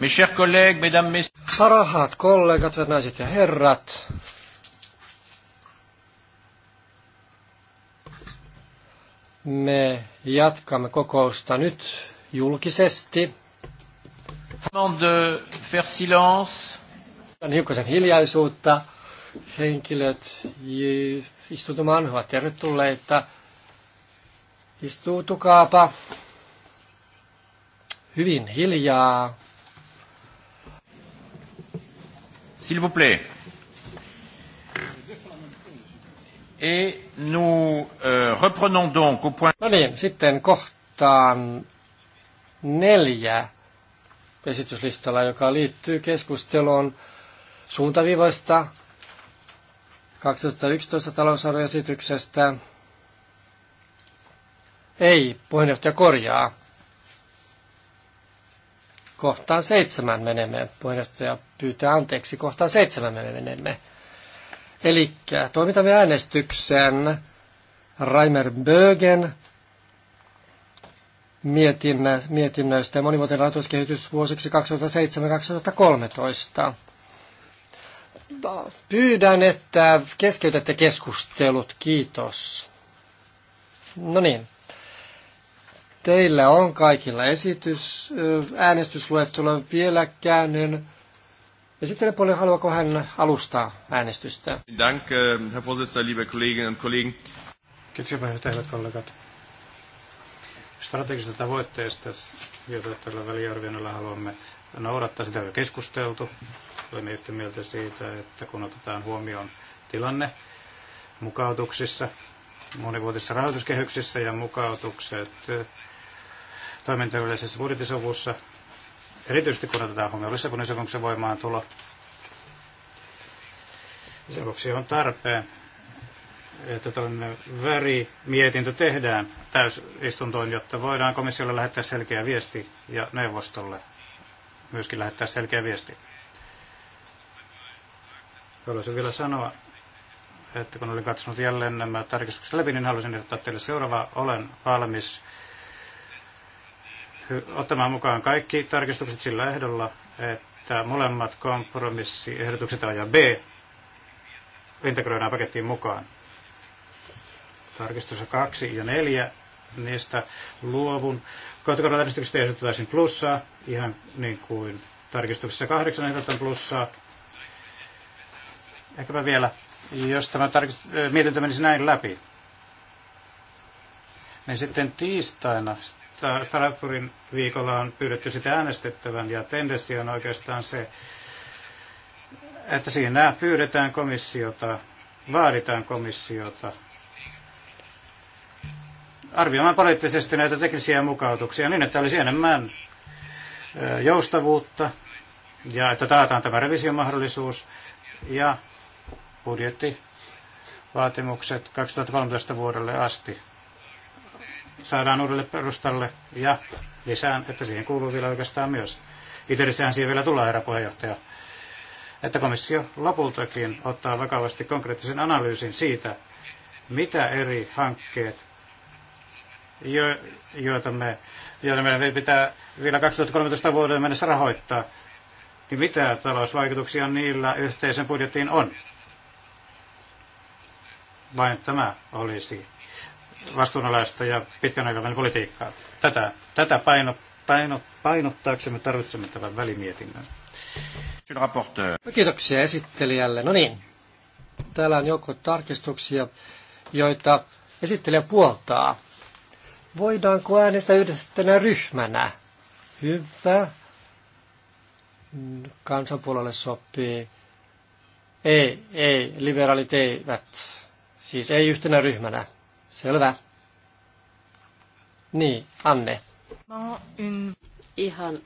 Mes chers collègues, mesdames, messieurs. kollegat, hyvät naiset ja herrat. Me jatkamme kokousta nyt julkisesti. De faire silence. hiukkasen hiljaisuutta. Henkilöt istutumaan ovat tervetulleita. Istuutukaapa hyvin hiljaa. s'il vous plaît. Et nous euh, reprenons donc au point... No niin, sitten kohtaan neljä esityslistalla, joka liittyy keskusteluun suuntaviivoista 2011 talousarvoesityksestä. Ei, puheenjohtaja korjaa. Kohtaan seitsemän menemme. Puheenjohtaja pyytää anteeksi. Kohtaan seitsemän me menemme. Eli toimitamme äänestyksen Raimer Bögen mietinnä, mietinnöistä ja monivuotinen rahoituskehitys vuosiksi 2007-2013. Pyydän, että keskeytätte keskustelut. Kiitos. No niin. Teillä on kaikilla esitys, äänestysluettelo vielä käännyn. puolen haluaako hän alustaa äänestystä? Danke, Herr Vorsitzender, liebe Kolleginnen und Kollegen. Kiitoksia puheenjohtaja, hyvät kollegat. Strategisesta tavoitteesta, jota tällä väliarvioinnilla haluamme noudattaa, sitä on keskusteltu. Olemme yhtä mieltä siitä, että kun otetaan huomioon tilanne mukautuksissa, monivuotisissa rahoituskehyksissä ja mukautukset toimintojen yleisessä budjettisovussa, erityisesti kun otetaan huomioon Lissabonin sopimuksen voimaantulo. Sen vuoksi on tarpeen, että tällainen värimietintö tehdään täysistuntoon, jotta voidaan komissiolle lähettää selkeä viesti ja neuvostolle myöskin lähettää selkeä viesti. Haluaisin vielä sanoa, että kun olin katsonut jälleen nämä tarkistukset läpi, niin haluaisin ehdottaa teille seuraavaa. Olen valmis ottamaan mukaan kaikki tarkistukset sillä ehdolla, että molemmat kompromissiehdotukset A ja B integroidaan pakettiin mukaan. Tarkistus 2 ja 4, niistä luovun. Kohtakorvatarkistuksista ehdotetaan plussaa, ihan niin kuin tarkistuksessa 8 ehdotetaan plussaa. Ehkäpä vielä, jos tämä tarkist- mietintö menisi näin läpi, niin sitten tiistaina Strasbourgin viikolla on pyydetty sitä äänestettävän ja tendenssi on oikeastaan se, että siinä pyydetään komissiota, vaaditaan komissiota arvioimaan poliittisesti näitä teknisiä mukautuksia niin, että olisi enemmän joustavuutta ja että taataan tämä revisiomahdollisuus ja budjettivaatimukset 2013 vuodelle asti saadaan uudelle perustalle ja lisään, että siihen kuuluu vielä oikeastaan myös. Itse siihen vielä tulee, herra puheenjohtaja että komissio lopultakin ottaa vakavasti konkreettisen analyysin siitä, mitä eri hankkeet, jo, joita, me, joita meidän pitää vielä 2013 vuoden mennessä rahoittaa, niin mitä talousvaikutuksia niillä yhteisen budjettiin on. Vain tämä olisi vastuunalaista ja pitkän aikavälin politiikkaa. Tätä, tätä paino, paino, painottaaksemme tarvitsemme tämän välimietinnön. Kiitoksia esittelijälle. No niin, täällä on joukko tarkistuksia, joita esittelijä puoltaa. Voidaanko äänestää yhdessä ryhmänä? Hyvä. Kansanpuolelle sopii. Ei, ei, liberaalit eivät. Siis ei yhtenä ryhmänä. Selvä. Niin, Anne. Mä en... Ihan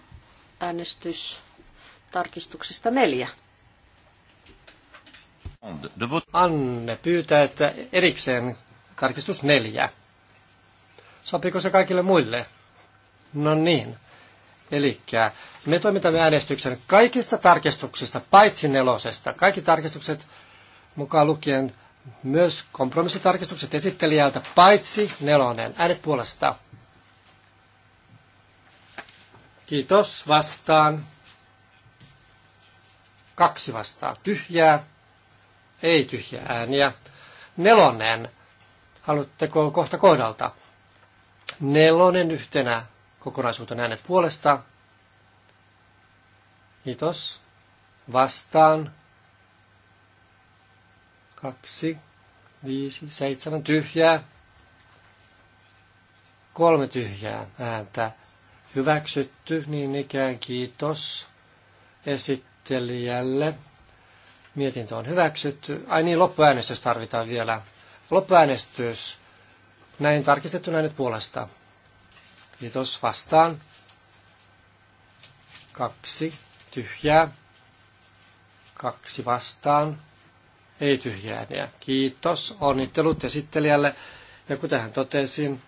äänestys tarkistuksesta neljä. Anne pyytää, että erikseen tarkistus neljä. Sopiiko se kaikille muille? No niin. Eli me toimitamme äänestyksen kaikista tarkistuksista, paitsi nelosesta. Kaikki tarkistukset mukaan lukien myös kompromissitarkistukset esittelijältä, paitsi nelonen. Äänet puolesta. Kiitos vastaan. Kaksi vastaa Tyhjää. Ei tyhjää ääniä. Nelonen. Haluatteko kohta kohdalta? Nelonen yhtenä kokonaisuutena äänet puolesta. Kiitos. Vastaan Kaksi, viisi, seitsemän tyhjää. Kolme tyhjää ääntä. Hyväksytty, niin ikään kiitos esittelijälle. Mietintö on hyväksytty. Ai niin, loppuäänestys tarvitaan vielä. Loppuäänestys. Näin tarkistettuna nyt puolesta. Kiitos vastaan. Kaksi tyhjää. Kaksi vastaan ei tyhjään. Niin kiitos, onnittelut esittelijälle. Ja kuten hän totesin,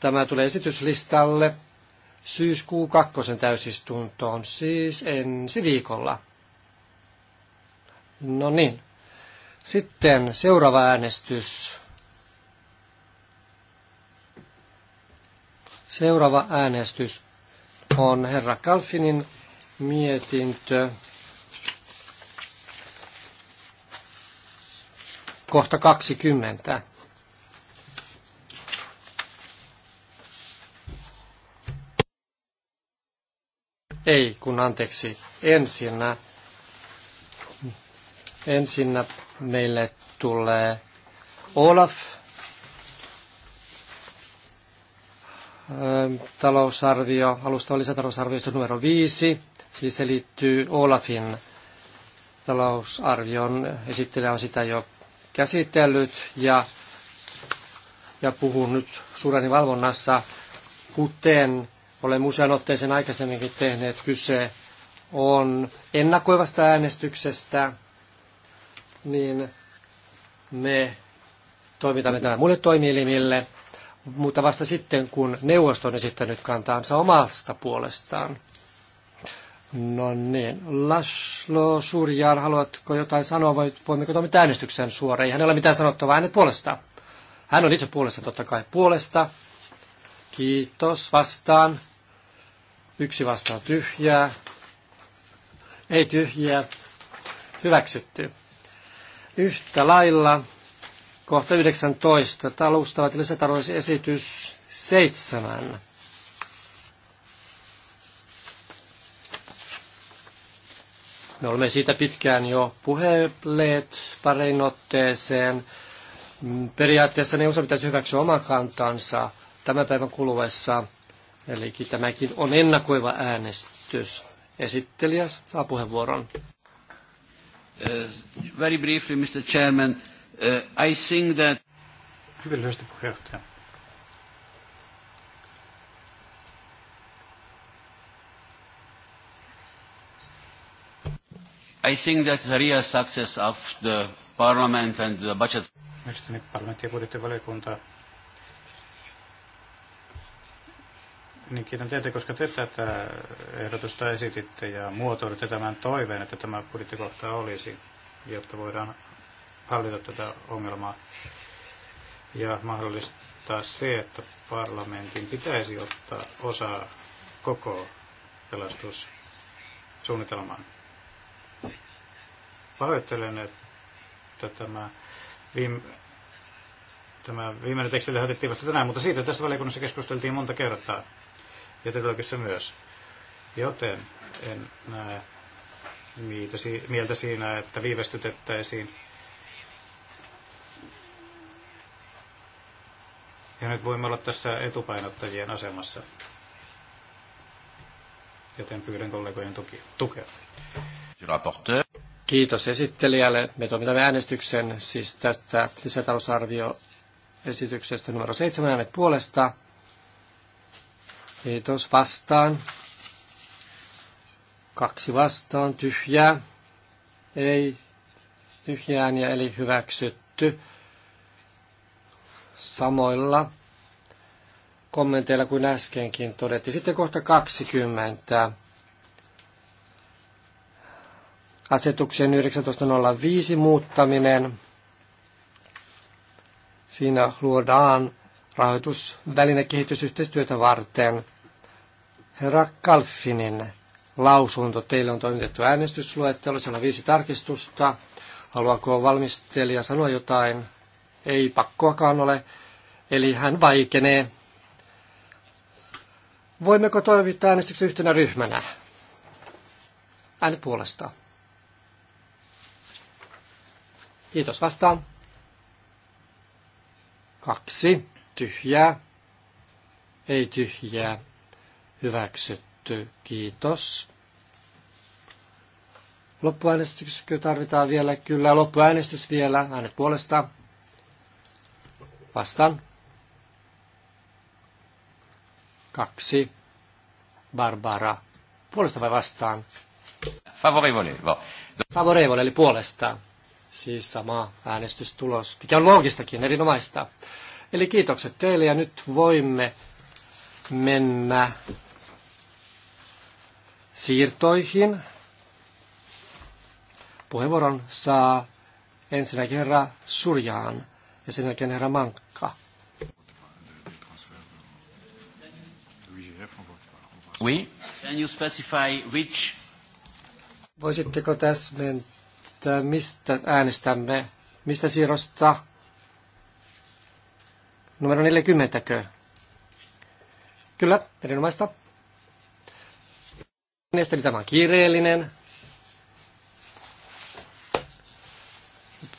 tämä tulee esityslistalle syyskuun kakkosen täysistuntoon, siis ensi viikolla. No niin. Sitten seuraava äänestys. Seuraava äänestys on herra Kalfinin mietintö kohta 20. Ei, kun anteeksi. Ensinnä, ensinnä meille tulee Olaf ähm, talousarvio, alustava lisätalousarviosta numero 5, siis se liittyy Olafin talousarvion. Esittelijä on sitä jo käsitellyt ja, ja puhun nyt suureni valvonnassa, kuten olen usean otteeseen aikaisemminkin tehneet kyse on ennakoivasta äänestyksestä, niin me toimitamme tämän muille toimielimille, mutta vasta sitten, kun neuvosto on esittänyt kantaansa omasta puolestaan. No niin. Laslo Surjar, haluatko jotain sanoa vai poimiko tuomit äänestyksen suoraan? Ei hänellä ole mitään sanottavaa hänet puolesta. Hän on itse puolesta totta kai. Puolesta. Kiitos. Vastaan. Yksi vastaan tyhjää. Ei tyhjää. Hyväksytty. Yhtä lailla kohta 19. Taloustavat esitys 7. Me olemme siitä pitkään jo puheleet parein otteeseen. Mm, periaatteessa neuvosto pitäisi hyväksyä oma kantansa tämän päivän kuluessa. Eli tämäkin on ennakoiva äänestys. Esittelijä saa puheenvuoron. Uh, very briefly, Mr. Chairman, uh, I think that... Hyvin lyhyesti puheenjohtaja I think that the real success of the parliament and the budget... Mielestäni parlamentti ja budjettivaliokunta niin kiitän teitä, koska te tätä ehdotusta esititte ja muotoilitte tämän toiveen, että tämä budjettikohta olisi, jotta voidaan hallita tätä ongelmaa ja mahdollistaa se, että parlamentin pitäisi ottaa osaa koko pelastussuunnitelmaan. Pahoittelen, että tämä viime, tämä viimeinen teksti lähetettiin vasta tänään, mutta siitä tässä valiokunnassa keskusteltiin monta kertaa ja tietologissa myös. Joten en näe mieltä, siinä, että viivästytettäisiin. Ja nyt voimme olla tässä etupainottajien asemassa. Joten pyydän kollegojen tukea. tukea. Kiitos esittelijälle. Me toimitamme äänestyksen siis tästä lisätalousarvioesityksestä numero seitsemän äänet puolesta. Kiitos vastaan. Kaksi vastaan. Tyhjää. Ei. Tyhjään ja eli hyväksytty. Samoilla kommenteilla kuin äskenkin todettiin. Sitten kohta 20 asetuksen 1905 muuttaminen. Siinä luodaan rahoitusväline kehitysyhteistyötä varten. Herra Kalfinin lausunto. Teille on toimitettu äänestysluettelo, siellä on viisi tarkistusta. Haluaako valmistelija sanoa jotain? Ei pakkoakaan ole. Eli hän vaikenee. Voimmeko toimittaa äänestyksen yhtenä ryhmänä? Äänet puolestaan. Kiitos vastaan. Kaksi. Tyhjää. Ei tyhjää. Hyväksytty. Kiitos. Loppuäänestys tarvitaan vielä. Kyllä, loppuäänestys vielä. Äänet puolesta. Vastaan. Kaksi. Barbara. Puolesta vai vastaan? Favorevole. Favorevole, eli puolestaan. Siis sama äänestystulos, mikä on loogistakin, erinomaista. Eli kiitokset teille ja nyt voimme mennä siirtoihin. Puheenvuoron saa ensinnäkin herra Surjaan ja sen jälkeen herra Mankka. Oui. Can you specify which? Voisitteko täsmentää? että mistä äänestämme, mistä siirrosta numero 40 Kyllä, erinomaista. Mielestäni tämä on kiireellinen.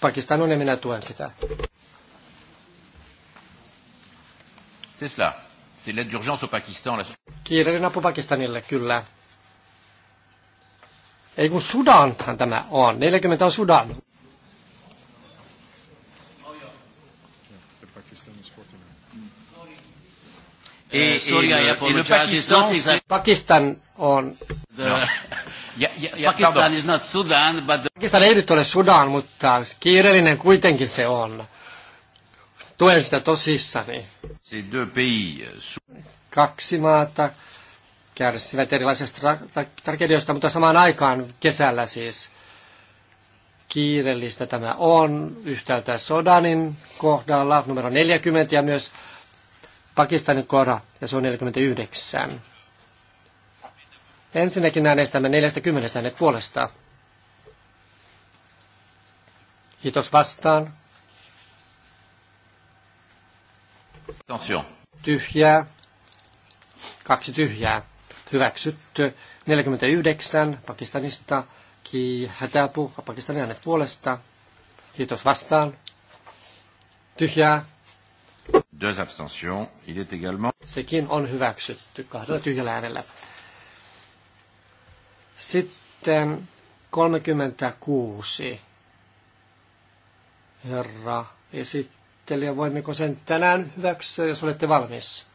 Pakistan on ja minä tuen sitä. C'est cela. C'est l'aide d'urgence au Pakistan. Kiireellinen apu Pakistanille, kyllä. Ei kun Sudanhan tämä on. 40 on Sudan. Ei, Pakistan, on... No. Pakistan Sudan, Pakistan ei nyt ole Sudan, mutta kiireellinen kuitenkin se on. Tuen sitä tosissani. Euh, Kaksi maata, kärsivät erilaisista tragedioista, mutta samaan aikaan kesällä siis kiireellistä tämä on yhtäältä Sodanin kohdalla numero 40 ja myös Pakistanin kohdalla ja se on 49. Ensinnäkin äänestämme 40 hänet puolestaan. Kiitos vastaan. Attention. Tyhjää. Kaksi tyhjää hyväksytty. 49 Pakistanista, ki hätäapu, Pakistanin äänet puolesta. Kiitos vastaan. Tyhjää. Deux abstentions. Il est également... Sekin on hyväksytty kahdella tyhjällä äänellä. Sitten 36. Herra esittelijä, voimmeko sen tänään hyväksyä, jos olette valmis?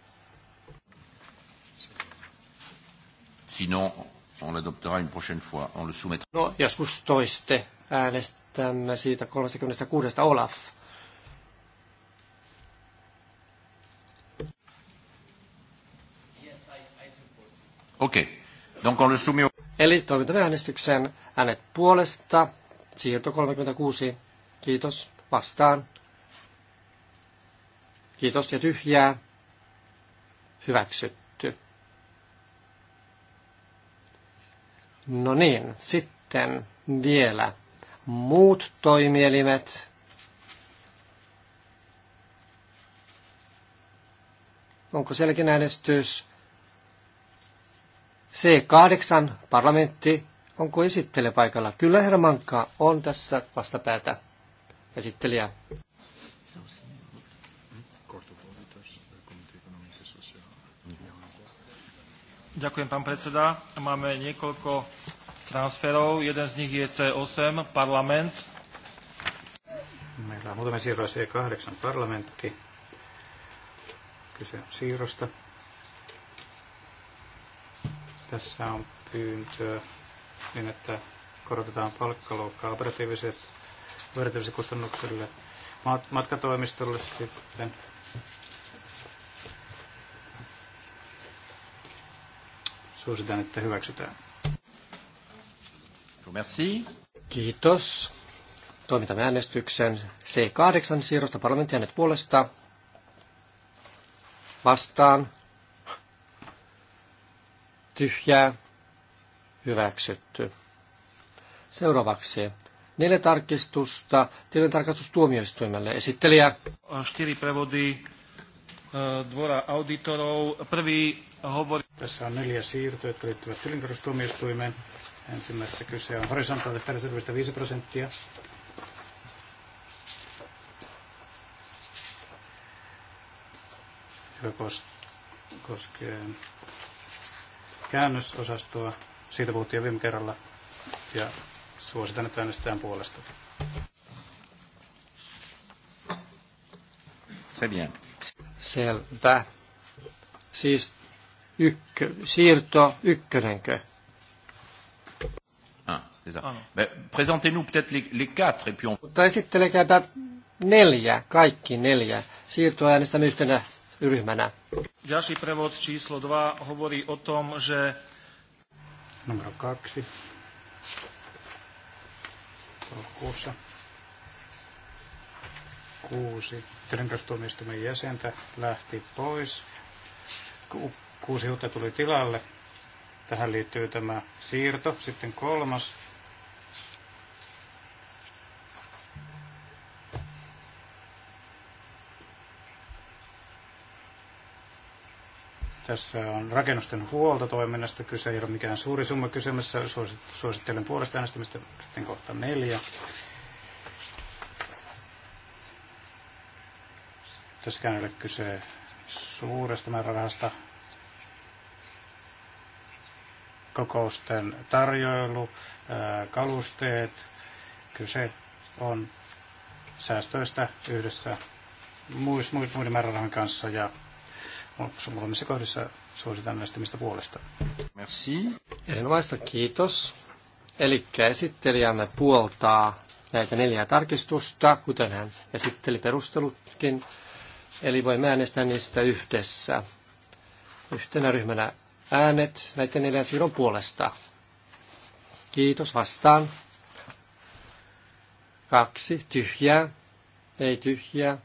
Sinon, on l'adoptera une prochaine fois. On le soumettra. No, joskus toiste äänestämme siitä 36 Olaf. Okei. Okay. Donc on le soumet... Eli toimitamme äänestyksen äänet puolesta. Siirto 36. Kiitos. Vastaan. Kiitos ja tyhjää. Hyväksytty. No niin, sitten vielä muut toimielimet. Onko sielläkin äänestys? C8, parlamentti. Onko esittelijä paikalla? Kyllä herra Mankka on tässä vastapäätä esittelijä. Ďakujem, pán predseda. Máme niekoľko transferov. Jeden z nich je C8, parlament. Meillä on muutamia siirroja C8, parlamentti. Kyse on siirrosta. Tässä on pyyntö niin, että korotetaan palkkaluokkaa operatiiviset, operatiiviset kustannuksille matkatoimistolle sitten Suositan, että hyväksytään. Merci. Kiitos. Toimitamme äänestyksen C8 siirrosta parlamentin puolesta. Vastaan. Tyhjää. Hyväksytty. Seuraavaksi neljä tarkistusta tilintarkastustuomioistuimelle. Esittelijä. On prevodi e, dvora auditorov. Prvi tässä on neljä siirtoa, jotka liittyvät tilintarkastustuomioistuimeen. Ensimmäisessä kyse on horisontaalista reservistä 5 prosenttia. joka koskee käännösosastoa. Siitä puhuttiin jo viime kerralla ja suositan, että äänestetään puolesta. Très bien. Selvä. Siis Ykkö, siirto ykkönenkö? Ah, ah. Mutta esittelekääpä neljä, kaikki neljä. Siirtoa äänestämme yhtenä ryhmänä. Jasi prevod číslo 2 hovorí o tom, že... Numero kaksi. Kuussa. kuusi tilintarkastuomioistuimen jäsentä lähti pois Kuusi uutta tuli tilalle. Tähän liittyy tämä siirto. Sitten kolmas. Tässä on rakennusten huoltotoiminnasta kyse, ei ole mikään suuri summa kysymässä. Suosittelen puolesta äänestämistä sitten kohta neljä. Tässäkään ei ole kyse suuresta määrärahasta, kokousten tarjoilu, kalusteet. Kyse on säästöistä yhdessä muis, muiden, muiden määrärahan kanssa ja molemmissa kohdissa suositan äänestämistä puolesta. Merci. Erinomaista kiitos. Eli esittelijämme puoltaa näitä neljää tarkistusta, kuten hän esitteli perustelutkin. Eli voimme äänestää niistä yhdessä yhtenä ryhmänä äänet näiden neljän siirron puolesta. Kiitos vastaan. Kaksi tyhjää, ei tyhjää.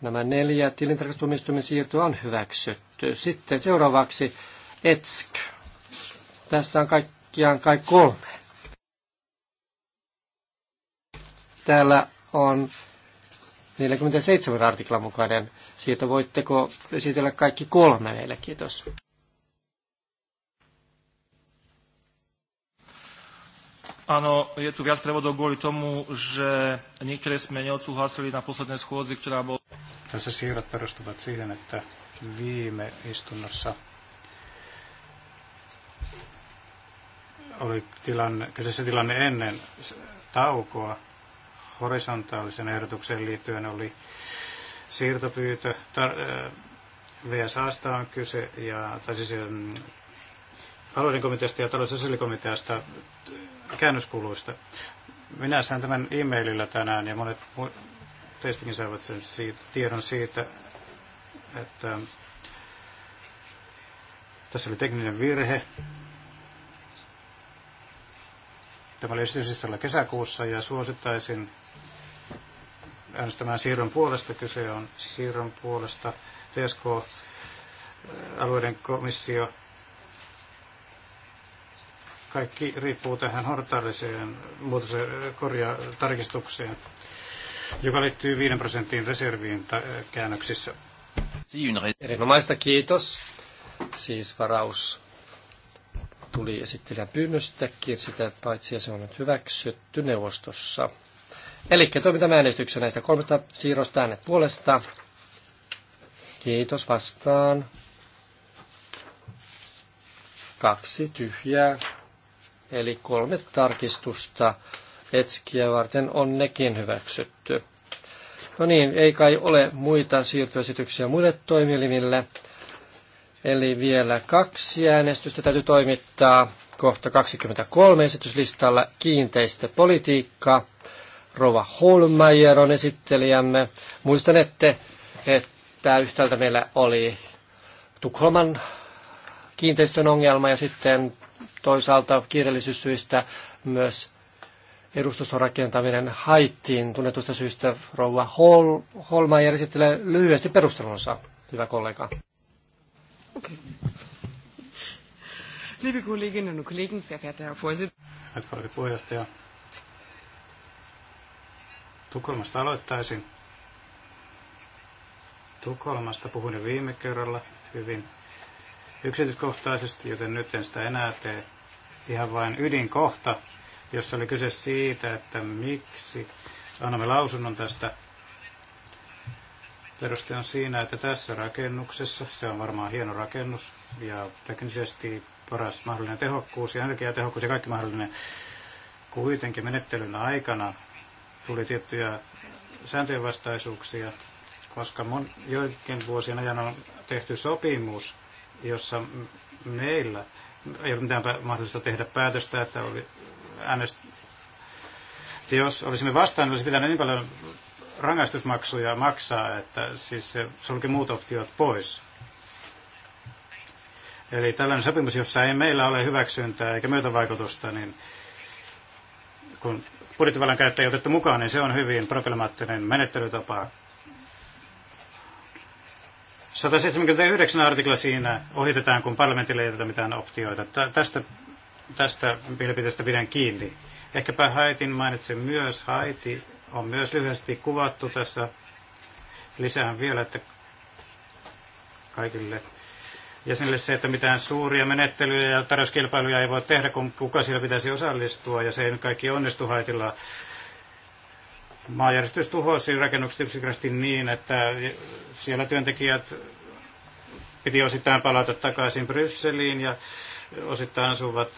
Nämä neljä tilintarkastustuomioistuimen siirtoa on hyväksytty. Sitten seuraavaksi ETSK. Tässä on kaikkiaan kai kolme. Täällä on 47 artiklan mukainen. Siitä voitteko esitellä kaikki kolme meille? Kiitos. Ano, je tu viac prevodov kvôli tomu, že niektoré sme neodsúhlasili na poslednej schôdzi, ktorá bola... Tässä siirrot perustuvat siihen, että viime istunnossa oli tilanne, kyseessä tilanne ennen taukoa, horisontaalisen ehdotuksen liittyen oli siirtopyytö. Tar- VSAsta on kyse, ja, tai siis alueiden komiteasta ja talous- ja sosiaalikomiteasta käännöskuluista. Minä sain tämän e-mailillä tänään, ja monet teistäkin saivat sen siitä, tiedon siitä, että tässä oli tekninen virhe. Tämä oli esitys kesäkuussa ja suosittaisin äänestämään siirron puolesta. Kyse on siirron puolesta TSK-alueiden komissio. Kaikki riippuu tähän hortaaliseen tarkistukseen, joka liittyy 5 prosentin reserviin käännöksissä. Erinomaista kiitos. Siis varaus tuli esittelijän pyynnöstäkin sitä, paitsi se on nyt hyväksytty neuvostossa. Eli toimitamme äänestyksen näistä kolmesta siirrosta äänet puolesta. Kiitos vastaan. Kaksi tyhjää. Eli kolme tarkistusta etskiä varten on nekin hyväksytty. No niin, ei kai ole muita siirtoesityksiä muille toimielimille. Eli vielä kaksi äänestystä täytyy toimittaa. Kohta 23 esityslistalla kiinteistöpolitiikka. Rova Holmeyer on esittelijämme. Muistan, että, että yhtäältä meillä oli Tukholman kiinteistön ongelma ja sitten toisaalta kiireellisyyssyistä myös edustuston rakentaminen haittiin tunnetusta syystä rouva Hol, Holmeyer esittelee lyhyesti perustelunsa, hyvä kollega. Okay. Liebe Kolleginnen und Kollegen, sehr verehrter Herr Vorsitzender. Herr puheenjohtaja, Tukholmasta aloittaisin. Tukholmasta puhuin jo viime kerralla hyvin yksityiskohtaisesti, joten nyt en sitä enää tee. Ihan vain ydinkohta, jossa oli kyse siitä, että miksi annamme lausunnon tästä. Peruste on siinä, että tässä rakennuksessa, se on varmaan hieno rakennus ja teknisesti paras mahdollinen tehokkuus ja energiatehokkuus ja kaikki mahdollinen, kuitenkin menettelyn aikana tuli tiettyjä sääntöjenvastaisuuksia, koska mon, joidenkin vuosien ajan on tehty sopimus, jossa meillä ei ole mitään mahdollista tehdä päätöstä, että oli äänest... että jos olisimme vastaan, niin olisi pitänyt niin paljon rangaistusmaksuja maksaa, että siis se sulki muut optiot pois. Eli tällainen sopimus, jossa ei meillä ole hyväksyntää eikä myötävaikutusta, niin kun budjettivallan käyttäjä otettu mukaan, niin se on hyvin problemaattinen menettelytapa. 179 artikla siinä ohitetaan, kun parlamentille ei jätetä mitään optioita. Tästä, tästä mielipiteestä pidän kiinni. Ehkäpä Haitin mainitsen myös. Haiti on myös lyhyesti kuvattu tässä. Lisään vielä, että kaikille jäsenille se, että mitään suuria menettelyjä ja tarjouskilpailuja ei voi tehdä, kun kuka siellä pitäisi osallistua, ja se ei nyt kaikki onnistu haitilla. Maanjärjestys tuhosi rakennukset yksinkertaisesti niin, että siellä työntekijät piti osittain palata takaisin Brysseliin ja osittain asuvat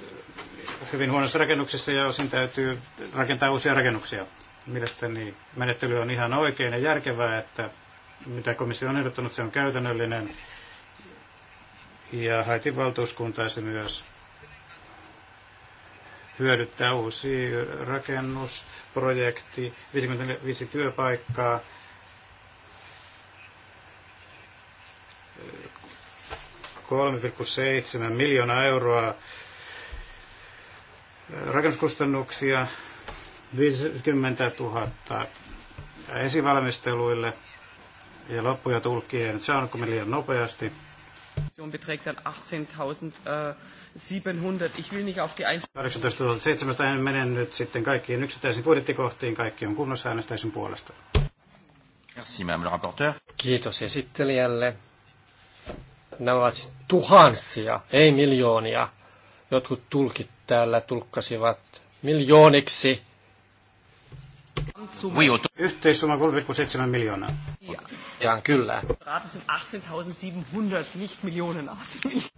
hyvin huonossa rakennuksessa ja osin täytyy rakentaa uusia rakennuksia. Mielestäni menettely on ihan oikein ja järkevää, että mitä komissio on ehdottanut, se on käytännöllinen ja Haitin se myös hyödyttää uusi rakennusprojekti, 55 työpaikkaa, kolme miljoonaa euroa rakennuskustannuksia, 50 000 esivalmisteluille ja loppuja tulkkien saanut liian nopeasti beträgt dann 18.000 700. Äh, ich will nicht auf die 18.700 en mene nyt sitten kaikkiin yksittäisiin budjettikohtiin. Kaikki on kunnossa äänestäisin puolesta. Merci, madame le rapporteur. Kiitos esittelijälle. Nämä ovat siis tuhansia, ei miljoonia. Jotkut tulkit täällä tulkkasivat miljooniksi. Yhteissumma 3,7 miljoonaa. Ja. Jaan kyllä.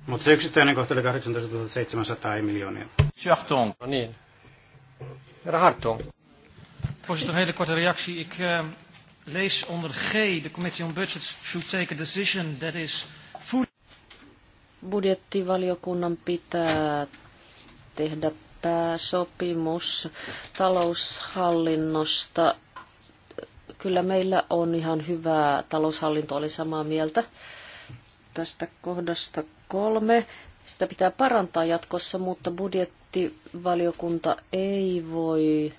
Mutta se yksittäinen kohta oli 18.700, 700 miljoonia. Sjöhtoon. No niin. Herra Hartoon. Voorzitter, een hele korte reactie. Ik uh, lees onder G, the Committee on Budgets should take a decision that is fully... Budjettivaliokunnan pitää tehdä pääsopimus taloushallinnosta Kyllä meillä on ihan hyvää taloushallinto, oli samaa mieltä tästä kohdasta kolme. Sitä pitää parantaa jatkossa, mutta budjettivaliokunta ei voi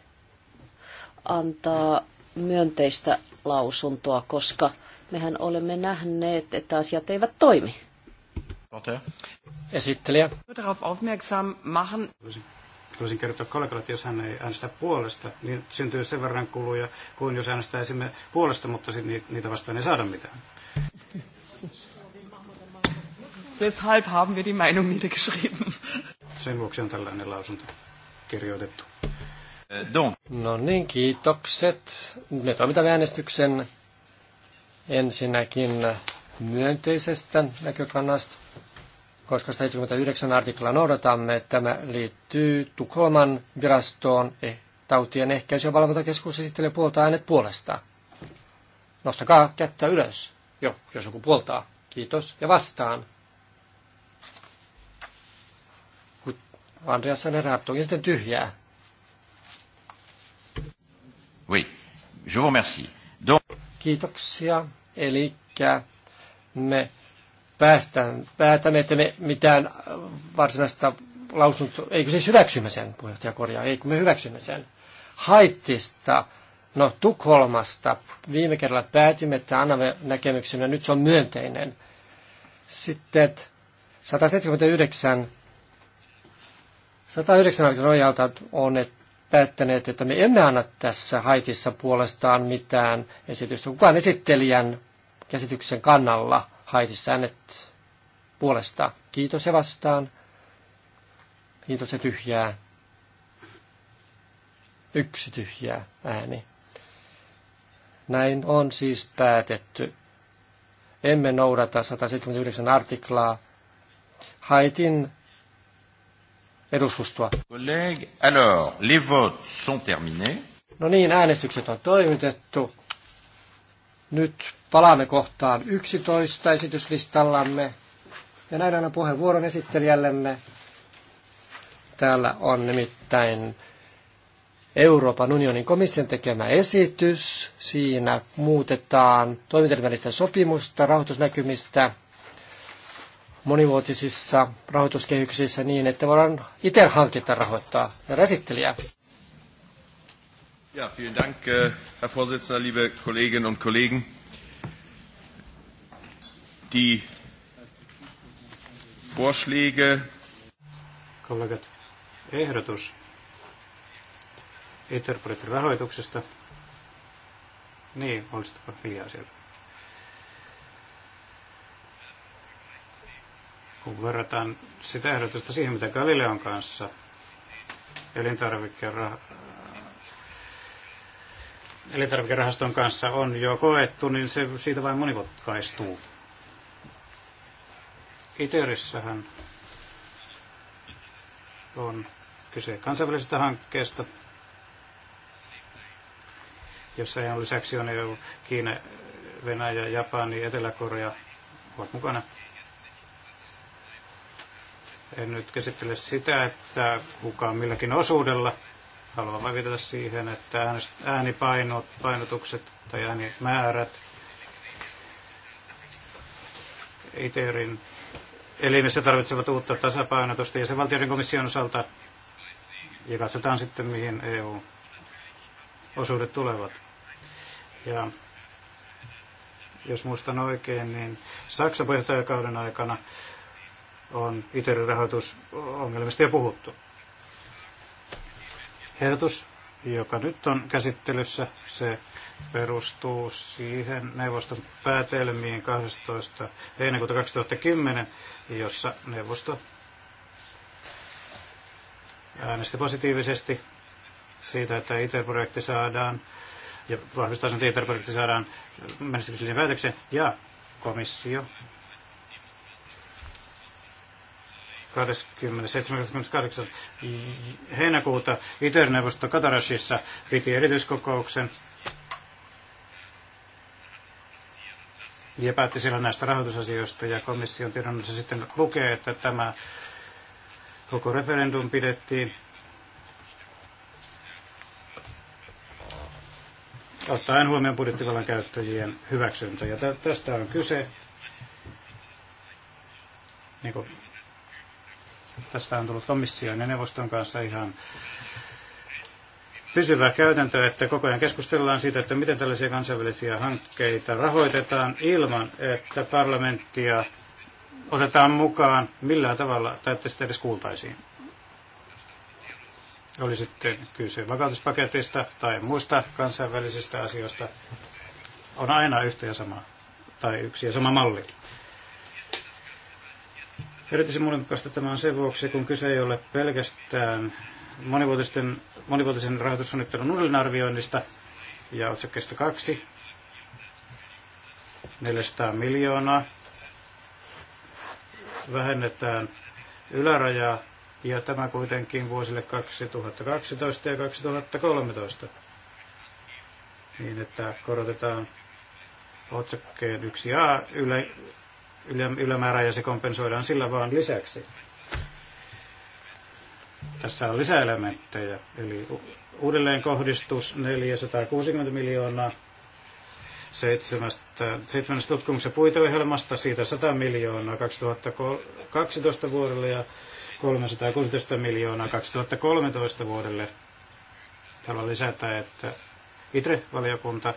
antaa myönteistä lausuntoa, koska mehän olemme nähneet, että asiat eivät toimi. Esittelijä. Darauf aufmerksam machen. Voisin kertoa kollegalle, että jos hän ei äänestä puolesta, niin syntyy sen verran kuluja kuin jos esimerkiksi puolesta, mutta niitä vastaan ei saada mitään. Deshalb haben wir die Meinung niedergeschrieben. Sen vuoksi on tällainen lausunto kirjoitettu. Äh, no niin, kiitokset. Me toimitamme äänestyksen ensinnäkin myönteisestä näkökannasta koska 79 artikla noudatamme. Tämä liittyy Tukholman virastoon eh, tautien ehkäisy- ja valvontakeskus esittelee puolta äänet puolesta. Nostakaa kättä ylös, jo, jos joku puoltaa. Kiitos ja vastaan. Andreas Sanerhardt onkin sitten tyhjää. Oui, je vous remercie. Donc... Kiitoksia. Eli me päästään, päätämme, että me mitään varsinaista lausuntoa, eikö siis hyväksymme sen, puheenjohtaja korjaa, eikö me hyväksymme sen. Haittista, no Tukholmasta, viime kerralla päätimme, että annamme näkemyksen, ja nyt se on myönteinen. Sitten 179, 109 nojalta on et, päättäneet, että me emme anna tässä Haitissa puolestaan mitään esitystä. Kukaan esittelijän käsityksen kannalla – Sänet puolesta kiitos ja vastaan. Kiitos ja tyhjää. Yksi tyhjää ääni. Näin on siis päätetty. Emme noudata 179 artiklaa. Haitin edustustoa. Collègue, alors, les votes sont terminés. No niin, äänestykset on toimitettu. Nyt Palaamme kohtaan 11 esityslistallamme. Ja näin aina puheenvuoron esittelijällemme. Täällä on nimittäin Euroopan unionin komission tekemä esitys. Siinä muutetaan toimintelmellistä sopimusta rahoitusnäkymistä monivuotisissa rahoituskehyksissä niin, että voidaan itse hankinta rahoittaa. Herra esittelijä. Ja, vielen Dank, äh, Herr Vorsitzender, liebe Kolleginnen und Kollegen die Vorschläge. Kollegat, ehdotus Interpretin rahoituksesta. Niin, olisitko hiljaa siellä. Kun verrataan sitä ehdotusta siihen, mitä Galileon kanssa elintarvikerahaston kanssa on jo koettu, niin se siitä vain monimutkaistuu. ITERissähän on kyse kansainvälisestä hankkeesta, jossa on lisäksi on EU, Kiina, Venäjä, Japani, Etelä-Korea ovat mukana. En nyt käsittele sitä, että kukaan milläkin osuudella. Haluan vain viitata siihen, että äänipainot, painotukset tai äänimäärät ITERin elimessä tarvitsevat uutta tasapainotusta valtioiden komission osalta. Ja katsotaan sitten, mihin EU-osuudet tulevat. Ja jos muistan oikein, niin Saksan puheenjohtajakauden aikana on itse rahoitusongelmista jo puhuttu. Ehdotus joka nyt on käsittelyssä, se perustuu siihen neuvoston päätelmiin 12. heinäkuuta 2010, jossa neuvosto äänesti positiivisesti siitä, että ITER-projekti saadaan ja vahvistaa sen, että ITER-projekti saadaan menestyksellisen päätöksen ja komissio 27.28. heinäkuuta Iterneuvosto Katarasissa piti erityiskokouksen ja päätti siellä näistä rahoitusasioista ja komission tiedonnossa sitten lukee, että tämä koko referendum pidettiin ottaen huomioon budjettivallan käyttäjien hyväksyntä. Ja tästä on kyse. Niin kuin Tästä on tullut komission ja neuvoston kanssa ihan pysyvä käytäntö, että koko ajan keskustellaan siitä, että miten tällaisia kansainvälisiä hankkeita rahoitetaan ilman, että parlamenttia otetaan mukaan millään tavalla, tai että sitä edes kuultaisiin. Oli sitten kyse vakautuspaketista tai muista kansainvälisistä asioista. On aina yhtä ja sama, tai yksi ja sama malli. Erityisen monimutkaista tämä on sen vuoksi, kun kyse ei ole pelkästään monivuotisen rahoitussuunnittelun arvioinnista ja otsakkeesta 2, 400 miljoonaa, vähennetään ylärajaa ja tämä kuitenkin vuosille 2012 ja 2013 niin, että korotetaan otsakkeen 1a ylämäärä ja se kompensoidaan sillä vaan lisäksi. Tässä on lisäelementtejä, eli uudelleen kohdistus 460 miljoonaa seitsemästä, seitsemästä ja puiteohjelmasta, siitä 100 miljoonaa 2012 vuodelle ja 316 miljoonaa 2013 vuodelle. Haluan lisätä, että ITRE-valiokunta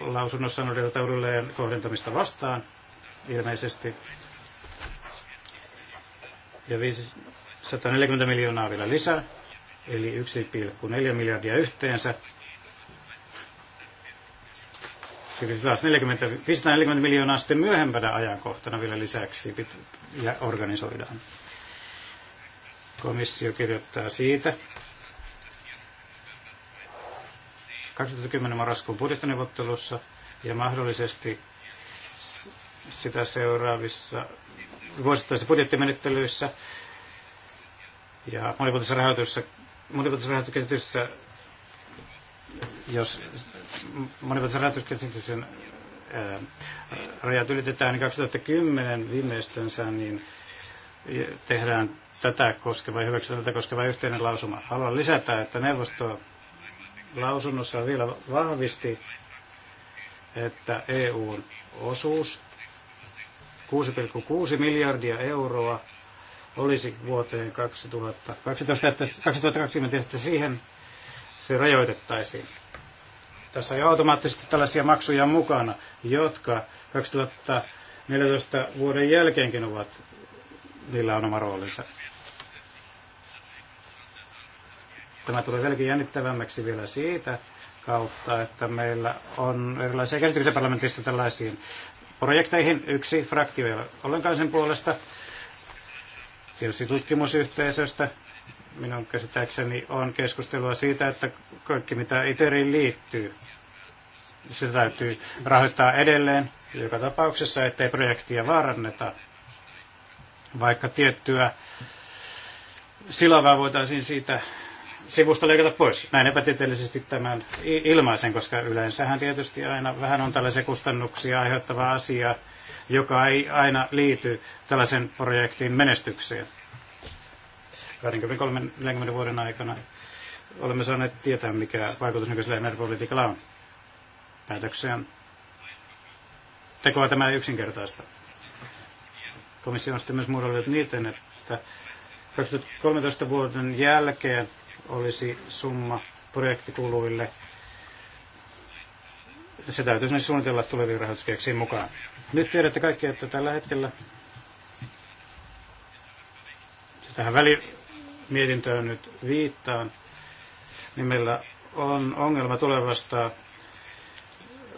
lausunnossaan oli uudelleen kohdentamista vastaan ilmeisesti. Ja 140 miljoonaa vielä lisää, eli 1,4 miljardia yhteensä. Eli 140, siis 540 miljoonaa sitten myöhempänä ajankohtana vielä lisäksi ja organisoidaan. Komissio kirjoittaa siitä, 20. marraskuun budjettineuvottelussa ja mahdollisesti sitä seuraavissa vuosittaisissa budjettimenettelyissä ja monivuotisessa rahoituksessa, rahoituskehityksessä, jos monivuotisessa rahoituskehityksen rajat ylitetään, niin 2010 viimeistönsä, niin tehdään tätä koskeva ja hyväksytään tätä koskeva yhteinen lausuma. Haluan lisätä, että neuvosto lausunnossa vielä vahvisti, että EUn osuus 6,6 miljardia euroa olisi vuoteen 2020, että siihen se rajoitettaisiin. Tässä ei automaattisesti tällaisia maksuja mukana, jotka 2014 vuoden jälkeenkin ovat, niillä on oma roolinsa. Tämä tulee vieläkin jännittävämmäksi vielä siitä kautta, että meillä on erilaisia käsityksiä parlamentissa tällaisiin projekteihin. Yksi fraktio ei ole ollenkaan sen puolesta. Tietysti tutkimusyhteisöstä minun käsittääkseni on keskustelua siitä, että kaikki mitä ITERiin liittyy, se täytyy rahoittaa edelleen joka tapauksessa, ettei projektia vaaranneta, vaikka tiettyä silavaa voitaisiin siitä sivusta leikata pois. Näin epätieteellisesti tämän ilmaisen, koska yleensähän tietysti aina vähän on tällaisia kustannuksia aiheuttava asia, joka ei aina liity tällaisen projektin menestykseen. 23-40 vuoden aikana olemme saaneet tietää, mikä vaikutus nykyisellä energiapolitiikalla on päätökseen. Tekoa tämä yksinkertaista. Komissio on sitten myös muodollinen niiden, että 2013 vuoden jälkeen olisi summa projektikuluille. Se täytyisi ne suunnitella tuleviin rahoituskeksiin mukaan. Nyt tiedätte kaikki, että tällä hetkellä tähän välimietintöön nyt viittaan, niin meillä on ongelma tulevasta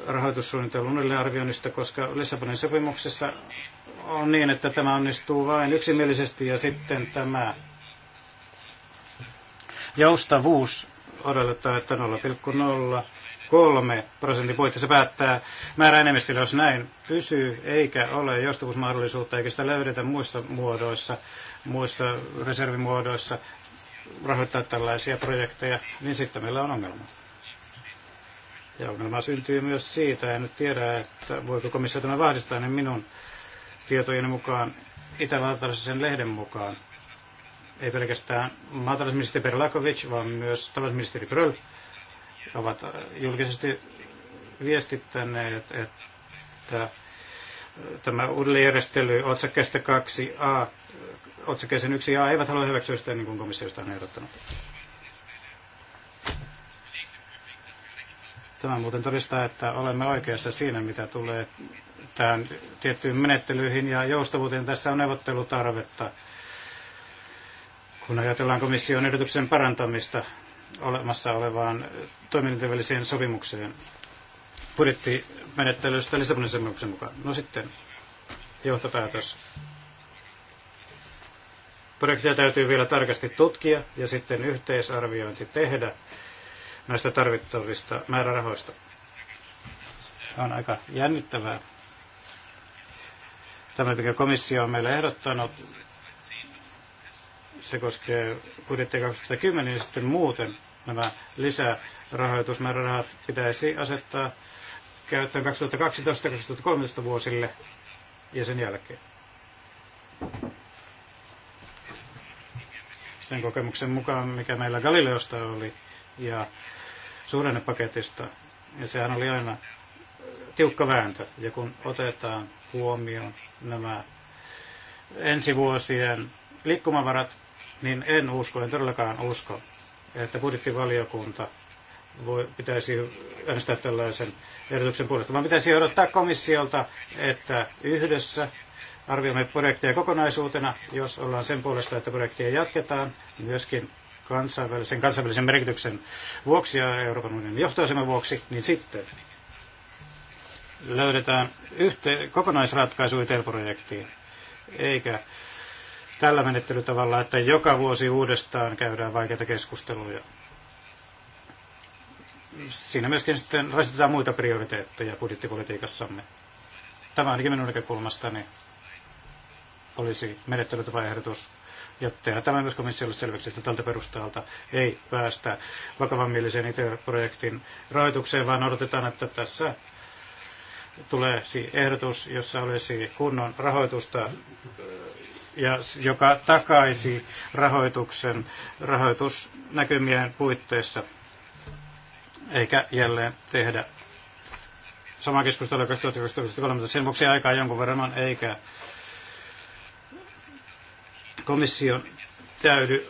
rahoitussuunnitelun arvioinnista, koska Lissabonin sopimuksessa on niin, että tämä onnistuu vain yksimielisesti ja sitten tämä Joustavuus odotetaan, että 0,03 prosentin puitteissa päättää määräenemmistöllä, jos näin pysyy, eikä ole joustavuusmahdollisuutta, eikä sitä löydetä muissa muodoissa, muissa reservimuodoissa rahoittaa tällaisia projekteja, niin sitten meillä on ongelma. Ja ongelma syntyy myös siitä, en nyt tiedä, että voiko komissio tämä vahvistaa, niin minun tietojeni mukaan itävaltalaisen lehden mukaan ei pelkästään maatalousministeri Perlakovic, vaan myös talousministeri Bröll ovat äh, julkisesti viestittäneet, että äh, tämä uudelleenjärjestely otsakkeesta 2a, äh, otsakkeeseen 1a eivät halua hyväksyä sitä niin kuin komissiosta on ehdottanut. Tämä muuten todistaa, että olemme oikeassa siinä, mitä tulee tähän tiettyyn menettelyihin ja joustavuuteen. Tässä on neuvottelutarvetta kun ajatellaan komission ehdotuksen parantamista olemassa olevaan toimintaväliseen sopimukseen budjettimenettelystä Lissabonin sopimuksen mukaan. No sitten johtopäätös. Projektia täytyy vielä tarkasti tutkia ja sitten yhteisarviointi tehdä näistä tarvittavista määrärahoista. On aika jännittävää. Tämä, mikä komissio on meille ehdottanut, se koskee budjettia 2010, niin sitten muuten nämä lisärahoitusmäärärahat pitäisi asettaa käyttöön 2012-2013 vuosille ja sen jälkeen. Sen kokemuksen mukaan, mikä meillä Galileosta oli ja suhdannepaketista, ja sehän oli aina tiukka vääntö. Ja kun otetaan huomioon nämä ensi vuosien liikkumavarat, niin en usko, en todellakaan usko, että budjettivaliokunta voi, pitäisi äänestää tällaisen ehdotuksen puolesta, vaan pitäisi odottaa komissiolta, että yhdessä arvioimme projekteja kokonaisuutena, jos ollaan sen puolesta, että projekteja jatketaan, myöskin kansainvälisen, kansainvälisen merkityksen vuoksi ja Euroopan unionin johtoaseman vuoksi, niin sitten löydetään yhte, kokonaisratkaisu IT-projektiin, eikä tällä menettelytavalla, että joka vuosi uudestaan käydään vaikeita keskusteluja. Siinä myöskin sitten rasitetaan muita prioriteetteja budjettipolitiikassamme. Tämä ainakin minun näkökulmastani olisi menettelytapaehdotus. Ja tehdä tämä myös komissiolle selväksi, että tältä perustalta ei päästä vakavan IT-projektin rahoitukseen, vaan odotetaan, että tässä tulee ehdotus, jossa olisi kunnon rahoitusta ja joka takaisi rahoituksen rahoitusnäkymien puitteissa, eikä jälleen tehdä samaa keskustelua 2013. Sen vuoksi aikaa jonkun verran on, eikä komission täydy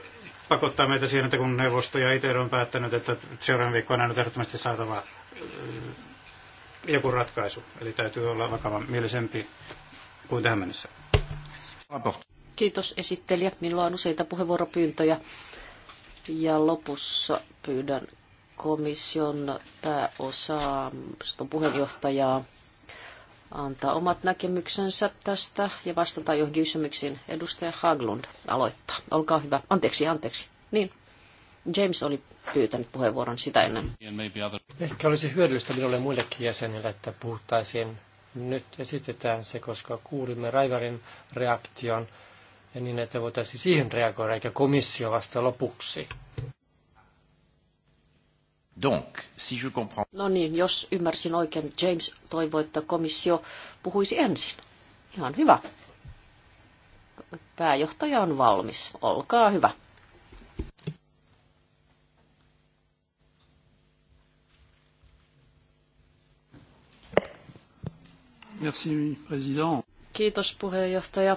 pakottaa meitä siihen, että kun neuvosto ja ITER on päättänyt, että seuraavan viikkoon on ehdottomasti saatava joku ratkaisu. Eli täytyy olla mielisempi kuin tähän mennessä. Kiitos esittelijä. Minulla on useita puheenvuoropyyntöjä. Ja lopussa pyydän komission pääosaamston puheenjohtajaa antaa omat näkemyksensä tästä ja vastata johonkin kysymyksiin. Edustaja Haglund aloittaa. Olkaa hyvä. Anteeksi, anteeksi. Niin. James oli pyytänyt puheenvuoron sitä ennen. Ehkä olisi hyödyllistä minulle muillekin jäsenille, että puhuttaisiin nyt esitetään se, koska kuulimme Raivarin reaktion ja niin, että voitaisiin siihen reagoida, eikä komissio vasta lopuksi. Donc, si je comprends... No niin, jos ymmärsin oikein, James toivoi, että komissio puhuisi ensin. Ihan hyvä. Pääjohtaja on valmis. Olkaa hyvä. Merci, président. Kiitos puheenjohtaja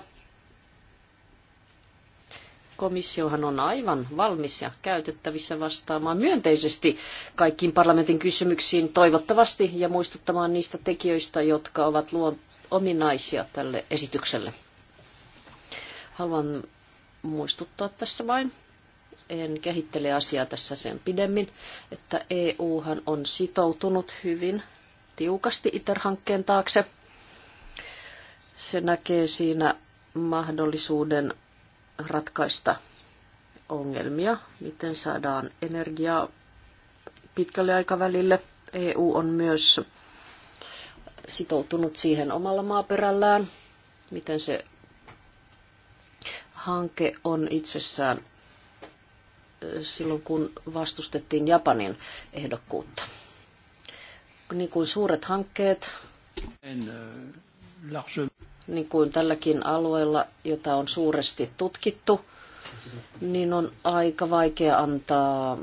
komissiohan on aivan valmis ja käytettävissä vastaamaan myönteisesti kaikkiin parlamentin kysymyksiin toivottavasti ja muistuttamaan niistä tekijöistä, jotka ovat luon ominaisia tälle esitykselle. Haluan muistuttaa tässä vain, en kehittele asiaa tässä sen pidemmin, että EUhan on sitoutunut hyvin tiukasti ITER-hankkeen taakse. Se näkee siinä mahdollisuuden ratkaista ongelmia, miten saadaan energiaa pitkälle aikavälille. EU on myös sitoutunut siihen omalla maaperällään, miten se hanke on itsessään silloin, kun vastustettiin Japanin ehdokkuutta. Niin kuin suuret hankkeet niin kuin tälläkin alueella, jota on suuresti tutkittu, niin on aika vaikea antaa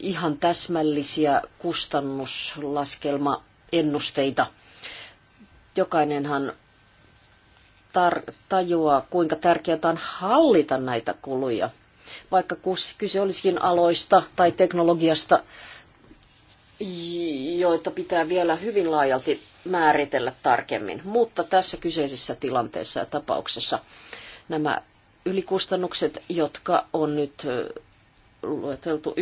ihan täsmällisiä kustannuslaskelmaennusteita. Jokainenhan tar- tajuaa, kuinka tärkeää on hallita näitä kuluja. Vaikka kyse olisikin aloista tai teknologiasta, joita pitää vielä hyvin laajalti määritellä tarkemmin. Mutta tässä kyseisessä tilanteessa ja tapauksessa nämä ylikustannukset, jotka on nyt lueteltu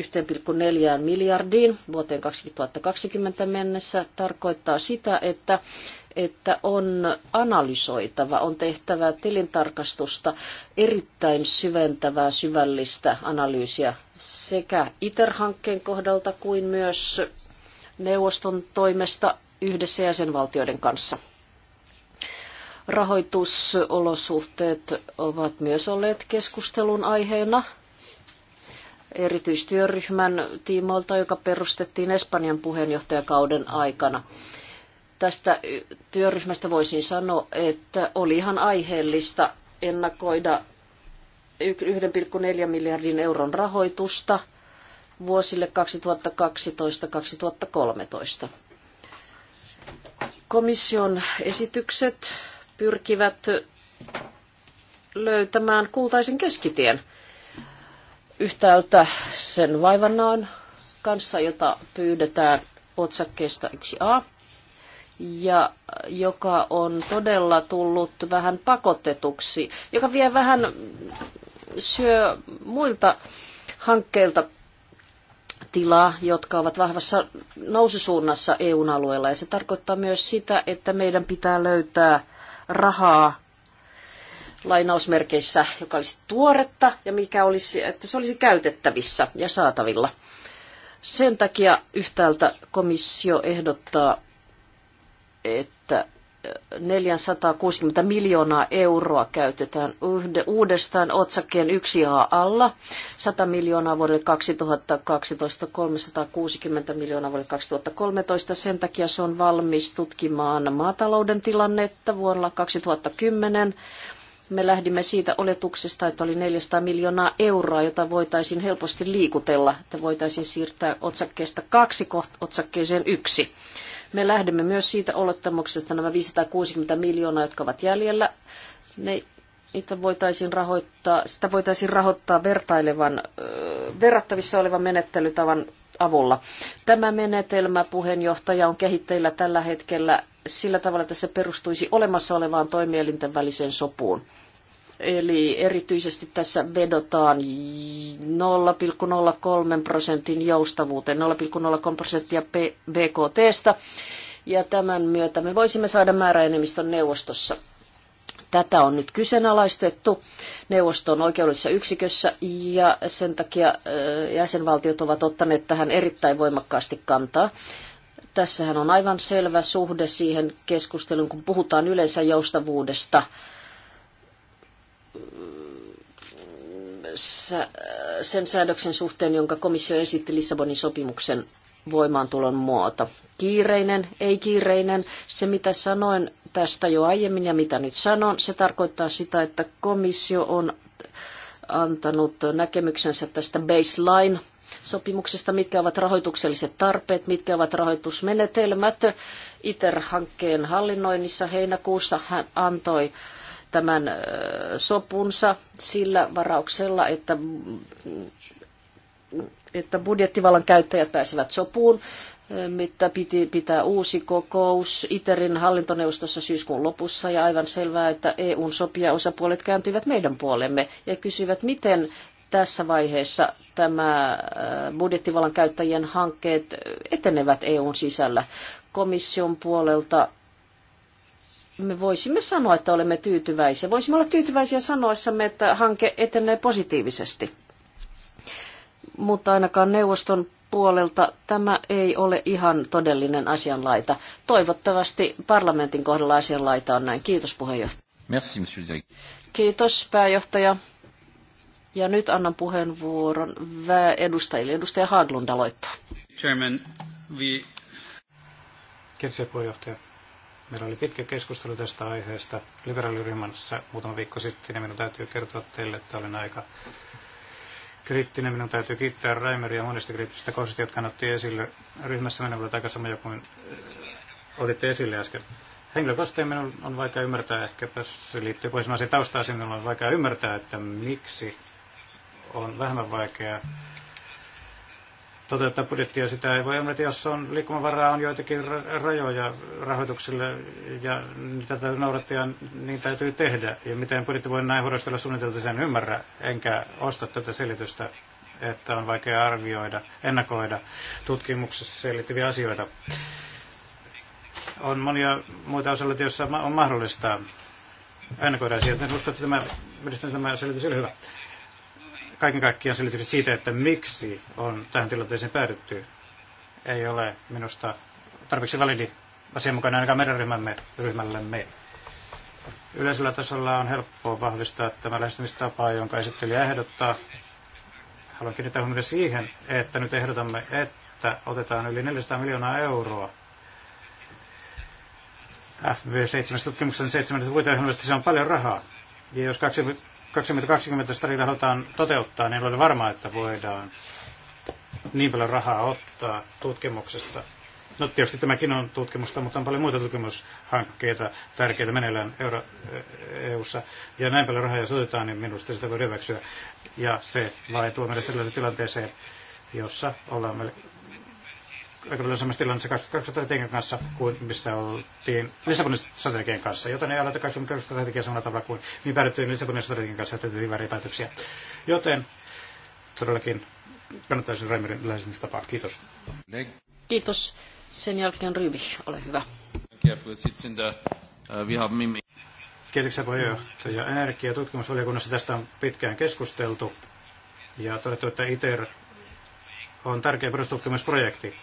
1,4 miljardiin vuoteen 2020 mennessä, tarkoittaa sitä, että että on analysoitava, on tehtävä tilintarkastusta, erittäin syventävää, syvällistä analyysiä sekä ITER-hankkeen kohdalta kuin myös neuvoston toimesta yhdessä jäsenvaltioiden kanssa. Rahoitusolosuhteet ovat myös olleet keskustelun aiheena erityistyöryhmän tiimoilta, joka perustettiin Espanjan puheenjohtajakauden aikana. Tästä työryhmästä voisin sanoa, että oli ihan aiheellista ennakoida 1,4 miljardin euron rahoitusta – vuosille 2012-2013. Komission esitykset pyrkivät löytämään kultaisen keskitien yhtäältä sen vaivannaan kanssa, jota pyydetään otsakkeesta 1a, ja joka on todella tullut vähän pakotetuksi, joka vie vähän syö muilta hankkeilta tilaa, jotka ovat vahvassa noususuunnassa EUn alueella. Ja se tarkoittaa myös sitä, että meidän pitää löytää rahaa lainausmerkeissä, joka olisi tuoretta ja mikä olisi, että se olisi käytettävissä ja saatavilla. Sen takia yhtäältä komissio ehdottaa, että 460 miljoonaa euroa käytetään uudestaan otsakkeen 1A alla, 100 miljoonaa vuodelle 2012, 360 miljoonaa vuodelle 2013. Sen takia se on valmis tutkimaan maatalouden tilannetta vuonna 2010. Me lähdimme siitä oletuksesta, että oli 400 miljoonaa euroa, jota voitaisiin helposti liikutella, että voitaisiin siirtää otsakkeesta kaksi otsakkeeseen yksi. Me lähdemme myös siitä olettamuksesta, että nämä 560 miljoonaa, jotka ovat jäljellä, ne, niitä voitaisiin rahoittaa, sitä voitaisiin rahoittaa vertailevan, verrattavissa olevan menettelytavan avulla. Tämä menetelmä puheenjohtaja on kehitteillä tällä hetkellä sillä tavalla, että se perustuisi olemassa olevaan toimielinten väliseen sopuun. Eli erityisesti tässä vedotaan 0,03 prosentin joustavuuteen, 0,03 prosenttia BKTstä. Ja tämän myötä me voisimme saada määräenemmistön neuvostossa. Tätä on nyt kyseenalaistettu neuvoston oikeudellisessa yksikössä ja sen takia jäsenvaltiot ovat ottaneet tähän erittäin voimakkaasti kantaa. Tässähän on aivan selvä suhde siihen keskusteluun, kun puhutaan yleensä joustavuudesta – sen säädöksen suhteen, jonka komissio esitti Lissabonin sopimuksen voimaantulon muoto. Kiireinen, ei kiireinen. Se mitä sanoin tästä jo aiemmin ja mitä nyt sanon, se tarkoittaa sitä, että komissio on antanut näkemyksensä tästä baseline sopimuksesta, mitkä ovat rahoitukselliset tarpeet, mitkä ovat rahoitusmenetelmät. ITER-hankkeen hallinnoinnissa heinäkuussa hän antoi äh, tämän sopunsa sillä varauksella, että että budjettivallan käyttäjät pääsevät sopuun, mitä piti pitää uusi kokous ITERin hallintoneuvostossa syyskuun lopussa ja aivan selvää, että EUn sopia osapuolet kääntyivät meidän puolemme ja kysyivät, miten tässä vaiheessa tämä budjettivallan käyttäjien hankkeet etenevät EUn sisällä. Komission puolelta me voisimme sanoa, että olemme tyytyväisiä. Voisimme olla tyytyväisiä sanoissamme, että hanke etenee positiivisesti. Mutta ainakaan neuvoston puolelta tämä ei ole ihan todellinen asianlaita. Toivottavasti parlamentin kohdalla asianlaita on näin. Kiitos puheenjohtaja. Merci, monsieur Kiitos pääjohtaja. Ja nyt annan puheenvuoron edustajille. Edustaja Haglund aloittaa. Chairman, we... Kiitos puheenjohtaja Meillä oli pitkä keskustelu tästä aiheesta liberaaliryhmässä muutama viikko sitten ja minun täytyy kertoa teille, että olin aika kriittinen. Minun täytyy kiittää Raimeria monista kriittisistä kohdista, jotka otti esille. Ryhmässä minä olen aika joku kuin äh, otitte esille äsken. Henkilökohtaisesti minun on vaikea ymmärtää, ehkä se liittyy pohjoismaiseen taustaan, minulla on vaikea ymmärtää, että miksi on vähemmän vaikea toteuttaa budjettia. Sitä ei voi ilmetä, jos on liikkumavaraa, on joitakin rajoja rahoituksille ja niitä täytyy noudattaa niin täytyy tehdä. Ja miten budjetti voi näin huolestella suunniteltu, sen ymmärrä, enkä osta tätä selitystä että on vaikea arvioida, ennakoida tutkimuksessa selittyviä asioita. On monia muita osallisuuksia, joissa on mahdollista ennakoida asioita. Uskon, että tämä, tämä selitys oli hyvä kaiken kaikkiaan selitykset siitä, että miksi on tähän tilanteeseen päädytty, ei ole minusta tarpeeksi validi asianmukainen ainakaan meidän ryhmämme, ryhmällemme. Yleisellä tasolla on helppoa vahvistaa tämä lähestymistapa, jonka esittelijä ehdottaa. Haluan kiinnittää huomioon siihen, että nyt ehdotamme, että otetaan yli 400 miljoonaa euroa fv 7 tutkimuksen 7 se on paljon rahaa. Ja jos kaksi 2020 starilla halutaan toteuttaa, niin olen varmaa, että voidaan niin paljon rahaa ottaa tutkimuksesta. No tietysti tämäkin on tutkimusta, mutta on paljon muita tutkimushankkeita tärkeitä meneillään Euro- EU-ssa. Ja näin paljon rahaa, jos otetaan, niin minusta sitä voi hyväksyä. Ja se vain tuo meille sellaiseen tilanteeseen, jossa ollaan paljon samassa tilanteessa 2020 kanssa kuin missä oltiin Lissabonin strategian kanssa, joten ei aloita 2020 strategian samalla tavalla kuin niin päädyttiin Lissabonin strategian kanssa, että tehtiin vääriä päätöksiä. Joten todellakin kannattaisi Reimerin lähestymistapaa. Kiitos. Kiitos. Sen jälkeen Ryvi, ole hyvä. Uh, Kiitoksia puheenjohtaja. Energia- ja tutkimusvaliokunnassa tästä on pitkään keskusteltu ja todettu, että ITER on tärkeä perustutkimusprojekti.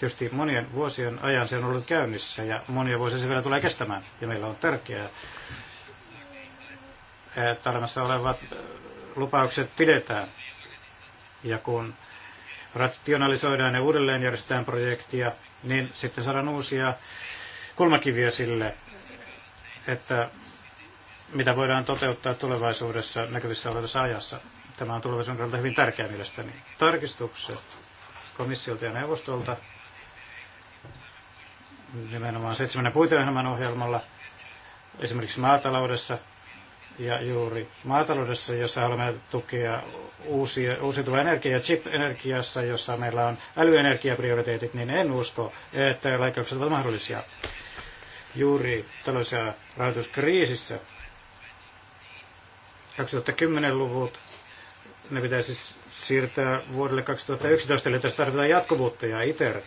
Tietysti monien vuosien ajan se on ollut käynnissä ja monia vuosia se vielä tulee kestämään. Ja meillä on tärkeää, että olemassa olevat lupaukset pidetään. Ja kun rationalisoidaan ja uudelleen järjestetään projektia, niin sitten saadaan uusia kulmakiviä sille, että mitä voidaan toteuttaa tulevaisuudessa näkyvissä olevassa ajassa. Tämä on tulevaisuuden kannalta hyvin tärkeää mielestäni. Tarkistukset komissiolta ja neuvostolta nimenomaan seitsemän puiteohjelman ohjelmalla, esimerkiksi maataloudessa ja juuri maataloudessa, jossa haluamme tukea uusia, energia ja chip-energiassa, jossa meillä on älyenergiaprioriteetit, niin en usko, että laikaukset ovat mahdollisia. Juuri tällaisessa ja rahoituskriisissä 2010-luvut, ne pitäisi siirtää vuodelle 2011, eli tässä tarvitaan jatkuvuutta ja ITER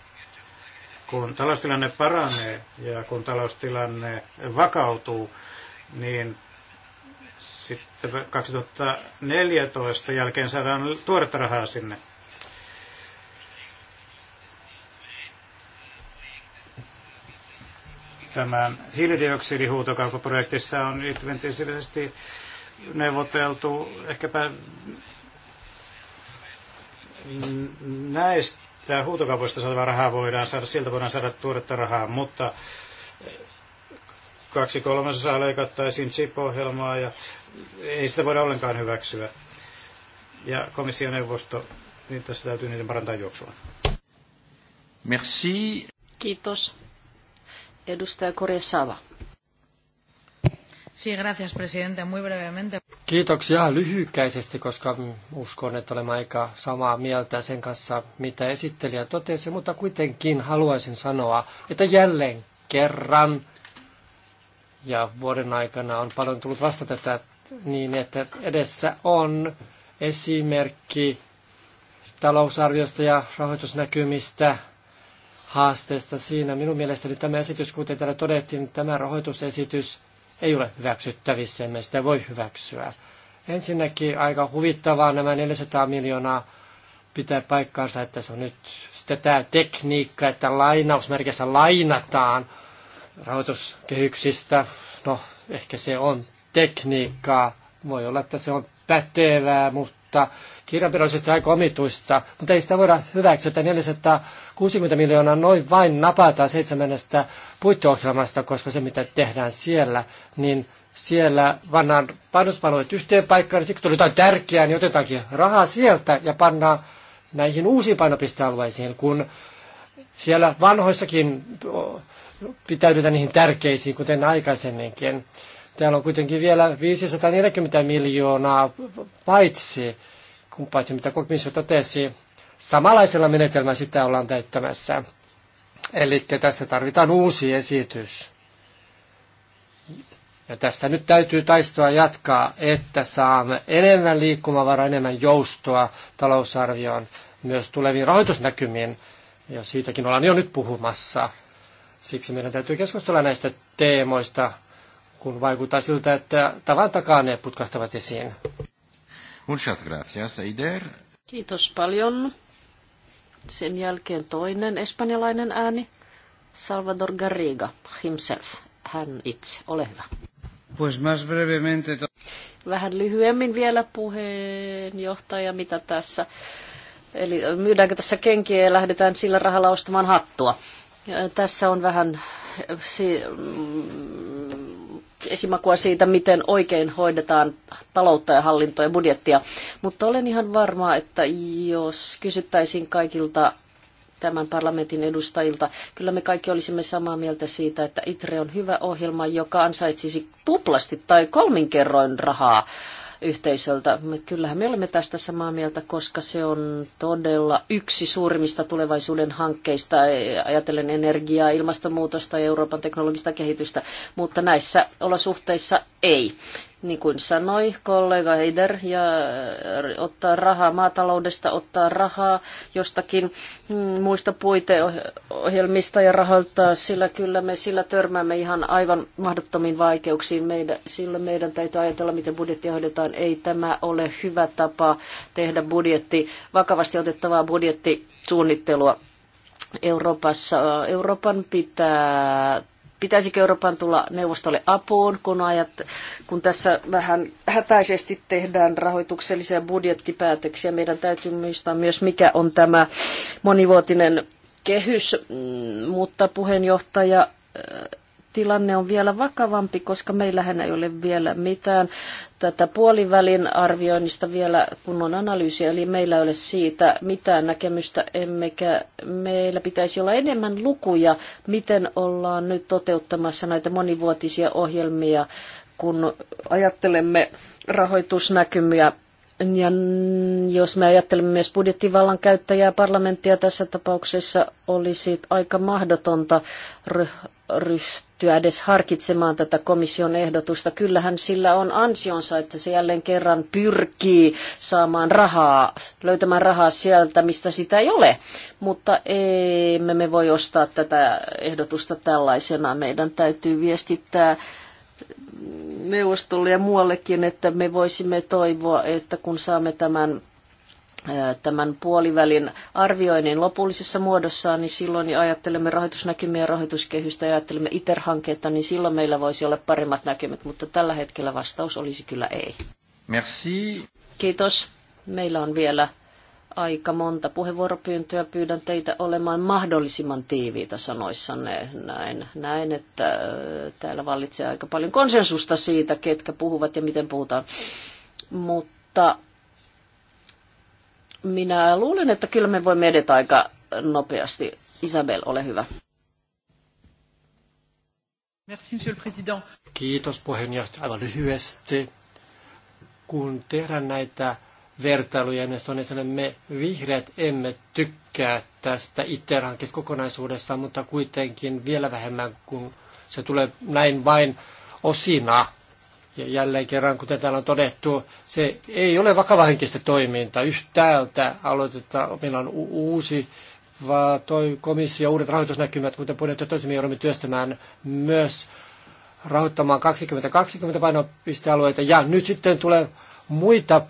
kun taloustilanne paranee ja kun taloustilanne vakautuu, niin sitten 2014 jälkeen saadaan tuoretta rahaa sinne. Tämän hiilidioksidihuutokauppaprojektissa on intensiivisesti neuvoteltu ehkäpä näistä tämä huutokaupoista saatava rahaa voidaan saada, siltä voidaan saada tuoretta rahaa, mutta eh, kaksi kolmasosaa leikattaisiin chip-ohjelmaa ja ei sitä voida ollenkaan hyväksyä. Ja komissioneuvosto, niin tässä täytyy niiden parantaa juoksua. Merci. Kiitos. Edustaja Korja Sava. Kiitoksia lyhykäisesti, koska uskon, että olemme aika samaa mieltä sen kanssa, mitä esittelijä totesi, mutta kuitenkin haluaisin sanoa, että jälleen kerran ja vuoden aikana on paljon tullut vasta tätä niin, että edessä on esimerkki talousarviosta ja rahoitusnäkymistä haasteesta siinä. Minun mielestäni tämä esitys, kuten täällä todettiin, tämä rahoitusesitys ei ole hyväksyttävissä, emme sitä voi hyväksyä. Ensinnäkin aika huvittavaa nämä 400 miljoonaa pitää paikkaansa, että se on nyt sitä tämä tekniikka, että lainausmerkissä lainataan rahoituskehyksistä. No, ehkä se on tekniikkaa. Voi olla, että se on pätevää, mutta kirjanpidollisista aika komituista, mutta ei sitä voida hyväksyä, että 460 miljoonaa noin vain napataan seitsemännestä puitteohjelmasta, koska se mitä tehdään siellä, niin siellä vannaan panospalvelut yhteen paikkaan, ja niin siksi tuli jotain tärkeää, niin otetaankin rahaa sieltä ja pannaan näihin uusiin painopistealueisiin, kun siellä vanhoissakin pitäydytään niihin tärkeisiin, kuten aikaisemminkin. Täällä on kuitenkin vielä 540 miljoonaa paitsi kun paitsi mitä komissio totesi, samanlaisella menetelmällä sitä ollaan täyttämässä. Eli tässä tarvitaan uusi esitys. Ja tästä nyt täytyy taistoa jatkaa, että saamme enemmän liikkumavaraa, enemmän joustoa talousarvioon myös tuleviin rahoitusnäkymiin. Ja siitäkin ollaan jo nyt puhumassa. Siksi meidän täytyy keskustella näistä teemoista, kun vaikuttaa siltä, että tavan takaa ne putkahtavat esiin. Muchas gracias, Eider. Kiitos paljon. Sen jälkeen toinen espanjalainen ääni, Salvador Garriga himself, hän itse. Ole hyvä. Pues más brevemente vähän lyhyemmin vielä puheenjohtaja, mitä tässä. Eli myydäänkö tässä kenkiä ja lähdetään sillä rahalla ostamaan hattua. Tässä on vähän eh, mm, esimakua siitä, miten oikein hoidetaan taloutta ja hallintoa ja budjettia. Mutta olen ihan varma, että jos kysyttäisiin kaikilta tämän parlamentin edustajilta. Kyllä me kaikki olisimme samaa mieltä siitä, että ITRE on hyvä ohjelma, joka ansaitsisi tuplasti tai kolminkerroin rahaa yhteisöltä. Kyllähän me olemme tästä samaa mieltä, koska se on todella yksi suurimmista tulevaisuuden hankkeista, e, ajatellen energiaa, ilmastonmuutosta ja Euroopan teknologista kehitystä, mutta näissä olosuhteissa ei niin kuin sanoi kollega Heider, ja äh, ottaa rahaa maataloudesta, ottaa rahaa jostakin mm, muista puiteohjelmista ja rahoittaa, sillä kyllä me sillä törmäämme ihan aivan mahdottomiin vaikeuksiin. Meidän, sillä meidän täytyy ajatella, miten budjettia hoidetaan. Ei tämä ole hyvä tapa tehdä budjetti, vakavasti otettavaa budjettisuunnittelua. Euroopassa, Euroopan pitää Pitäisikö Euroopan tulla neuvostolle apuun, kun, ajat, kun tässä vähän hätäisesti tehdään rahoituksellisia budjettipäätöksiä? Meidän täytyy muistaa myös, mikä on tämä monivuotinen kehys, mm, mutta puheenjohtaja tilanne on vielä vakavampi, koska meillähän ei ole vielä mitään tätä puolivälin arvioinnista vielä kunnon analyysiä, eli meillä ei ole siitä mitään näkemystä, emmekä meillä pitäisi olla enemmän lukuja, miten ollaan nyt toteuttamassa näitä monivuotisia ohjelmia, kun ajattelemme rahoitusnäkymiä ja jos me ajattelemme myös budjettivallan käyttäjää parlamenttia tässä tapauksessa, olisi aika mahdotonta ryhtyä edes harkitsemaan tätä komission ehdotusta. Kyllähän sillä on ansionsa, että se jälleen kerran pyrkii saamaan rahaa, löytämään rahaa sieltä, mistä sitä ei ole. Mutta emme me voi ostaa tätä ehdotusta tällaisena. Meidän täytyy viestittää neuvostolle ja muuallekin, että me voisimme toivoa, että kun saamme tämän tämän puolivälin arvioinnin lopullisessa muodossaan, niin silloin niin ajattelemme rahoitusnäkymiä ja rahoituskehystä ja ajattelemme iter niin silloin meillä voisi olla paremmat näkymät, mutta tällä hetkellä vastaus olisi kyllä ei. Merci. Kiitos. Meillä on vielä aika monta puheenvuoropyyntöä. Pyydän teitä olemaan mahdollisimman tiiviitä sanoissanne. Näin, näin että täällä vallitsee aika paljon konsensusta siitä, ketkä puhuvat ja miten puhutaan. Mutta minä luulen, että kyllä me voimme edetä aika nopeasti. Isabel, ole hyvä. Merci, monsieur le président. Kiitos puheenjohtaja. Aivan lyhyesti. Kun tehdään näitä vertailuja investoinneissa. Me vihreät emme tykkää tästä ITER-hankkeesta kokonaisuudessaan, mutta kuitenkin vielä vähemmän, kun se tulee näin vain osina. Ja jälleen kerran, kuten täällä on todettu, se ei ole vakavahenkistä toimintaa. Yhtäältä aloitetaan, meillä on uusi vaan toi komissio uudet rahoitusnäkymät, kuten budjettitoisin, toisemmin joudumme työstämään myös rahoittamaan 2020 painopistealueita. Ja nyt sitten tulee muita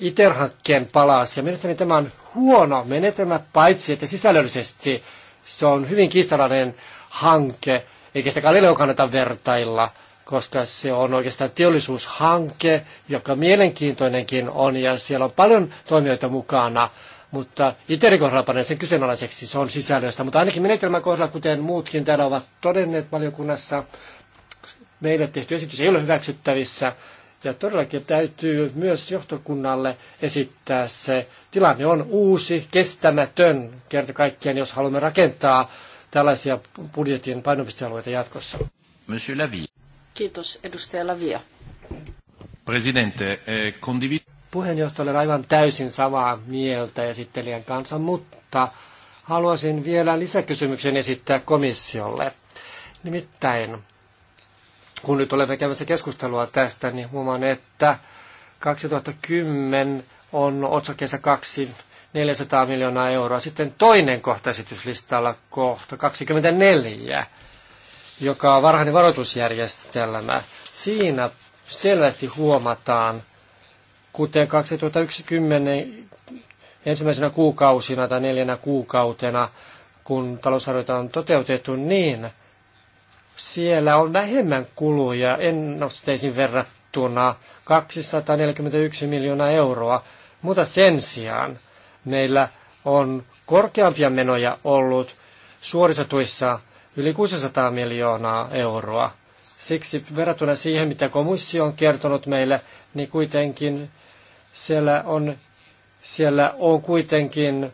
iterhakkeen palasia. Mielestäni tämä on huono menetelmä, paitsi että sisällöllisesti se on hyvin kiistalainen hanke, eikä sitä Galileo kannata vertailla, koska se on oikeastaan teollisuushanke, joka mielenkiintoinenkin on, ja siellä on paljon toimijoita mukana, mutta itseäni kohdalla panen sen kyseenalaiseksi, se on sisällöstä, mutta ainakin menetelmän kohdalla, kuten muutkin täällä ovat todenneet valiokunnassa, meille tehty esitys ei ole hyväksyttävissä, ja todellakin täytyy myös johtokunnalle esittää se. Tilanne on uusi, kestämätön kerta kaikkiaan, jos haluamme rakentaa tällaisia budjetin painopistealueita jatkossa. Monsieur Lavia. Kiitos, edustaja Lavia. Presidente, eh, condivid... Puheenjohtaja on aivan täysin samaa mieltä esittelijän kanssa, mutta haluaisin vielä lisäkysymyksen esittää komissiolle. Nimittäin kun nyt olemme käymässä keskustelua tästä, niin huomaan, että 2010 on otsakkeessa kaksi 400 miljoonaa euroa. Sitten toinen kohta esityslistalla, kohta 24, joka on varhainen varoitusjärjestelmä. Siinä selvästi huomataan, kuten 2010 ensimmäisenä kuukausina tai neljänä kuukautena, kun talousarvioita on toteutettu niin, siellä on vähemmän kuluja ennusteisiin verrattuna 241 miljoonaa euroa, mutta sen sijaan meillä on korkeampia menoja ollut suorissa yli 600 miljoonaa euroa. Siksi verrattuna siihen, mitä komissio on kertonut meille, niin kuitenkin siellä on, siellä on kuitenkin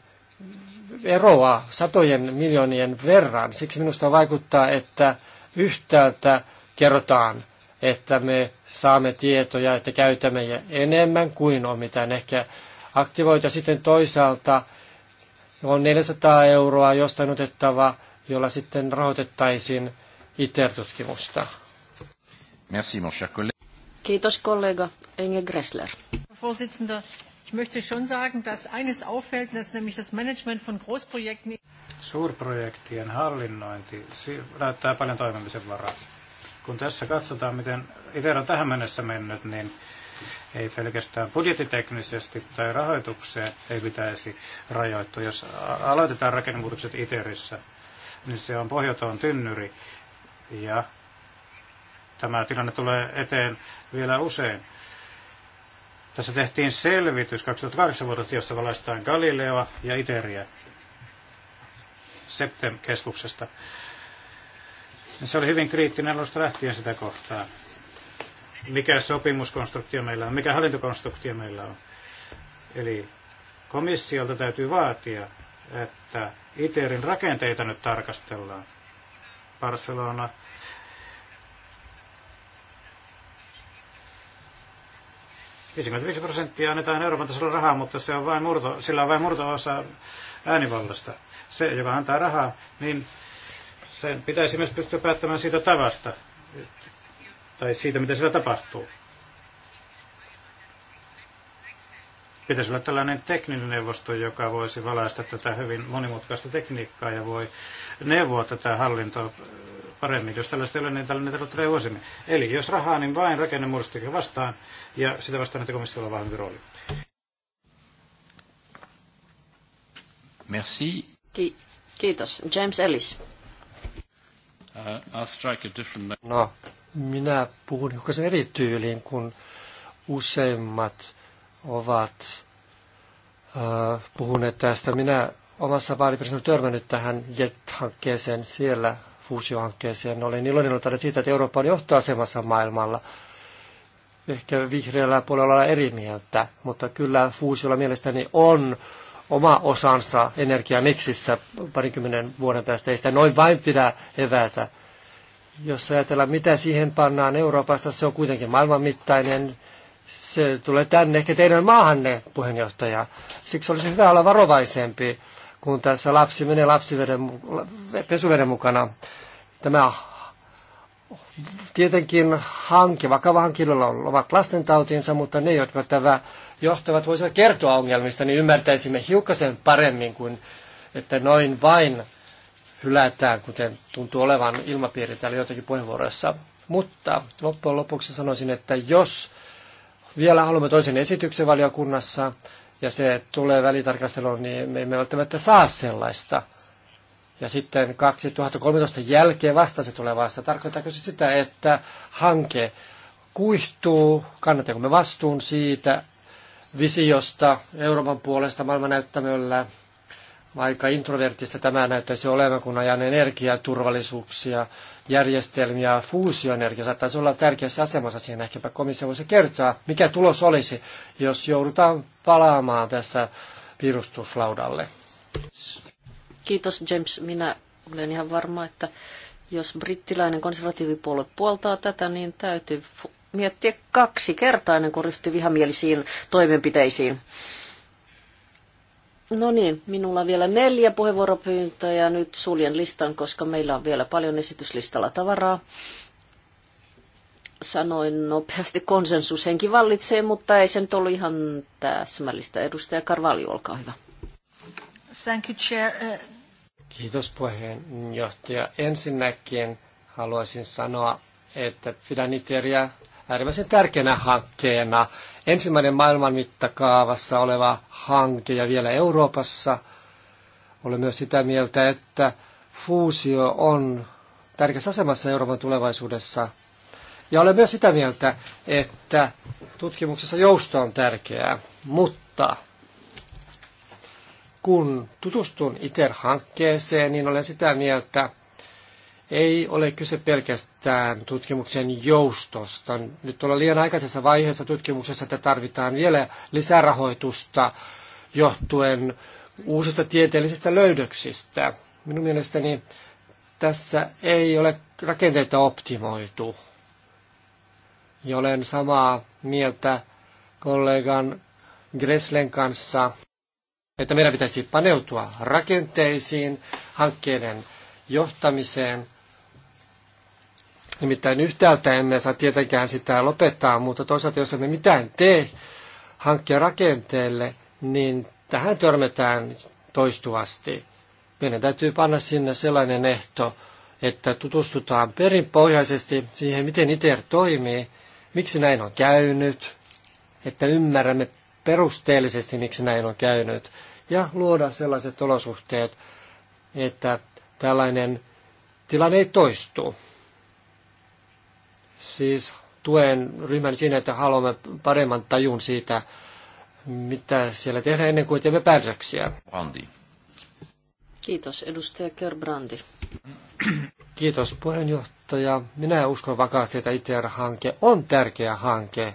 eroa satojen miljoonien verran. Siksi minusta vaikuttaa, että Yhtäältä kerrotaan, että me saamme tietoja, että käytämme enemmän kuin on mitään ehkä aktivoita. Sitten toisaalta on 400 euroa jostain otettava, jolla sitten rahoitettaisiin ITER-tutkimusta. Merci, mon cher Kiitos kollega Inge Gressler. Ich möchte schon sagen, dass eines auffällt, dass nämlich das Management von Großprojekten... Suurprojektien hallinnointi näyttää paljon toimimisen varaa. Kun tässä katsotaan, miten Itera on tähän mennessä mennyt, niin ei pelkästään budjettiteknisesti tai rahoitukseen ei pitäisi rajoittua. Jos aloitetaan rakennemuutokset ITERissä, niin se on pohjoton tynnyri ja tämä tilanne tulee eteen vielä usein tässä tehtiin selvitys 2008 vuodelta, jossa valaistaan Galileoa ja Iteriä Septem-keskuksesta. Se oli hyvin kriittinen alusta lähtien sitä kohtaa, Mikä sopimuskonstruktio meillä on, mikä hallintokonstruktio meillä on. Eli komissiolta täytyy vaatia, että ITERin rakenteita nyt tarkastellaan. Barcelona, 55 prosenttia annetaan Euroopan tasolla rahaa, mutta se on vain murto, sillä on vain murto-osa äänivallasta. Se, joka antaa rahaa, niin sen pitäisi myös pystyä päättämään siitä tavasta, tai siitä, mitä sillä tapahtuu. Pitäisi olla tällainen tekninen neuvosto, joka voisi valaista tätä hyvin monimutkaista tekniikkaa ja voi neuvoa tätä hallintoa paremmin. Jos tällaista ei ole, niin tällainen tulee vuosimme. Eli jos rahaa, niin vain rakenne vastaan, ja sitä vastaan, että komissiolla on vahvempi rooli. Merci. Ki- kiitos. James Ellis. Uh, I'll strike a different... No, minä puhun hiukan eri tyyliin, kun useimmat ovat uh, puhuneet tästä. Minä omassa vaalipiirissäni törmännyt tähän JET-hankkeeseen. Siellä fuusiohankkeeseen. Olen iloinen ollut siitä, että Eurooppa on johtoasemassa maailmalla. Ehkä vihreällä puolella olla eri mieltä, mutta kyllä fuusiolla mielestäni on oma osansa energiamiksissä parikymmenen vuoden päästä. Ei sitä noin vain pidä evätä. Jos ajatellaan, mitä siihen pannaan Euroopasta, se on kuitenkin maailmanmittainen. Se tulee tänne, ehkä teidän maahanne, puheenjohtaja. Siksi olisi hyvä olla varovaisempi kun tässä lapsi menee lapsiveden, pesuveden mukana. Tämä tietenkin hanki, vakava on ovat lastentautinsa, mutta ne, jotka tämä johtavat, voisivat kertoa ongelmista, niin ymmärtäisimme hiukkasen paremmin kuin, että noin vain hylätään, kuten tuntuu olevan ilmapiiri täällä jotakin puheenvuoroissa. Mutta loppujen lopuksi sanoisin, että jos vielä haluamme toisen esityksen valiokunnassa, ja se tulee välitarkasteluun, niin me emme välttämättä saa sellaista. Ja sitten 2013 jälkeen vasta se tulee vasta. Tarkoittaako se sitä, että hanke kuihtuu, kannatteko me vastuun siitä visiosta Euroopan puolesta maailman näyttämöllä – vaikka introvertista tämä näyttäisi olevan, kun ajan energiaturvallisuuksia, järjestelmiä, fuusioenergia saattaisi olla tärkeässä asemassa siinä. Ehkäpä komissio voisi kertoa, mikä tulos olisi, jos joudutaan palaamaan tässä virustuslaudalle. Kiitos James. Minä olen ihan varma, että jos brittiläinen konservatiivipuolue puoltaa tätä, niin täytyy miettiä kaksi kertaa ennen kuin ryhtyy vihamielisiin toimenpiteisiin. No niin, minulla on vielä neljä puheenvuoropyyntöä ja nyt suljen listan, koska meillä on vielä paljon esityslistalla tavaraa. Sanoin nopeasti, konsensushenki vallitsee, mutta ei se nyt ollut ihan täsmällistä. Edustaja Karvalju, olkaa hyvä. Thank you, chair. Kiitos puheenjohtaja. Ensinnäkin haluaisin sanoa, että pidän Niteriä äärimmäisen tärkeänä hankkeena. Ensimmäinen maailman mittakaavassa oleva hanke ja vielä Euroopassa. Olen myös sitä mieltä, että fuusio on tärkeässä asemassa Euroopan tulevaisuudessa. Ja olen myös sitä mieltä, että tutkimuksessa jousto on tärkeää, mutta kun tutustun ITER-hankkeeseen, niin olen sitä mieltä, ei ole kyse pelkästään tutkimuksen joustosta. Nyt ollaan liian aikaisessa vaiheessa tutkimuksessa, että tarvitaan vielä lisärahoitusta johtuen uusista tieteellisistä löydöksistä. Minun mielestäni tässä ei ole rakenteita optimoitu. Ja olen samaa mieltä kollegan Greslen kanssa, että meidän pitäisi paneutua rakenteisiin, hankkeiden johtamiseen Nimittäin yhtäältä emme saa tietenkään sitä lopettaa, mutta toisaalta jos emme mitään tee hankkeen rakenteelle, niin tähän törmätään toistuvasti. Meidän täytyy panna sinne sellainen ehto, että tutustutaan perinpohjaisesti siihen, miten ITER toimii, miksi näin on käynyt, että ymmärrämme perusteellisesti, miksi näin on käynyt, ja luoda sellaiset olosuhteet, että tällainen tilanne ei toistu. Siis tuen ryhmän siinä, että haluamme paremman tajun siitä, mitä siellä tehdään ennen kuin teemme päätöksiä. Brandi. Kiitos, edustaja Kerbrandi. Kiitos puheenjohtaja. Minä uskon vakaasti, että ITR-hanke on tärkeä hanke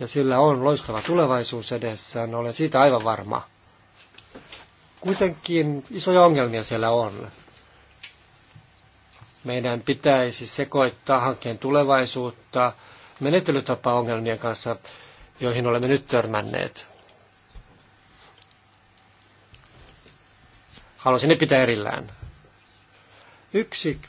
ja sillä on loistava tulevaisuus edessään, olen siitä aivan varma. Kuitenkin isoja ongelmia siellä on. Meidän pitäisi sekoittaa hankkeen tulevaisuutta menettelytapaongelmien kanssa, joihin olemme nyt törmänneet. Haluaisin ne pitää erillään. Yksi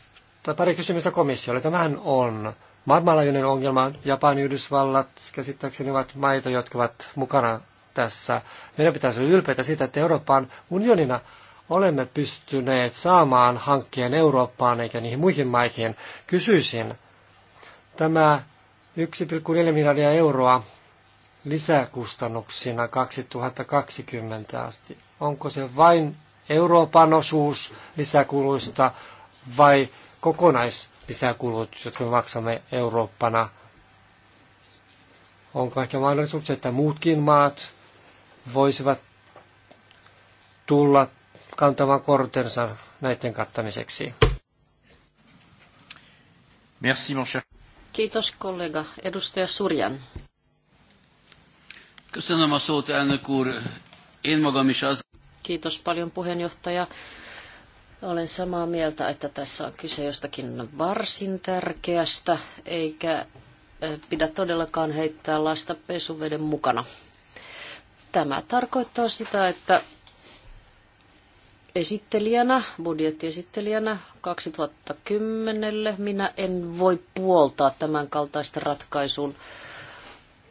tai pari kysymystä komissiolle. Tämähän on maailmanlaajuinen ongelma. Japani ja Yhdysvallat käsittääkseni ovat maita, jotka ovat mukana tässä. Meidän pitäisi olla ylpeitä siitä, että Euroopan unionina olemme pystyneet saamaan hankkeen Eurooppaan eikä niihin muihin maihin. Kysyisin, tämä 1,4 miljardia euroa lisäkustannuksina 2020 asti, onko se vain Euroopan osuus lisäkuluista vai kokonaislisäkulut, jotka me maksamme Eurooppana? Onko ehkä mahdollisuuksia, että muutkin maat voisivat tulla kantamaan kortensa näiden kattamiseksi. Merci, mon cher. Kiitos kollega. Edustaja Surjan. Köszönöm a szót, elnök úr. Én magam is az... Kiitos paljon puheenjohtaja. Olen samaa mieltä, että tässä on kyse jostakin varsin tärkeästä, eikä pidä todellakaan heittää lasta pesuveden mukana. Tämä tarkoittaa sitä, että esittelijänä, budjettiesittelijänä 2010. Minä en voi puoltaa tämän kaltaista ratkaisun,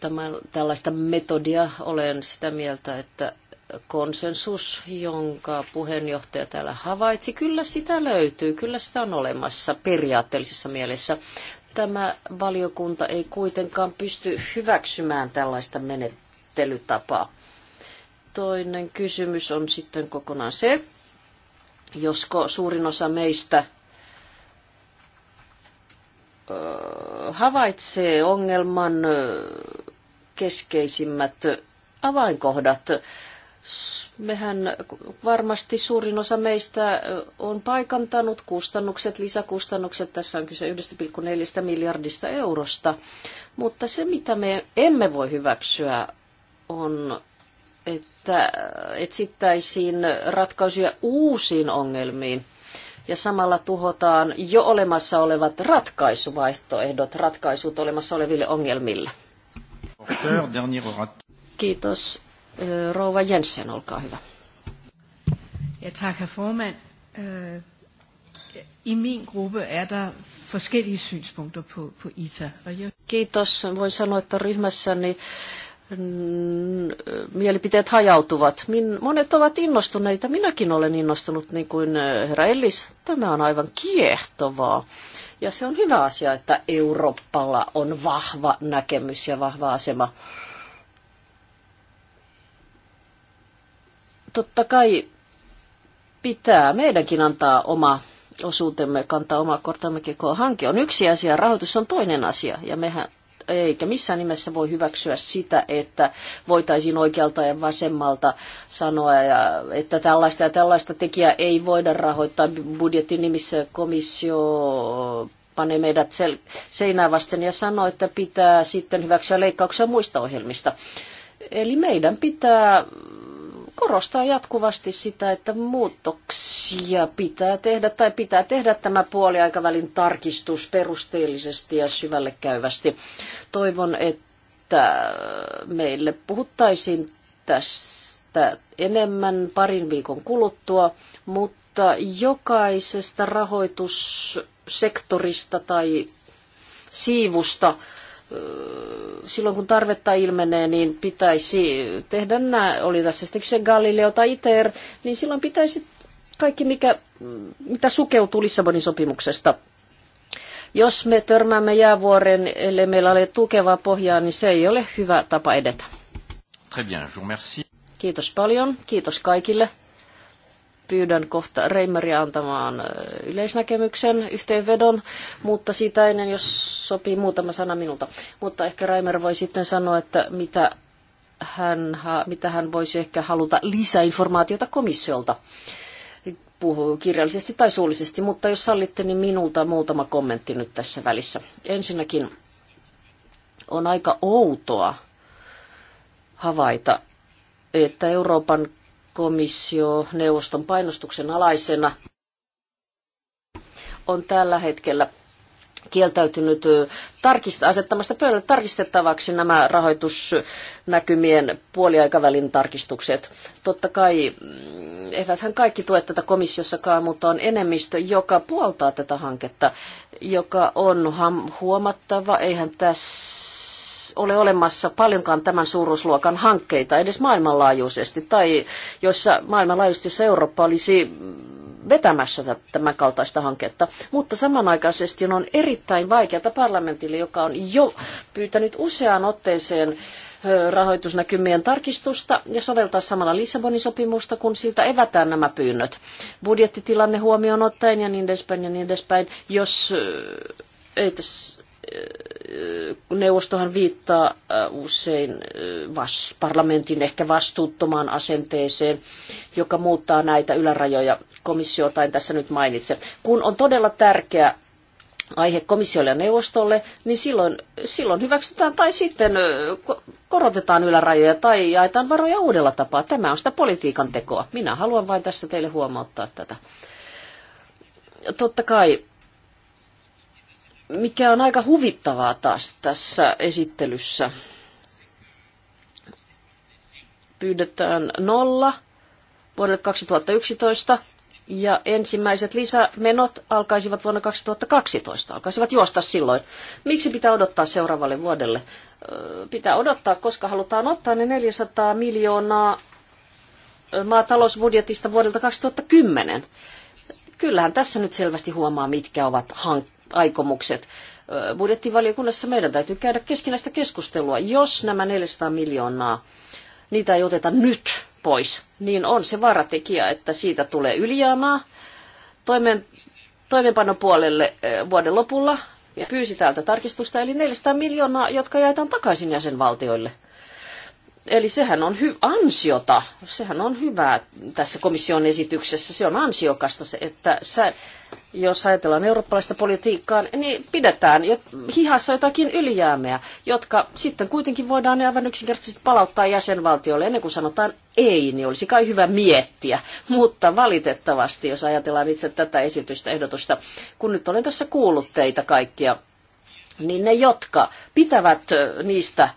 tämän, tällaista metodia. Olen sitä mieltä, että konsensus, jonka puheenjohtaja täällä havaitsi, kyllä sitä löytyy, kyllä sitä on olemassa periaatteellisessa mielessä. Tämä valiokunta ei kuitenkaan pysty hyväksymään tällaista menettelytapaa toinen kysymys on sitten kokonaan se, josko suurin osa meistä havaitsee ongelman keskeisimmät avainkohdat. Mehän varmasti suurin osa meistä on paikantanut kustannukset, lisäkustannukset. Tässä on kyse 1,4 miljardista eurosta. Mutta se, mitä me emme voi hyväksyä, on että etsittäisiin ratkaisuja uusiin ongelmiin ja samalla tuhotaan jo olemassa olevat ratkaisuvaihtoehdot, ratkaisut olemassa oleville ongelmille. Kiitos. Rouva Jensen, olkaa hyvä. Ja tak, herr I min gruppe er der forskellige synspunkter på, på ITA. Kiitos. Voin sanoa, että ryhmässäni mielipiteet hajautuvat. Min, monet ovat innostuneita, minäkin olen innostunut niin kuin äh, herra Ellis. Tämä on aivan kiehtovaa. Ja se on hyvä asia, että Euroopalla on vahva näkemys ja vahva asema. Totta kai pitää meidänkin antaa oma osuutemme, kantaa oma kortamme kekoon. Hanke on yksi asia, rahoitus on toinen asia. Ja mehän eikä missään nimessä voi hyväksyä sitä, että voitaisiin oikealta ja vasemmalta sanoa, ja, että tällaista ja tällaista tekijää ei voida rahoittaa budjetin nimissä komissio panee meidät sel- seinää vasten ja sanoo, että pitää sitten hyväksyä leikkauksia muista ohjelmista. Eli meidän pitää korostaa jatkuvasti sitä, että muutoksia pitää tehdä tai pitää tehdä tämä puoliaikavälin tarkistus perusteellisesti ja syvälle käyvästi. Toivon, että meille puhuttaisiin tästä enemmän parin viikon kuluttua, mutta jokaisesta rahoitussektorista tai siivusta silloin kun tarvetta ilmenee, niin pitäisi tehdä nämä, oli tässä sitten se Galileo tai ITER, niin silloin pitäisi kaikki, mikä, mitä sukeutuu Lissabonin sopimuksesta. Jos me törmäämme jäävuoren, ellei meillä ole tukevaa pohjaa, niin se ei ole hyvä tapa edetä. Très bien, je vous remercie. Kiitos paljon, kiitos kaikille pyydän kohta Reimeria antamaan yleisnäkemyksen, yhteenvedon, mutta siitä ennen, jos sopii muutama sana minulta. Mutta ehkä Reimer voi sitten sanoa, että mitä hän, mitä hän voisi ehkä haluta lisäinformaatiota komissiolta puhuu kirjallisesti tai suullisesti, mutta jos sallitte, niin minulta muutama kommentti nyt tässä välissä. Ensinnäkin on aika outoa havaita, että Euroopan komissio neuvoston painostuksen alaisena on tällä hetkellä kieltäytynyt tarkista, asettamasta pöydälle tarkistettavaksi nämä rahoitusnäkymien puoliaikavälin tarkistukset. Totta kai, mm, eiväthän kaikki tue tätä komissiossakaan, mutta on enemmistö, joka puoltaa tätä hanketta, joka on huomattava. Eihän tässä ole olemassa paljonkaan tämän suuruusluokan hankkeita edes maailmanlaajuisesti, tai jossa maailmanlaajuisesti, jossa Eurooppa olisi vetämässä tämän kaltaista hanketta. Mutta samanaikaisesti on erittäin vaikeata parlamentille, joka on jo pyytänyt useaan otteeseen rahoitusnäkymien tarkistusta ja soveltaa samalla Lissabonin sopimusta, kun siltä evätään nämä pyynnöt. Budjettitilanne huomioon ottaen ja niin edespäin ja niin edespäin, jos ei tässä neuvostohan viittaa äh, usein äh, parlamentin ehkä vastuuttomaan asenteeseen, joka muuttaa näitä ylärajoja. Komissiota en tässä nyt mainitse. Kun on todella tärkeä aihe komissiolle ja neuvostolle, niin silloin, silloin hyväksytään tai sitten äh, korotetaan ylärajoja tai jaetaan varoja uudella tapaa. Tämä on sitä politiikan tekoa. Minä haluan vain tässä teille huomauttaa tätä. Totta kai mikä on aika huvittavaa taas tässä esittelyssä. Pyydetään nolla vuodelle 2011 ja ensimmäiset lisämenot alkaisivat vuonna 2012, alkaisivat juosta silloin. Miksi pitää odottaa seuraavalle vuodelle? Pitää odottaa, koska halutaan ottaa ne 400 miljoonaa maatalousbudjetista vuodelta 2010. Kyllähän tässä nyt selvästi huomaa, mitkä ovat hank- aikomukset. Budjettivaliokunnassa meidän täytyy käydä keskinäistä keskustelua. Jos nämä 400 miljoonaa, niitä ei oteta nyt pois, niin on se varatekijä, että siitä tulee ylijäämää toimeen, toimeenpanopuolelle vuoden lopulla ja pyysi täältä tarkistusta, eli 400 miljoonaa, jotka jaetaan takaisin jäsenvaltioille. Eli sehän on hy- ansiota, sehän on hyvää tässä komission esityksessä, se on ansiokasta, se, että sä jos ajatellaan eurooppalaista politiikkaa, niin pidetään hihassa jotakin ylijäämää, jotka sitten kuitenkin voidaan aivan yksinkertaisesti palauttaa jäsenvaltiolle ennen kuin sanotaan ei, niin olisi kai hyvä miettiä. Mutta valitettavasti, jos ajatellaan itse tätä esitystä, ehdotusta, kun nyt olen tässä kuullut teitä kaikkia, niin ne, jotka pitävät niistä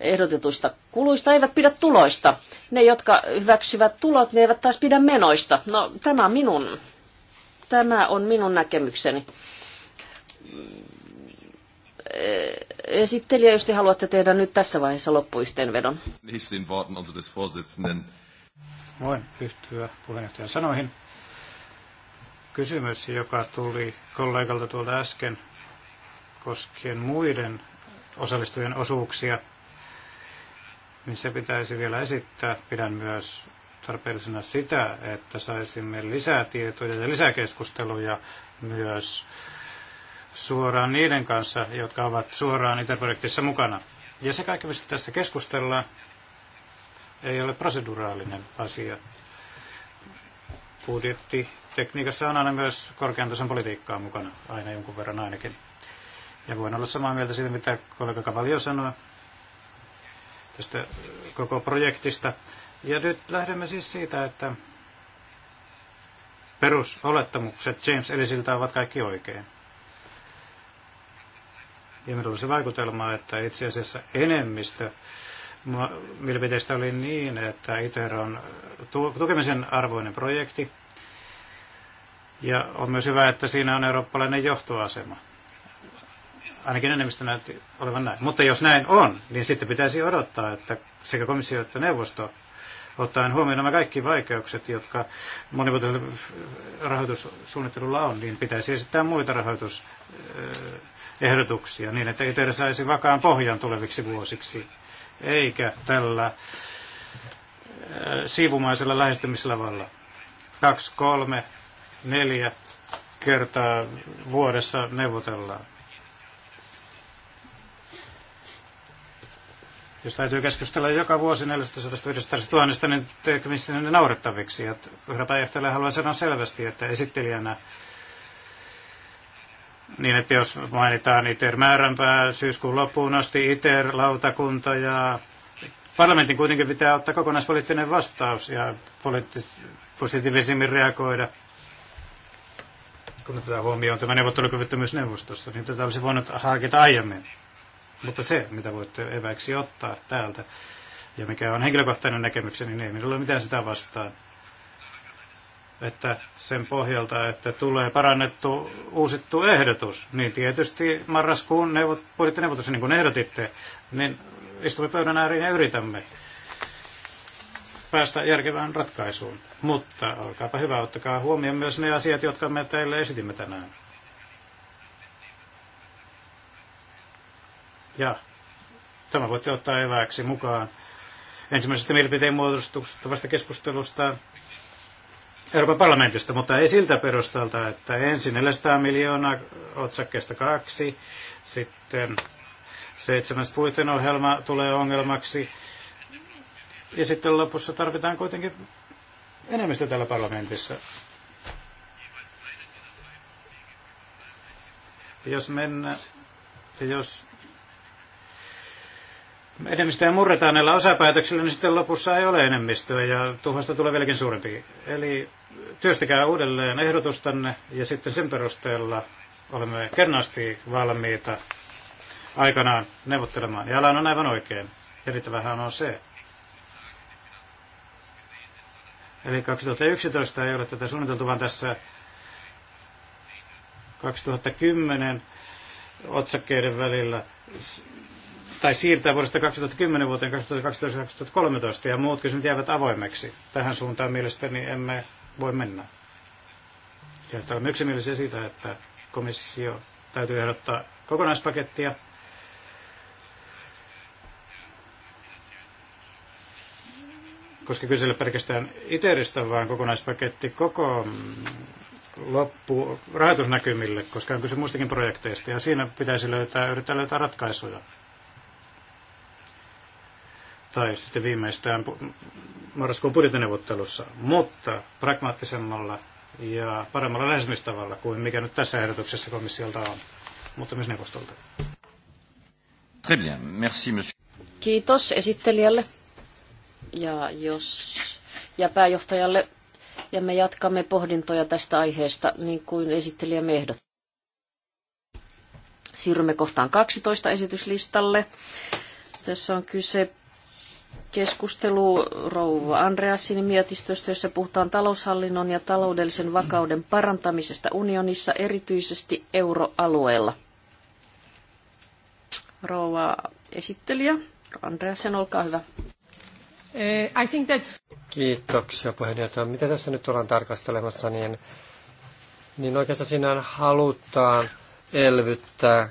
ehdotetuista kuluista eivät pidä tuloista. Ne, jotka hyväksyvät tulot, ne eivät taas pidä menoista. No, tämä on minun Tämä on minun näkemykseni. Esittelijä, jos te haluatte tehdä nyt tässä vaiheessa loppuyhteenvedon. Voin yhtyä puheenjohtajan sanoihin. Kysymys, joka tuli kollegalta tuolta äsken koskien muiden osallistujien osuuksia, niin se pitäisi vielä esittää. Pidän myös tarpeellisena sitä, että saisimme lisää tietoja ja lisäkeskusteluja myös suoraan niiden kanssa, jotka ovat suoraan iter mukana. Ja se kaikki, mistä tässä keskustellaan, ei ole proseduraalinen asia. Budjettitekniikassa on aina myös korkean tason politiikkaa mukana, aina jonkun verran ainakin. Ja voin olla samaa mieltä siitä, mitä kollega Kavalio sanoi tästä koko projektista. Ja nyt lähdemme siis siitä, että perusolettamukset James Ellisiltä ovat kaikki oikein. Ja minulla se vaikutelma, että itse asiassa enemmistö mielipiteistä oli niin, että ITER on tukemisen arvoinen projekti. Ja on myös hyvä, että siinä on eurooppalainen johtoasema. Ainakin enemmistö näytti olevan näin. Mutta jos näin on, niin sitten pitäisi odottaa, että sekä komissio että neuvosto Ottaen huomioon nämä kaikki vaikeukset, jotka monivuotisella rahoitussuunnittelulla on, niin pitäisi esittää muita rahoitusehdotuksia niin, että ITER saisi vakaan pohjan tuleviksi vuosiksi, eikä tällä äh, siivumaisella valla. Kaksi, kolme, neljä kertaa vuodessa neuvotellaan. Jos täytyy keskustella joka vuosi 415 000, niin tekemistä ne naurettaviksi. Ja pääjohtajalle haluan sanoa selvästi, että esittelijänä niin, että jos mainitaan ITER määränpää syyskuun loppuun asti, ITER, lautakunta ja parlamentin kuitenkin pitää ottaa kokonaispoliittinen vastaus ja poliittis- positiivisemmin reagoida. Kun otetaan huomioon tämä neuvottelukyvyttömyysneuvostossa, niin tätä olisi voinut harkita aiemmin. Mutta se, mitä voitte eväksi ottaa täältä, ja mikä on henkilökohtainen näkemykseni, niin ei minulla ole mitään sitä vastaan. Että sen pohjalta, että tulee parannettu, uusittu ehdotus, niin tietysti marraskuun neuvot, budjettineuvotus, niin kuin ehdotitte, niin istumme pöydän ääriin ja yritämme päästä järkevään ratkaisuun. Mutta olkaapa hyvä, ottakaa huomioon myös ne asiat, jotka me teille esitimme tänään. Ja tämä voitte ottaa eväksi mukaan ensimmäisestä mielipiteen muodostustavasta keskustelusta Euroopan parlamentista, mutta ei siltä perustalta, että ensin 400 miljoonaa otsakkeesta kaksi, sitten seitsemäs puiten ohjelma tulee ongelmaksi, ja sitten lopussa tarvitaan kuitenkin enemmistö täällä parlamentissa. Jos mennään, jos enemmistöä murretaan näillä osapäätöksillä, niin sitten lopussa ei ole enemmistöä ja tuhosta tulee vieläkin suurempi. Eli työstäkää uudelleen ehdotustanne ja sitten sen perusteella olemme kernaasti valmiita aikanaan neuvottelemaan. Ja Alan on aivan oikein. Erittävähän on se. Eli 2011 ei ole tätä suunniteltu, vaan tässä 2010 otsakkeiden välillä tai siirtää vuodesta 2010 vuoteen 2012-2013 ja muut kysymykset jäävät avoimeksi. Tähän suuntaan mielestäni emme voi mennä. Ja että olemme yksimielisiä siitä, että komissio täytyy ehdottaa kokonaispakettia. Koska kyse ei pelkästään ITERistä, vaan kokonaispaketti koko loppu rahoitusnäkymille, koska on kyse muistakin projekteista, ja siinä pitäisi löytää, yrittää löytää ratkaisuja tai sitten viimeistään marraskuun budjettineuvottelussa, mutta pragmaattisemmalla ja paremmalla lähestymistavalla kuin mikä nyt tässä ehdotuksessa komissiolta on, mutta myös neuvostolta. Très bien. Merci, monsieur. Kiitos esittelijälle ja, jos, ja pääjohtajalle. Ja me jatkamme pohdintoja tästä aiheesta, niin kuin esittelijämme ehdottaa. Siirrymme kohtaan 12 esityslistalle. Tässä on kyse keskustelu rouva Andreasin mietistöstä, jossa puhutaan taloushallinnon ja taloudellisen vakauden parantamisesta unionissa, erityisesti euroalueella. Rouva esittelijä, Andreasen, olkaa hyvä. Eh, I think that... Kiitoksia puheenjohtaja. Mitä tässä nyt ollaan tarkastelemassa, niin, niin oikeastaan siinä halutaan elvyttää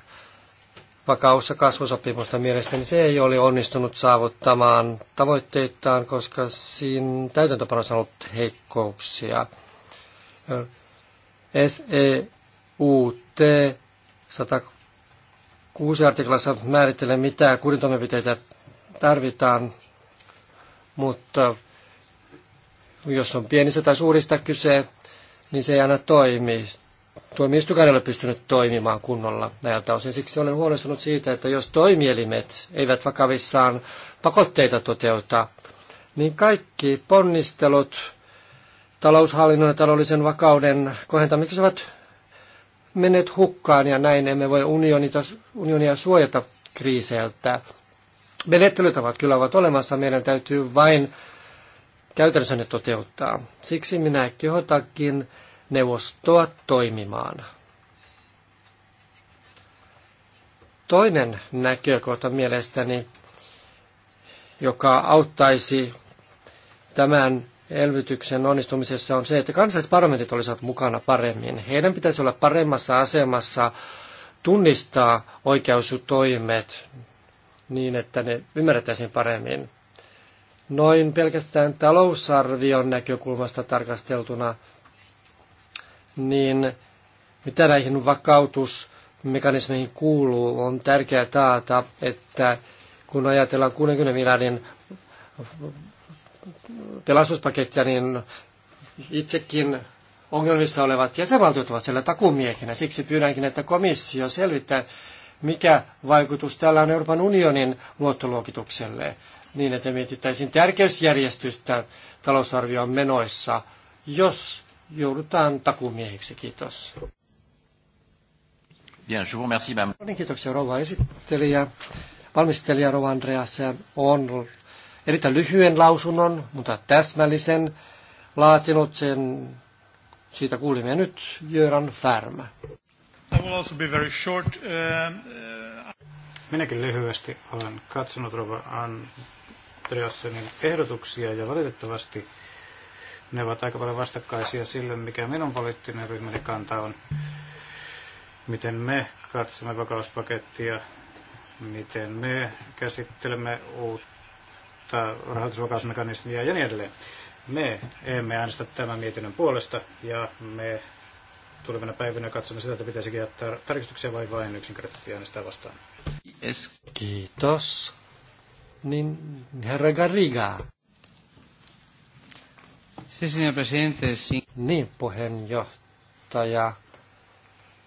vakaus- ja kasvusopimusta mielestäni se ei ole onnistunut saavuttamaan tavoitteitaan, koska siinä täytäntöpanossa on ollut heikkouksia. SEUT 106 artiklassa määrittelee, mitä kurintoimenpiteitä tarvitaan, mutta jos on pienistä tai suurista kyse, niin se ei aina toimi tuomioistukaan ei ole pystynyt toimimaan kunnolla näiltä osin. Siksi olen huolestunut siitä, että jos toimielimet eivät vakavissaan pakotteita toteuta, niin kaikki ponnistelut taloushallinnon ja taloudellisen vakauden kohentamiseksi ovat menneet hukkaan ja näin emme voi unionita, unionia suojata kriiseiltä. Menettelytavat kyllä ovat olemassa, meidän täytyy vain käytännössä ne toteuttaa. Siksi minä kehotakin neuvostoa toimimaan. Toinen näkökohta mielestäni, joka auttaisi tämän elvytyksen onnistumisessa on se, että parlamentit olisivat mukana paremmin. Heidän pitäisi olla paremmassa asemassa tunnistaa oikeustoimet niin, että ne ymmärrettäisiin paremmin. Noin pelkästään talousarvion näkökulmasta tarkasteltuna – niin mitä näihin vakautusmekanismeihin kuuluu, on tärkeää taata, että kun ajatellaan 60 miljardin pelastuspakettia, niin itsekin ongelmissa olevat jäsenvaltiot ovat siellä takumiehinä. Siksi pyydänkin, että komissio selvittää, mikä vaikutus tällä on Euroopan unionin luottoluokitukselle, niin että mietittäisiin tärkeysjärjestystä talousarvion menoissa, jos joudutaan takumiehiksi. Kiitos. Bien, je vous remercie, madame. No niin, kiitoksia rouva esittelijä. Valmistelija rouva Andreas on erittäin lyhyen lausunnon, mutta täsmällisen laatinut sen. Siitä kuulimme nyt Jöran Färmä. Uh, uh, Minäkin lyhyesti olen katsonut rouva Andreasenin ehdotuksia ja valitettavasti ne ovat aika paljon vastakkaisia sille, mikä minun poliittinen ryhmäni kanta on, miten me katsomme vakauspakettia, miten me käsittelemme uutta rahoitusvakausmekanismia ja niin edelleen. Me emme äänestä tämän mietinnön puolesta ja me tulevina päivinä katsomme sitä, että pitäisikin jättää tarkistuksia vai vain yksinkertaisesti äänestää vastaan. Yes. Kiitos. Niin herra Garriga. Niin, puheenjohtaja.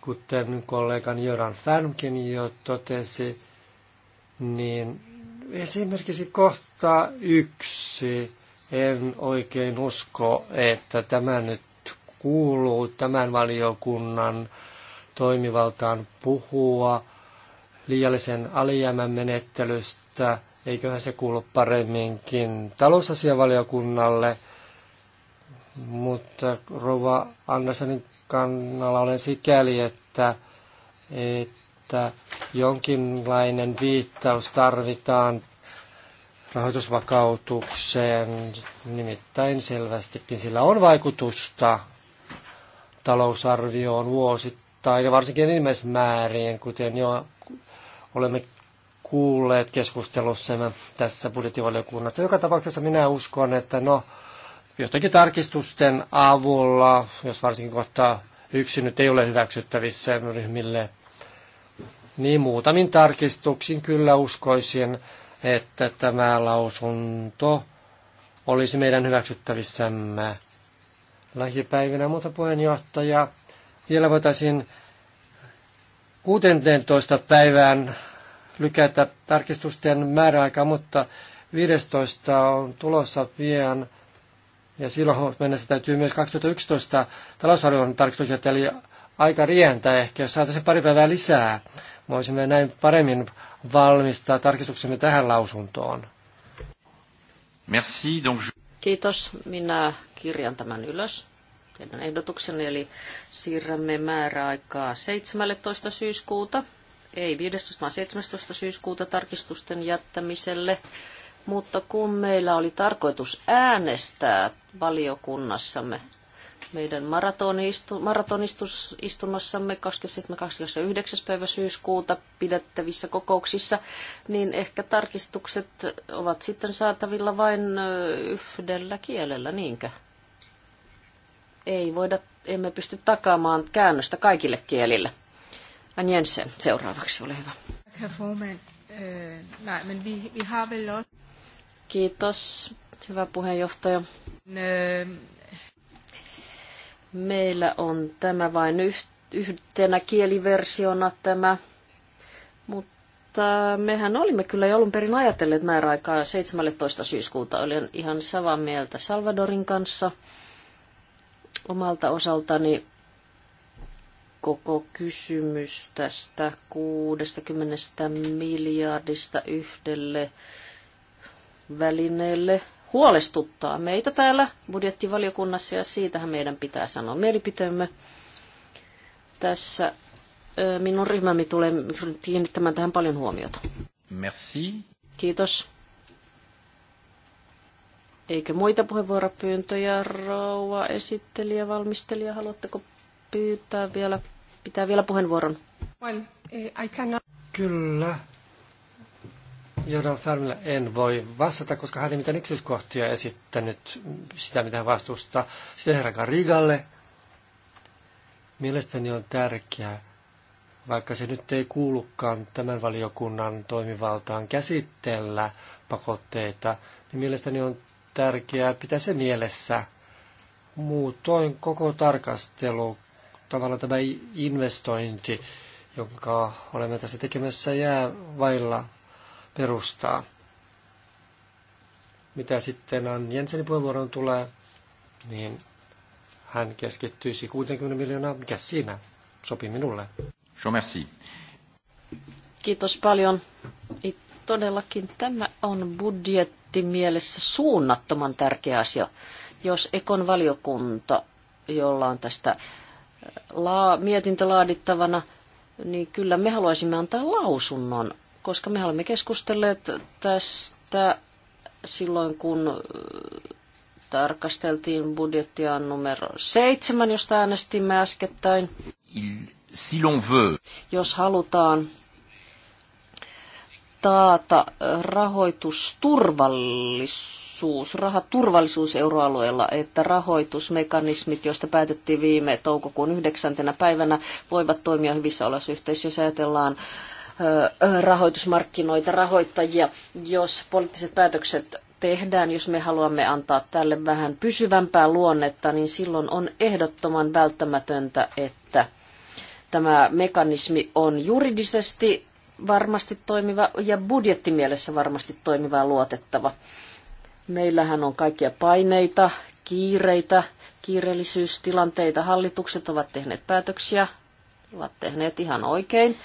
Kuten kollegan Joran Färmkin jo totesi, niin esimerkiksi kohta yksi en oikein usko, että tämä nyt kuuluu tämän valiokunnan toimivaltaan puhua liiallisen alijäämän menettelystä. Eiköhän se kuulu paremminkin talousasiavaliokunnalle – mutta Rova Andersenin kannalla olen sikäli, että, että jonkinlainen viittaus tarvitaan rahoitusvakautukseen, nimittäin selvästikin sillä on vaikutusta talousarvioon vuosittain ja varsinkin enimmäismäärien, kuten jo olemme kuulleet keskustelussa tässä budjettivaliokunnassa. Joka tapauksessa minä uskon, että no, jotenkin tarkistusten avulla, jos varsinkin kohta yksi nyt ei ole hyväksyttävissä ryhmille, niin muutamin tarkistuksin kyllä uskoisin, että tämä lausunto olisi meidän hyväksyttävissämme lähipäivinä. Mutta puheenjohtaja, vielä voitaisiin 16. päivään lykätä tarkistusten määräaika, mutta 15. on tulossa pian ja silloin mennessä täytyy myös 2011 talousarvon tarkistusjohtaja eli aika rientää ehkä, jos saataisiin pari päivää lisää. Voisimme näin paremmin valmistaa tarkistuksemme tähän lausuntoon. Merci, donc... Kiitos. Minä kirjan tämän ylös teidän ehdotuksenne, eli siirrämme määräaikaa 17. syyskuuta, ei 15. vaan 17. syyskuuta tarkistusten jättämiselle mutta kun meillä oli tarkoitus äänestää valiokunnassamme meidän maratonistu, maratonistunnossamme 27.29. päivä syyskuuta pidettävissä kokouksissa, niin ehkä tarkistukset ovat sitten saatavilla vain yhdellä kielellä, niinkö? Ei voida, emme pysty takaamaan käännöstä kaikille kielille. Ann Jensen, seuraavaksi, ole hyvä. Herr äh, nej, men vi, vi har vel også... Kiitos, hyvä puheenjohtaja. Meillä on tämä vain yhtenä kieliversiona tämä, mutta mehän olimme kyllä jo alun perin ajatelleet määräaikaa 17. syyskuuta. Olin ihan samaa mieltä Salvadorin kanssa omalta osaltani koko kysymys tästä 60 miljardista yhdelle välineelle huolestuttaa meitä täällä budjettivaliokunnassa ja siitähän meidän pitää sanoa mielipiteemme. Tässä minun ryhmämme tulee kiinnittämään tähän paljon huomiota. Merci. Kiitos. Eikö muita puheenvuoropyyntöjä, rouva esittelijä, valmistelija, haluatteko pyytää vielä, pitää vielä puheenvuoron? Well, eh, I cannot... Kyllä, Jordan Färmillä en voi vastata, koska hän ei mitään yksityiskohtia esittänyt sitä, mitä hän vastustaa. Sitten herra Karigalle. Mielestäni on tärkeää, vaikka se nyt ei kuulukaan tämän valiokunnan toimivaltaan käsitellä pakotteita, niin mielestäni on tärkeää pitää se mielessä. Muutoin koko tarkastelu, tavallaan tämä investointi, jonka olemme tässä tekemässä, jää vailla perustaa. Mitä sitten on Jensenin puheenvuoron tulee, niin hän keskittyisi 60 miljoonaa, mikä siinä sopii minulle. Je merci. Kiitos paljon. Todellakin tämä on budjetti mielessä suunnattoman tärkeä asia. Jos Ekon valiokunta, jolla on tästä äh, laa, mietintö laadittavana, niin kyllä me haluaisimme antaa lausunnon koska me olemme keskustelleet tästä silloin, kun tarkasteltiin budjettia numero seitsemän, josta äänestimme äskettäin. Il, si veut. Jos halutaan taata rahoitusturvallisuus, rahaturvallisuus euroalueella, että rahoitusmekanismit, joista päätettiin viime toukokuun yhdeksäntenä päivänä, voivat toimia hyvissä olosuhteissa, jos ajatellaan äh, rahoitusmarkkinoita, rahoittajia, jos poliittiset päätökset tehdään, jos me haluamme antaa tälle vähän pysyvämpää luonnetta, niin silloin on ehdottoman välttämätöntä, että tämä mekanismi on juridisesti varmasti toimiva ja budjettimielessä varmasti toimiva ja luotettava. Meillähän on kaikkia paineita, kiireitä, kiireellisyystilanteita. Hallitukset ovat tehneet päätöksiä, ovat tehneet ihan oikein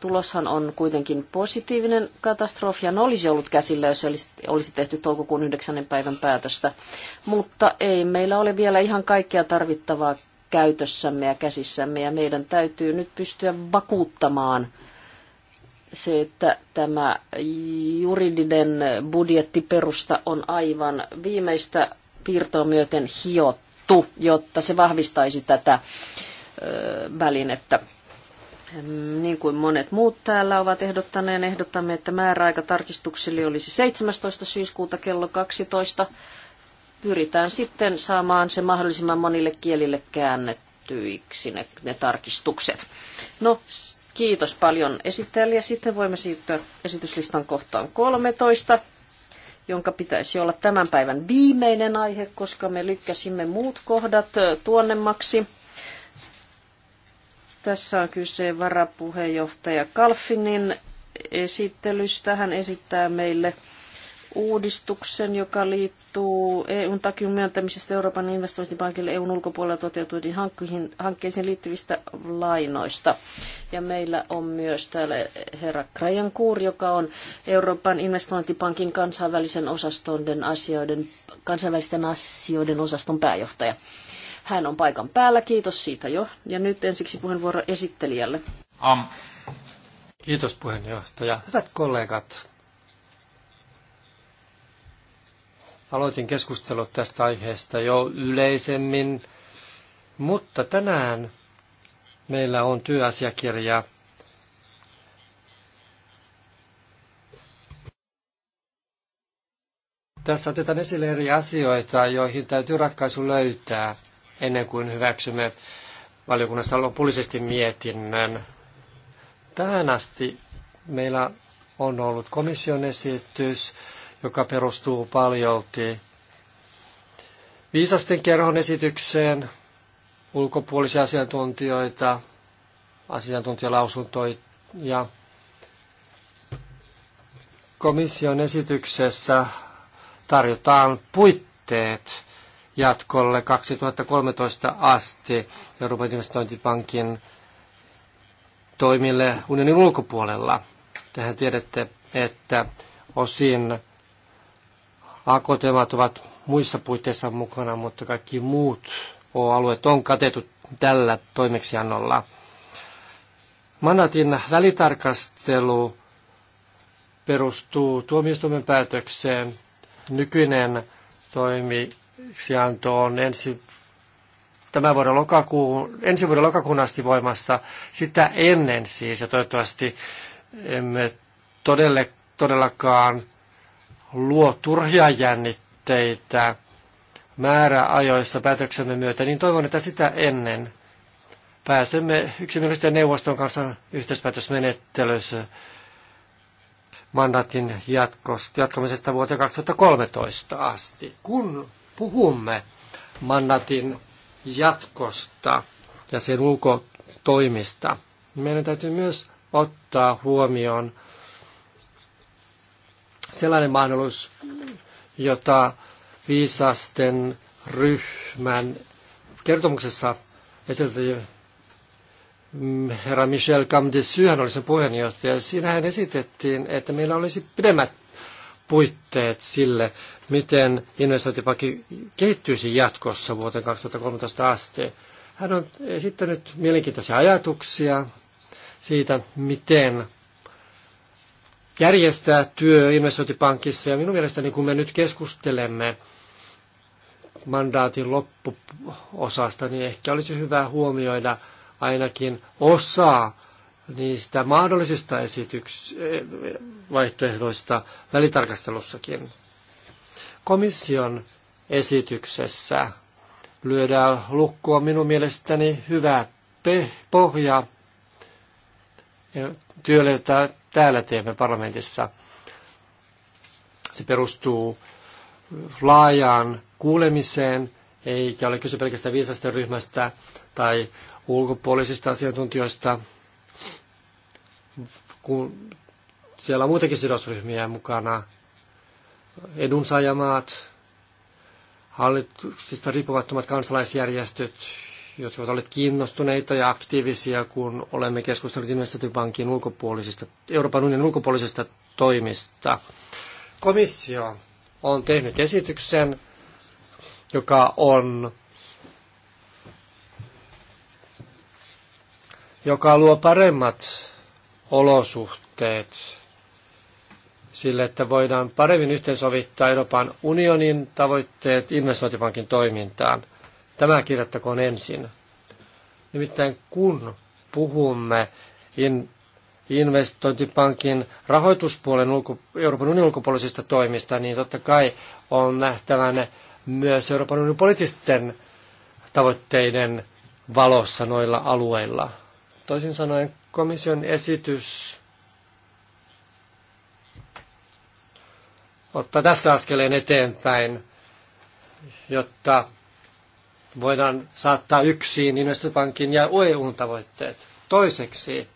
Tuloshan on kuitenkin positiivinen katastrofi, ja ne olisi ollut käsillä, jos olisi, tehty toukokuun 9. päivän päätöstä. Mutta ei meillä ole vielä ihan kaikkea tarvittavaa käytössämme ja käsissämme, ja meidän täytyy nyt pystyä vakuuttamaan se, että tämä juridinen budjettiperusta on aivan viimeistä piirtoa myöten hiottu, jotta se vahvistaisi tätä välinettä niin kuin monet muut täällä ovat ehdottaneet, ehdottamme, että määräaika tarkistuksille olisi 17. syyskuuta kello 12. Pyritään sitten saamaan se mahdollisimman monille kielille käännettyiksi ne, ne tarkistukset. No, kiitos paljon esittelijä. Sitten voimme siirtyä esityslistan kohtaan 13 jonka pitäisi olla tämän päivän viimeinen aihe, koska me lykkäsimme muut kohdat tuonnemmaksi. Tässä on kyse varapuheenjohtaja Kalfinin esittelystä. Hän esittää meille uudistuksen, joka liittyy EUn takion myöntämisestä Euroopan investointipankille EUn ulkopuolella toteutuviin hankkeisiin liittyvistä lainoista. Ja meillä on myös täällä herra Krajan Kuur, joka on Euroopan investointipankin kansainvälisen osaston asioiden, kansainvälisten asioiden osaston pääjohtaja. Hän on paikan päällä, kiitos siitä jo. Ja nyt ensiksi puheenvuoro esittelijälle. Am. Kiitos puheenjohtaja. Hyvät kollegat, aloitin keskustelut tästä aiheesta jo yleisemmin, mutta tänään meillä on työasiakirja Tässä otetaan esille eri asioita, joihin täytyy ratkaisu löytää ennen kuin hyväksymme valiokunnassa lopullisesti mietinnön. Tähän asti meillä on ollut komission esitys, joka perustuu paljolti viisasten kerhon esitykseen, ulkopuolisia asiantuntijoita, asiantuntijalausuntoja. Komission esityksessä tarjotaan puitteet jatkolle 2013 asti Euroopan investointipankin toimille unionin ulkopuolella. Tähän tiedätte, että osin AKT-maat ovat muissa puitteissa mukana, mutta kaikki muut O-alueet on katettu tällä toimeksiannolla. Manatin välitarkastelu perustuu tuomioistuimen päätökseen. Nykyinen toimi anto on ensi, tämän vuoden lokakuun, ensi vuoden lokakuun asti voimassa, sitä ennen siis, ja toivottavasti emme todelle, todellakaan luo turhia jännitteitä määräajoissa päätöksemme myötä, niin toivon, että sitä ennen pääsemme yksimielisten neuvoston kanssa yhteispäätösmenettelyssä mandaatin jatkos jatkamisesta vuoteen 2013 asti, kun puhumme mannatin jatkosta ja sen ulkotoimista, meidän täytyy myös ottaa huomioon sellainen mahdollisuus, jota viisasten ryhmän kertomuksessa esitelty herra Michel Camdesyhän oli sen puheenjohtaja. Siinä hän esitettiin, että meillä olisi pidemmät puitteet sille, miten investointipankki kehittyisi jatkossa vuoteen 2013 asti. Hän on esittänyt mielenkiintoisia ajatuksia siitä, miten järjestää työ investointipankissa. Ja minun mielestäni, kun me nyt keskustelemme mandaatin loppuosasta, niin ehkä olisi hyvä huomioida ainakin osa niistä mahdollisista esityks- vaihtoehdoista välitarkastelussakin. Komission esityksessä lyödään lukkoon minun mielestäni hyvä pohja työlle, jota täällä teemme parlamentissa. Se perustuu laajaan kuulemiseen, eikä ole kyse pelkästään viisasten ryhmästä tai ulkopuolisista asiantuntijoista, kun siellä on muitakin sidosryhmiä mukana, edunsaajamaat, hallituksista riippumattomat kansalaisjärjestöt, jotka ovat olleet kiinnostuneita ja aktiivisia, kun olemme keskustelleet investointipankin ulkopuolisista, Euroopan unionin ulkopuolisista toimista. Komissio on tehnyt esityksen, joka on joka luo paremmat olosuhteet sille, että voidaan paremmin yhteensovittaa Euroopan unionin tavoitteet investointipankin toimintaan. Tämä kirjattakoon ensin. Nimittäin kun puhumme in, investointipankin rahoituspuolen ulko, Euroopan unionin ulkopuolisista toimista, niin totta kai on nähtävä ne myös Euroopan unionin poliittisten tavoitteiden valossa noilla alueilla. Toisin sanoen komission esitys ottaa tässä askeleen eteenpäin, jotta voidaan saattaa yksin investointipankin ja EUn tavoitteet. Toiseksi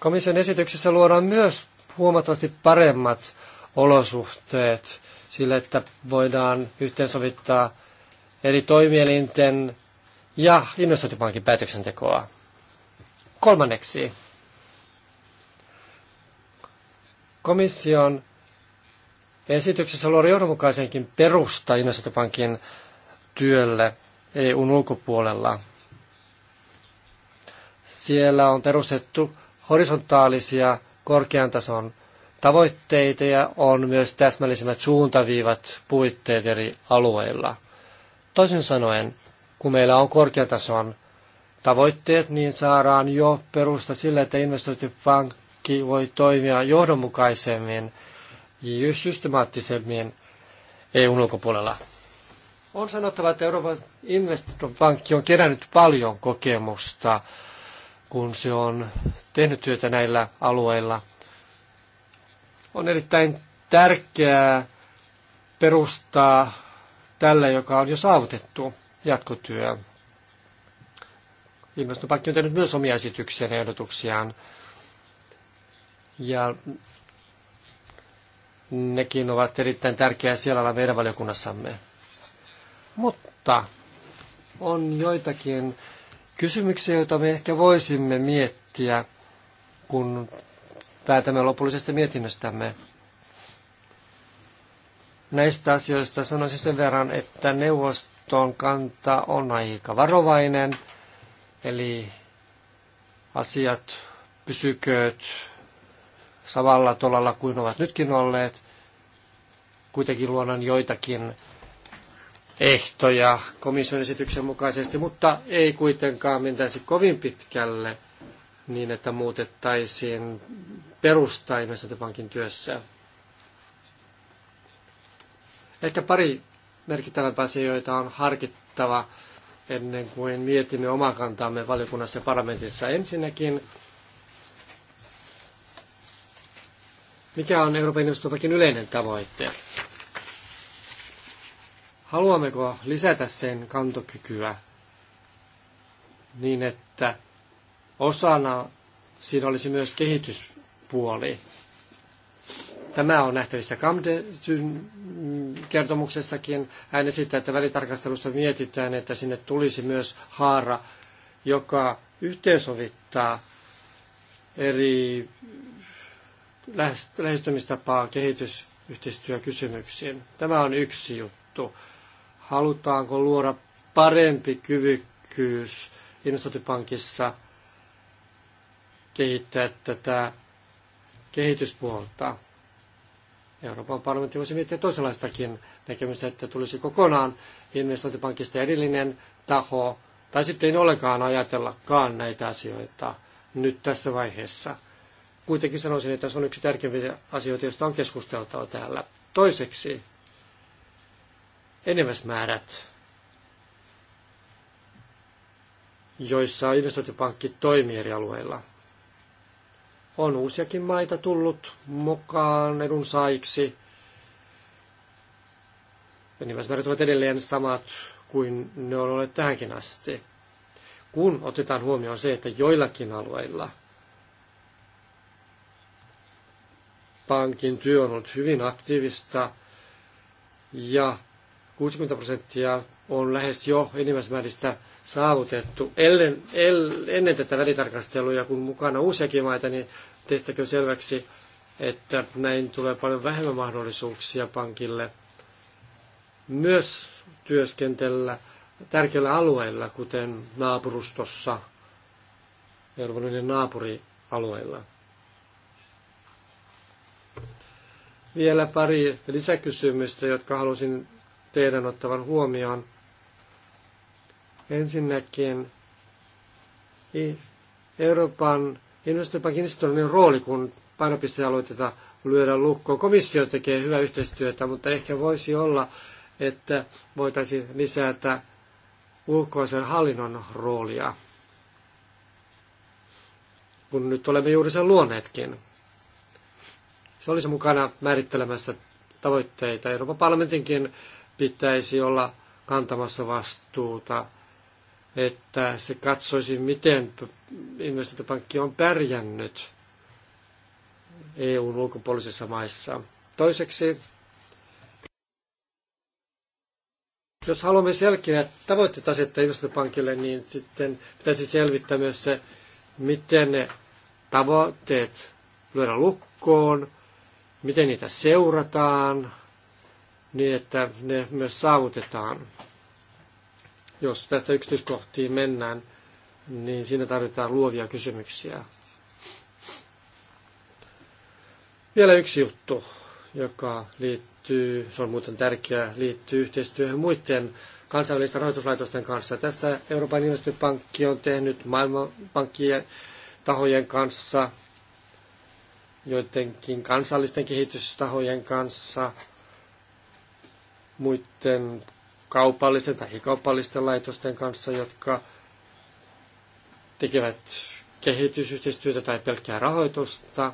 komission esityksessä luodaan myös huomattavasti paremmat olosuhteet sille, että voidaan yhteensovittaa eri toimielinten ja investointipankin päätöksentekoa. Kolmanneksi, komission esityksessä luoda johdonmukaisenkin perusta investointipankin työlle EUn ulkopuolella. Siellä on perustettu horisontaalisia korkean tason tavoitteita ja on myös täsmällisimmät suuntaviivat puitteet eri alueilla. Toisin sanoen, kun meillä on korkean tason tavoitteet, niin saadaan jo perusta sille, että investointipankki voi toimia johdonmukaisemmin ja systemaattisemmin EUn ulkopuolella. On sanottava, että Euroopan investointipankki on kerännyt paljon kokemusta, kun se on tehnyt työtä näillä alueilla. On erittäin tärkeää perustaa tälle, joka on jo saavutettu jatkotyö. Ilmastopankki on tehnyt myös omia esityksiä ja ehdotuksiaan. Ja nekin ovat erittäin tärkeää siellä meidän valiokunnassamme. Mutta on joitakin kysymyksiä, joita me ehkä voisimme miettiä, kun päätämme lopullisesta mietinnöstämme. Näistä asioista sanoisin sen verran, että neuvoston kanta on aika varovainen – Eli asiat pysykööt samalla tolalla kuin ovat nytkin olleet. Kuitenkin luonnon joitakin ehtoja komission esityksen mukaisesti, mutta ei kuitenkaan mentäisi kovin pitkälle niin, että muutettaisiin perusta investointipankin työssä. Ehkä pari merkittävämpää asioita on harkittava ennen kuin mietimme omaa kantaamme valiokunnassa ja parlamentissa. Ensinnäkin, mikä on Euroopan investointipankin yleinen tavoite? Haluammeko lisätä sen kantokykyä niin, että osana siinä olisi myös kehityspuoli? Tämä on nähtävissä Camden kertomuksessakin. Hän esittää, että välitarkastelusta mietitään, että sinne tulisi myös haara, joka yhteensovittaa eri lähestymistapaa kehitysyhteistyökysymyksiin. Tämä on yksi juttu. Halutaanko luoda parempi kyvykkyys investointipankissa kehittää tätä kehityspuolta. Euroopan parlamentti voisi miettiä toisenlaistakin näkemystä, että tulisi kokonaan investointipankista erillinen taho, tai sitten ei ollenkaan ajatellakaan näitä asioita nyt tässä vaiheessa. Kuitenkin sanoisin, että se on yksi tärkeimpiä asioita, joista on keskusteltava täällä. Toiseksi, enemmäsmäärät, joissa investointipankki toimii eri alueilla. On uusiakin maita tullut mukaan edunsaiksi. Enimmäismäärät ovat edelleen samat kuin ne on olleet tähänkin asti. Kun otetaan huomioon se, että joillakin alueilla pankin työ on ollut hyvin aktiivista ja 60 prosenttia on lähes jo enimmäismääristä saavutettu. Ellen, ellen, ennen tätä välitarkastelua, kun mukana uusiakin maita, niin tehtäkö selväksi, että näin tulee paljon vähemmän mahdollisuuksia pankille myös työskentellä tärkeillä alueilla, kuten naapurustossa, Euroopan unionin naapurialueilla. Vielä pari lisäkysymystä, jotka halusin teidän ottavan huomioon. Ensinnäkin Euroopan jopa historiallinen niin rooli, kun painopistealueita lyödä lukkoon. Komissio tekee hyvää yhteistyötä, mutta ehkä voisi olla, että voitaisiin lisätä ulkoisen hallinnon roolia, kun nyt olemme juuri sen luoneetkin. Se olisi mukana määrittelemässä tavoitteita. Euroopan parlamentinkin pitäisi olla kantamassa vastuuta – että se katsoisi, miten investointipankki on pärjännyt EUn ulkopuolisissa maissa. Toiseksi, jos haluamme selkeät tavoitteet asettaa investointipankille, niin sitten pitäisi selvittää myös se, miten ne tavoitteet lyödä lukkoon, miten niitä seurataan, niin että ne myös saavutetaan. Jos tässä yksityiskohtiin mennään, niin siinä tarvitaan luovia kysymyksiä. Vielä yksi juttu, joka liittyy, se on muuten tärkeää, liittyy yhteistyöhön muiden kansainvälisten rahoituslaitosten kanssa. Tässä Euroopan investointipankki on tehnyt maailmanpankkien tahojen kanssa, joidenkin kansallisten kehitystahojen kanssa, muiden kaupallisten tai kaupallisten laitosten kanssa, jotka tekevät kehitysyhteistyötä tai pelkkää rahoitusta.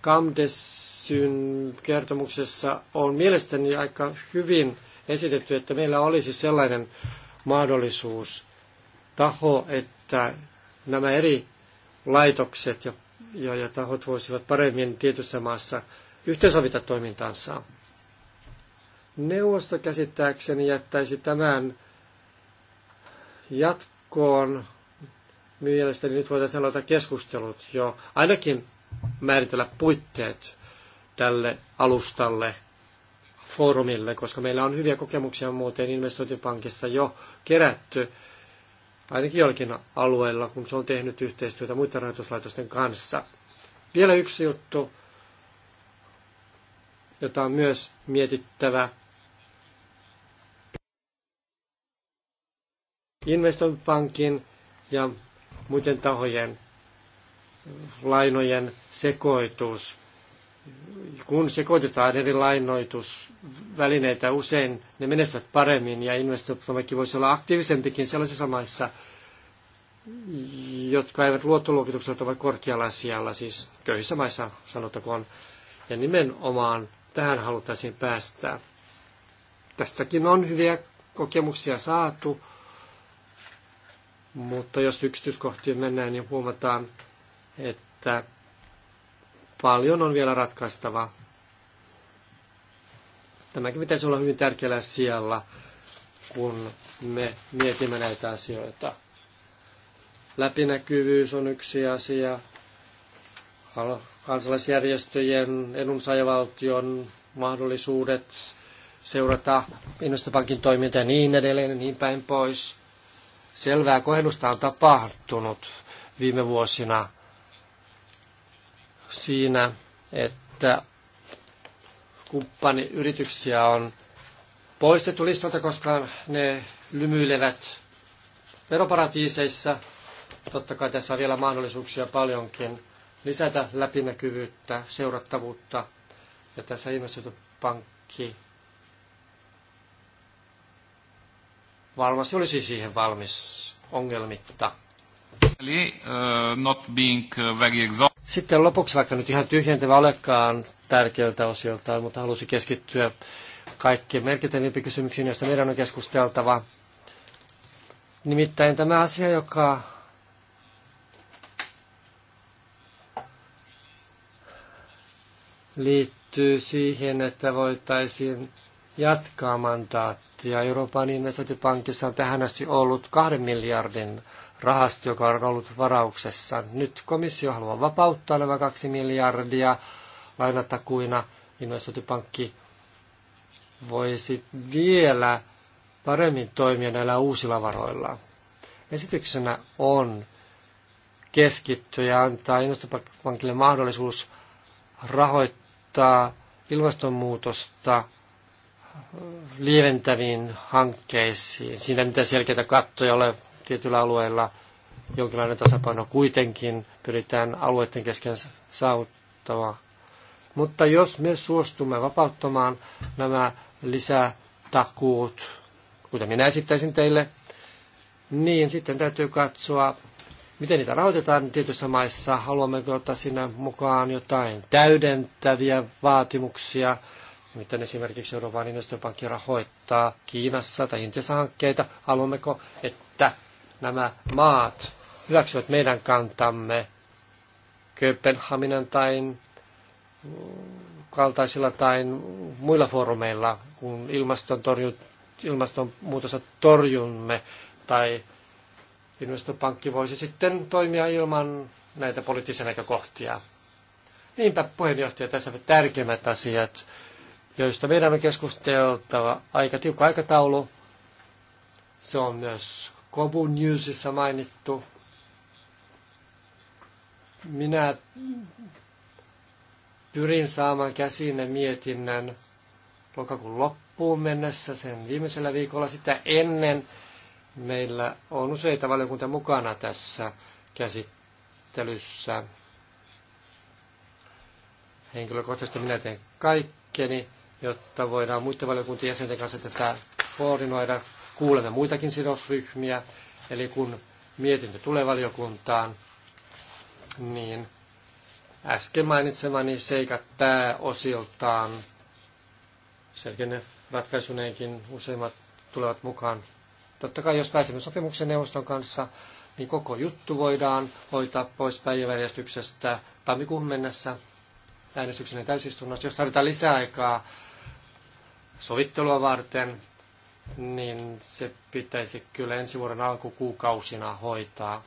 Kamdesyn kertomuksessa on mielestäni aika hyvin esitetty, että meillä olisi sellainen mahdollisuus taho, että nämä eri laitokset ja, ja, ja tahot voisivat paremmin tietyssä maassa yhteensovita toimintaansa. Neuvosto käsittääkseni jättäisi tämän jatkoon. Mielestäni nyt voitaisiin aloittaa keskustelut jo. Ainakin määritellä puitteet tälle alustalle, foorumille, koska meillä on hyviä kokemuksia muuten investointipankissa jo kerätty, ainakin jollakin alueella, kun se on tehnyt yhteistyötä muiden rahoituslaitosten kanssa. Vielä yksi juttu, jota on myös mietittävä, investointipankin ja muiden tahojen lainojen sekoitus. Kun sekoitetaan eri lainoitusvälineitä, usein ne menestyvät paremmin ja investointipankki voisi olla aktiivisempikin sellaisissa maissa, jotka eivät luottoluokitukselta ole korkealla sijalla, siis köyhissä maissa sanottakoon. Ja nimenomaan tähän haluttaisiin päästä. Tästäkin on hyviä kokemuksia saatu mutta jos yksityiskohtiin mennään, niin huomataan, että paljon on vielä ratkaistava. Tämäkin pitäisi olla hyvin tärkeällä siellä, kun me mietimme näitä asioita. Läpinäkyvyys on yksi asia. Kansalaisjärjestöjen, edunsaajavaltion mahdollisuudet seurata investointipankin toimintaa ja niin edelleen ja niin päin pois. Selvää kohennusta on tapahtunut viime vuosina siinä, että kumppaniyrityksiä on poistettu listalta, koska ne lymyilevät veroparatiiseissa. Totta kai tässä on vielä mahdollisuuksia paljonkin lisätä läpinäkyvyyttä, seurattavuutta. Ja tässä pankki. valmas olisi siihen valmis ongelmitta. Eli, uh, not being äh, very Sitten lopuksi, vaikka nyt ihan tyhjentävä olekaan tärkeältä osilta, mutta halusin keskittyä kaikkien merkittävimpiin kysymyksiin, joista meidän on keskusteltava. Nimittäin tämä asia, joka liittyy siihen, että voitaisiin jatkaa mandaattia ja Euroopan investointipankissa on tähän asti ollut kahden miljardin rahasto, joka on ollut varauksessa. Nyt komissio haluaa vapauttaa nämä kaksi miljardia lainatakuina. Investointipankki voisi vielä paremmin toimia näillä uusilla varoilla. Esityksenä on keskittyä ja antaa investointipankille mahdollisuus rahoittaa ilmastonmuutosta – lieventäviin hankkeisiin. Siinä ei mitään selkeitä kattoja ole tietyillä alueilla. Jonkinlainen tasapaino kuitenkin pyritään alueiden kesken saavuttamaan. Mutta jos me suostumme vapauttamaan nämä lisätakuut, kuten minä esittäisin teille, niin sitten täytyy katsoa, miten niitä rahoitetaan tietyissä maissa. Haluammeko ottaa sinne mukaan jotain täydentäviä vaatimuksia, miten esimerkiksi Euroopan investointipankki rahoittaa Kiinassa tai Intiassa hankkeita. Haluammeko, että nämä maat hyväksyvät meidän kantamme Kööpenhaminan tai kaltaisilla tai muilla foorumeilla, kun ilmaston torju, ilmastonmuutosta torjumme, tai investointipankki voisi sitten toimia ilman näitä poliittisia näkökohtia. Niinpä puheenjohtaja, tässä tärkeimmät asiat, joista meidän on keskusteltava. Aika tiukka aikataulu. Se on myös Kobu Newsissa mainittu. Minä pyrin saamaan käsiin mietinnän lokakuun loppuun mennessä, sen viimeisellä viikolla sitä ennen. Meillä on useita valiokunta mukana tässä käsittelyssä. Henkilökohtaisesti minä teen kaikkeni jotta voidaan muiden valiokuntien jäsenten kanssa tätä koordinoida. Kuulemme muitakin sidosryhmiä, eli kun mietintö tulee valiokuntaan, niin äsken mainitsemani seikat pääosiltaan selkeänne ratkaisuneenkin useimmat tulevat mukaan. Totta kai jos pääsemme sopimuksen neuvoston kanssa, niin koko juttu voidaan hoitaa pois päiväjärjestyksestä tammikuun mennessä äänestyksen ja täysistunnossa. Jos tarvitaan lisäaikaa sovittelua varten, niin se pitäisi kyllä ensi vuoden alkukuukausina hoitaa.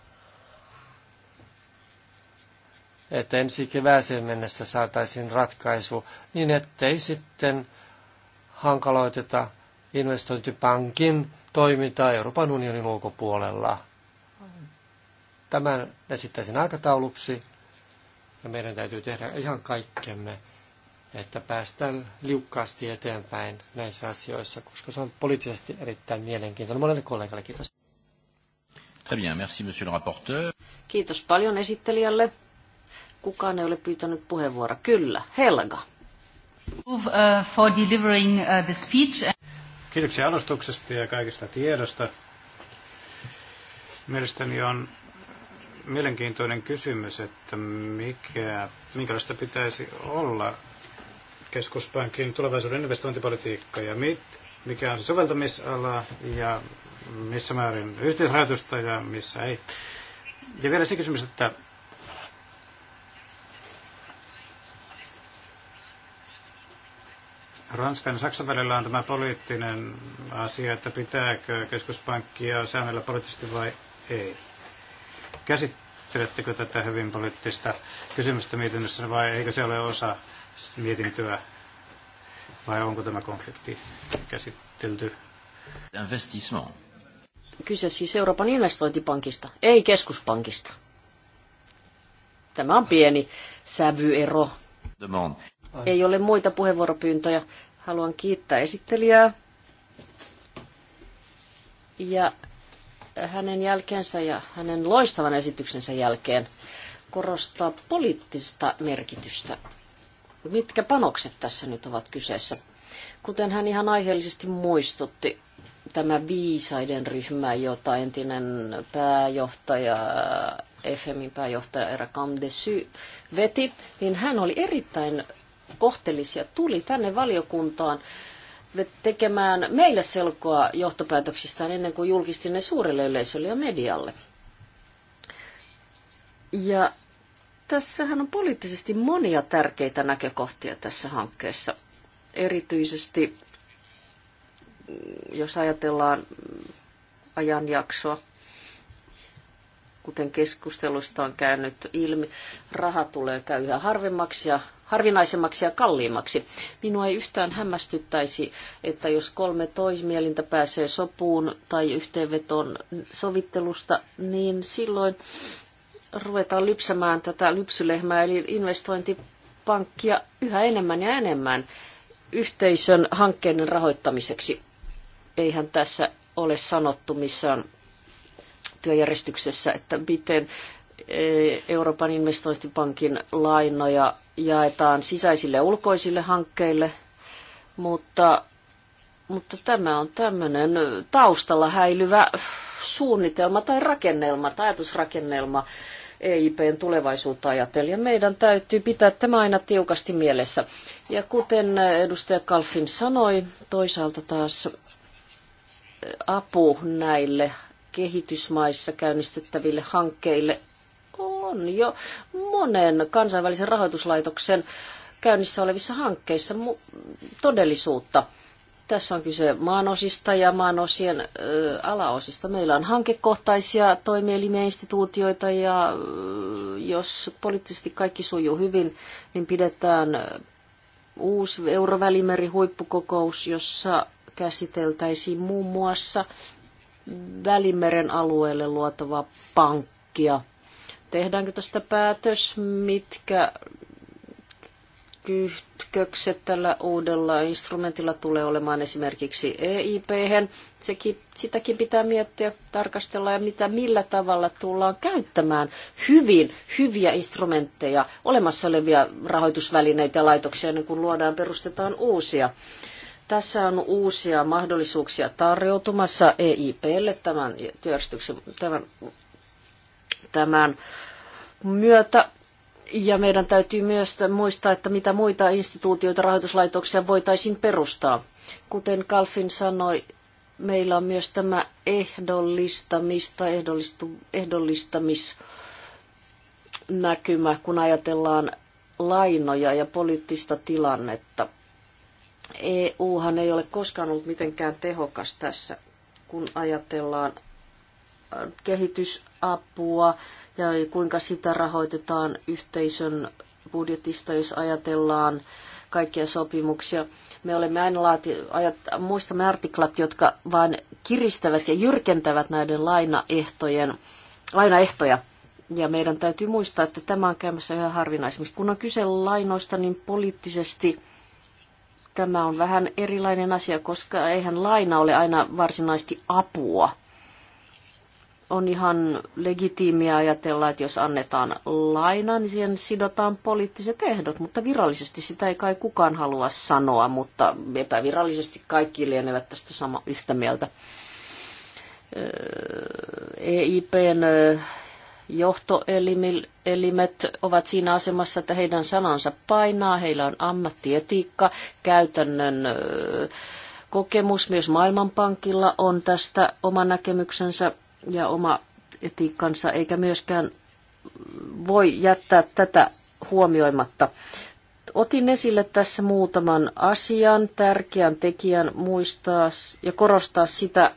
Että ensi kevääseen mennessä saataisiin ratkaisu niin, ettei sitten hankaloiteta investointipankin toimintaa Euroopan unionin ulkopuolella. Tämän esittäisin aikatauluksi ja meidän täytyy tehdä ihan kaikkemme, että päästään liukkaasti eteenpäin näissä asioissa, koska se on poliittisesti erittäin mielenkiintoinen monelle kollegalle. Kiitos. Très bien, merci monsieur le rapporteur. Kiitos paljon esittelijälle. Kukaan ei ole pyytänyt puheenvuoroa. Kyllä, Helga. Uh, for delivering uh, the speech. Kiitoksia alustuksesta ja kaikista tiedosta. Mielestäni on mielenkiintoinen kysymys, että mikä, minkälaista pitäisi olla keskuspankin tulevaisuuden investointipolitiikka ja mit, mikä on se soveltamisala ja missä määrin yhteisrahoitusta ja missä ei. Ja vielä se kysymys, että Ranskan ja Saksan välillä on tämä poliittinen asia, että pitääkö keskuspankkia säännellä poliittisesti vai ei. Käsittelettekö tätä hyvin poliittista kysymystä mietinnössä vai eikö se ole osa mietintöä vai onko tämä konflikti käsitelty? Investissement. Kyse siis Euroopan investointipankista, ei keskuspankista. Tämä on pieni sävyero. Demand. Ei ole muita puheenvuoropyyntöjä. Haluan kiittää esittelijää. Ja hänen jälkeensä ja hänen loistavan esityksensä jälkeen korostaa poliittista merkitystä mitkä panokset tässä nyt ovat kyseessä. Kuten hän ihan aiheellisesti muistutti, tämä viisaiden ryhmä, jota entinen pääjohtaja, FMin pääjohtaja Era Kamdesy veti, niin hän oli erittäin kohtelis ja tuli tänne valiokuntaan tekemään meille selkoa johtopäätöksistään ennen kuin julkisti ne suurelle yleisölle ja medialle. Ja Tässähän on poliittisesti monia tärkeitä näkökohtia tässä hankkeessa. Erityisesti mm, jos ajatellaan ajanjaksoa, kuten keskustelusta on käynyt ilmi, raha tulee käy yhä harvemmaksi ja harvinaisemmaksi ja kalliimmaksi. Minua ei yhtään hämmästyttäisi, että jos kolme toismielintä pääsee sopuun tai yhteenveton sovittelusta, niin silloin ruvetaan lypsämään tätä lypsylehmää, eli investointipankkia yhä enemmän ja enemmän yhteisön hankkeiden rahoittamiseksi. Eihän tässä ole sanottu missään työjärjestyksessä, että miten eh, Euroopan investointipankin lainoja jaetaan sisäisille ja ulkoisille hankkeille, mutta, mutta tämä on tämmöinen taustalla häilyvä suunnitelma tai rakennelma, tai ajatusrakennelma, EIPn tulevaisuutta ajatellen. Ja meidän täytyy pitää tämä aina tiukasti mielessä. Ja kuten edustaja Kalfin sanoi, toisaalta taas apu näille kehitysmaissa käynnistettäville hankkeille on jo monen kansainvälisen rahoituslaitoksen käynnissä olevissa hankkeissa todellisuutta. Tässä on kyse maanosista ja maanosien ö, alaosista. Meillä on hankekohtaisia toimielimiä, instituutioita ja ö, jos poliittisesti kaikki sujuu hyvin, niin pidetään uusi Eurovälimeri huippukokous, jossa käsiteltäisiin muun muassa Välimeren alueelle luotava pankkia. Tehdäänkö tästä päätös, mitkä kytkökset tällä uudella instrumentilla tulee olemaan esimerkiksi eip hen, Sekin, sitäkin pitää miettiä, tarkastella ja mitä, millä tavalla tullaan käyttämään hyvin hyviä instrumentteja, olemassa olevia rahoitusvälineitä ja laitoksia, ennen kun luodaan perustetaan uusia. Tässä on uusia mahdollisuuksia tarjoutumassa EIPlle tämän tämän, tämän myötä ja meidän täytyy myös muistaa, että mitä muita instituutioita, rahoituslaitoksia voitaisiin perustaa. Kuten Kalfin sanoi, meillä on myös tämä ehdollistamista, ehdollistu, ehdollistamisnäkymä, kun ajatellaan lainoja ja poliittista tilannetta. EUhan ei ole koskaan ollut mitenkään tehokas tässä, kun ajatellaan kehitys apua ja kuinka sitä rahoitetaan yhteisön budjetista, jos ajatellaan kaikkia sopimuksia. Me olemme aina laati, ajat, muistamme artiklat, jotka vain kiristävät ja jyrkentävät näiden lainaehtojen, lainaehtoja. Ja meidän täytyy muistaa, että tämä on käymässä yhä harvinaisemmin. Kun on kyse lainoista, niin poliittisesti tämä on vähän erilainen asia, koska eihän laina ole aina varsinaisesti apua on ihan legitiimiä ajatella, että jos annetaan laina, niin siihen sidotaan poliittiset ehdot, mutta virallisesti sitä ei kai kukaan halua sanoa, mutta epävirallisesti kaikki lienevät tästä sama yhtä mieltä. EIPn johtoelimet ovat siinä asemassa, että heidän sanansa painaa, heillä on ammattietiikka, käytännön kokemus, myös Maailmanpankilla on tästä oma näkemyksensä ja oma etiikkansa, eikä myöskään voi jättää tätä huomioimatta. Otin esille tässä muutaman asian, tärkeän tekijän muistaa ja korostaa sitä,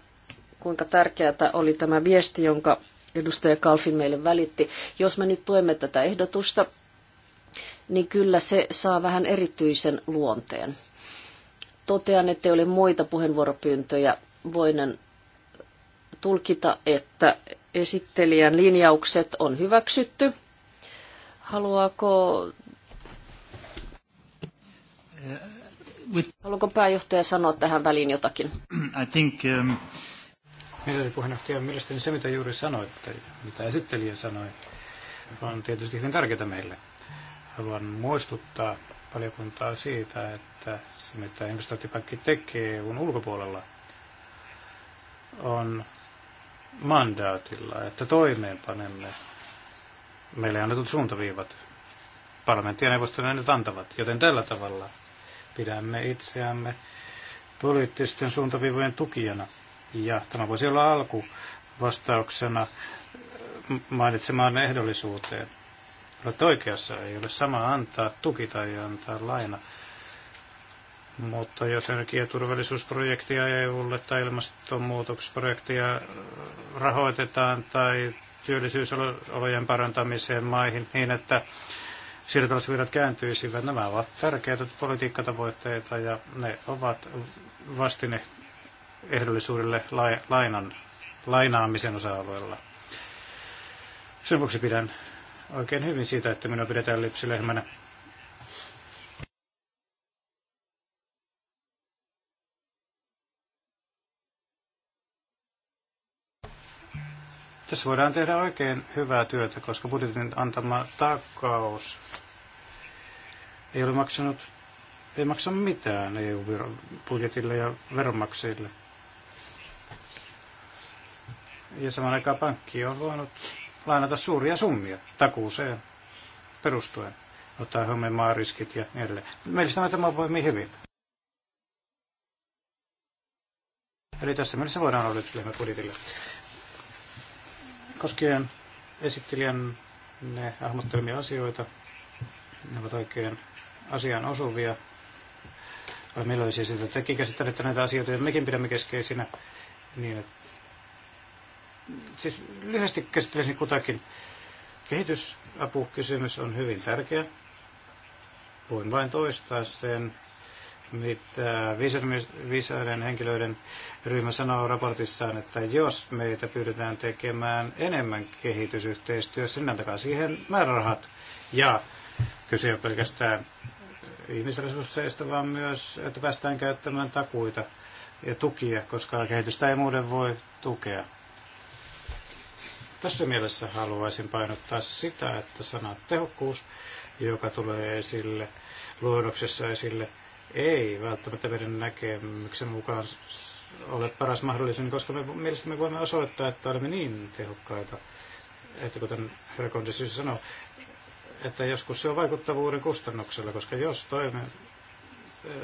kuinka tärkeää oli tämä viesti, jonka edustaja Kalfin meille välitti. Jos me nyt tuemme tätä ehdotusta, niin kyllä se saa vähän erityisen luonteen. Totean, että ole muita puheenvuoropyyntöjä. Voinen tulkita, että esittelijän linjaukset on hyväksytty. Haluaako, eh, haluaako pääjohtaja sanoa tähän väliin jotakin? I think, um... Mielestäni puheenjohtaja, mielestäni se mitä juuri sanoitte, mitä esittelijä sanoi, on tietysti hyvin tärkeää meille. Haluan muistuttaa valiokuntaa siitä, että se mitä investointipankki tekee EUn ulkopuolella on mandaatilla, että toimeenpanemme meille annetut suuntaviivat. Parlamentti ja neuvosto ne nyt antavat, joten tällä tavalla pidämme itseämme poliittisten suuntaviivojen tukijana. Ja tämä voisi olla alku vastauksena mainitsemaan ehdollisuuteen. Olet oikeassa, ei ole sama antaa tuki tai antaa laina mutta jos energiaturvallisuusprojektia EUlle tai ilmastonmuutoksprojektia rahoitetaan tai työllisyysolojen parantamiseen maihin niin, että siirtolaisvirrat kääntyisivät, nämä ovat tärkeitä politiikkatavoitteita ja ne ovat vastine ehdollisuudelle lainan, lainaamisen osa-alueella. Sen vuoksi pidän oikein hyvin siitä, että minua pidetään lipsilehmänä Tässä voidaan tehdä oikein hyvää työtä, koska budjetin antama takaus ei ole maksanut, ei maksa mitään EU-budjetille ja veronmaksajille. Ja saman aikaan pankki on voinut lainata suuria summia takuuseen perustuen, ottaa huomioon maariskit ja niin edelleen. Mielestäni tämä voimii hyvin. Eli tässä mielessä voidaan olla yksi budjetille koskien esittelijän ne hahmottelemia asioita. Ne ovat oikein asiaan osuvia. Olemme iloisia siitä, että tekin käsittelette näitä asioita ja mekin pidämme keskeisinä. Niin, että... Siis lyhyesti käsittelisin kutakin. Kehitysapukysymys on hyvin tärkeä. Voin vain toistaa sen, mitä viisaiden henkilöiden ryhmä sanoo raportissaan, että jos meitä pyydetään tekemään enemmän kehitysyhteistyössä, niin antakaa siihen määrärahat. Ja kyse on pelkästään ihmisresursseista, vaan myös, että päästään käyttämään takuita ja tukia, koska kehitystä ei muuten voi tukea. Tässä mielessä haluaisin painottaa sitä, että sana tehokkuus, joka tulee esille luonnoksessa esille, ei välttämättä meidän näkemyksen mukaan ole paras mahdollisuus, koska me mielestäni voimme osoittaa, että olemme niin tehokkaita, että kuten herra Kondisius sanoi, että joskus se on vaikuttavuuden kustannuksella, koska jos toimen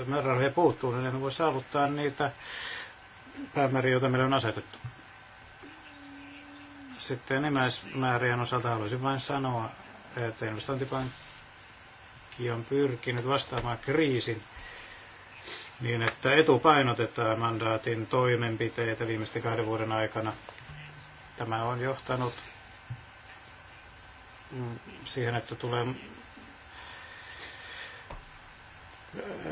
määrärahoja puuttuu, niin emme voi saavuttaa niitä päämääriä, joita meillä on asetettu. Sitten enimmäismäärien osalta haluaisin vain sanoa, että investointipankki on pyrkinyt vastaamaan kriisin niin että etupainotetaan mandaatin toimenpiteitä viimeisten kahden vuoden aikana. Tämä on johtanut mm, siihen, että tulee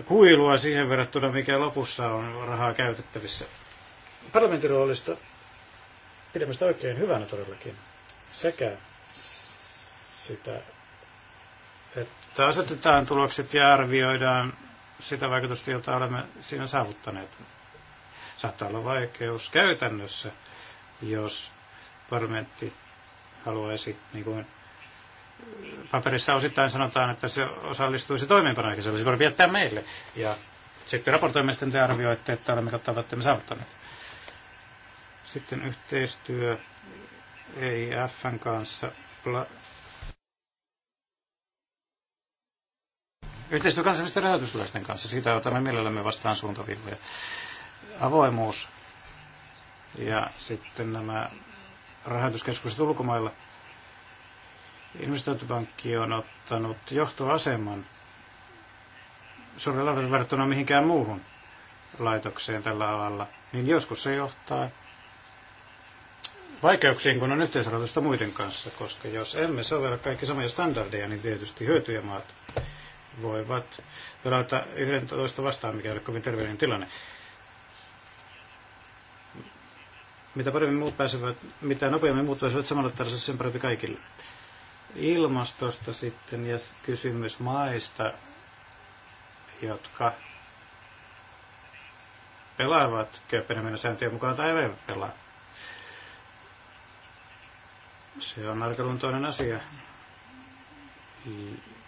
kuilua siihen verrattuna, mikä lopussa on rahaa käytettävissä. Parlamentin roolista pidämme sitä oikein hyvänä todellakin. Sekä sitä, että asetetaan tulokset ja arvioidaan sitä vaikutusta, jota olemme siinä saavuttaneet. Saattaa olla vaikeus käytännössä, jos parlamentti haluaisi, niin kuin paperissa osittain sanotaan, että se osallistuisi toimeenpanoon, eikä se olisi parempi jättää meille. Ja sitten raportoimme sitten te arvioitte, että olemme tavoitteemme saavuttaneet. Sitten yhteistyö EIFn kanssa Yhteistyö kansainvälisten rahoituslaisten kanssa, siitä otamme mielellämme vastaan suuntaviivoja. Avoimuus ja sitten nämä rahoituskeskukset ulkomailla. Investointipankki on ottanut johtoaseman suurella verrattuna mihinkään muuhun laitokseen tällä alalla, niin joskus se johtaa vaikeuksiin, kun on yhteisrahoitusta muiden kanssa, koska jos emme sovella kaikki samoja standardeja, niin tietysti hyötyjä maat voivat pelata 11 vastaan, mikä ei ole kovin terveellinen tilanne. Mitä paremmin muut pääsevät, mitä nopeammin muut pääsevät samalla tasolle, sen parempi kaikille. Ilmastosta sitten ja kysymys maista, jotka pelaavat Kööpenhaminan sääntöjen mukaan tai eivät pelaa. Se on arkeluntoinen asia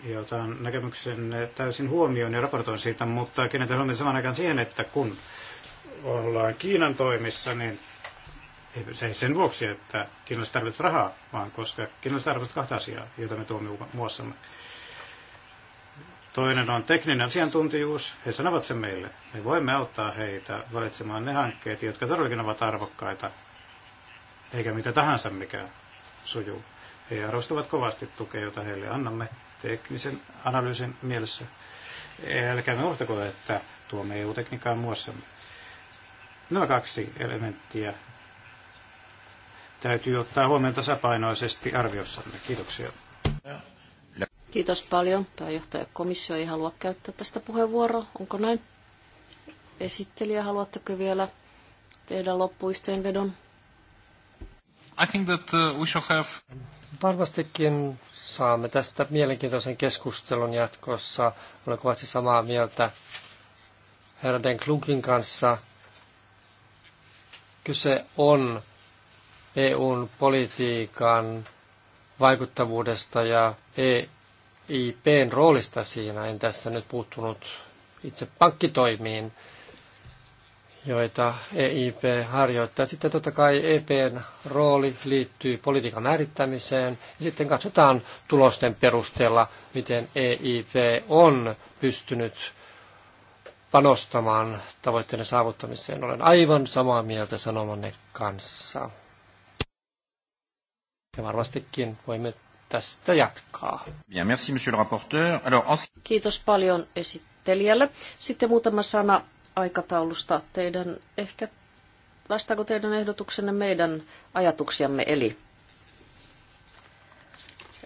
ja otan näkemyksen täysin huomioon ja raportoin siitä, mutta kiinnitän huomioon saman aikaan siihen, että kun ollaan Kiinan toimissa, niin ei sen vuoksi, että kiinalaiset tarvitsevat rahaa, vaan koska kiinalaiset tarvitsevat kahta asiaa, joita me tuomme muassamme. Toinen on tekninen asiantuntijuus. He sanovat sen meille. Me voimme auttaa heitä valitsemaan ne hankkeet, jotka todellakin ovat arvokkaita, eikä mitä tahansa mikä sujuu. He arvostavat kovasti tukea, jota heille annamme teknisen analyysin mielessä. Älkäämme unohtako, että tuomme EU-tekniikkaa muassa. Nämä kaksi elementtiä täytyy ottaa huomioon tasapainoisesti arviossamme. Kiitoksia. Kiitos paljon. Pääjohtaja komissio ei halua käyttää tästä puheenvuoroa. Onko näin? Esittelijä, haluatteko vielä tehdä loppuyhteenvedon? I think that uh, we shall have... Varmastikin saamme tästä mielenkiintoisen keskustelun jatkossa. Olen kovasti samaa mieltä herra Den Klunkin kanssa. Kyse on EUn politiikan vaikuttavuudesta ja EIPn roolista siinä. En tässä nyt puuttunut itse pankkitoimiin joita EIP harjoittaa. Sitten totta kai EPn rooli liittyy politiikan määrittämiseen sitten katsotaan tulosten perusteella, miten EIP on pystynyt panostamaan tavoitteiden saavuttamiseen. Olen aivan samaa mieltä sanomanne kanssa. Ja varmastikin voimme tästä jatkaa. Bien, merci, monsieur le rapporteur. Alors, en... Kiitos paljon esittelijälle. Sitten muutama sana aikataulusta teidän ehkä, vastaako teidän ehdotuksenne meidän ajatuksiamme eli?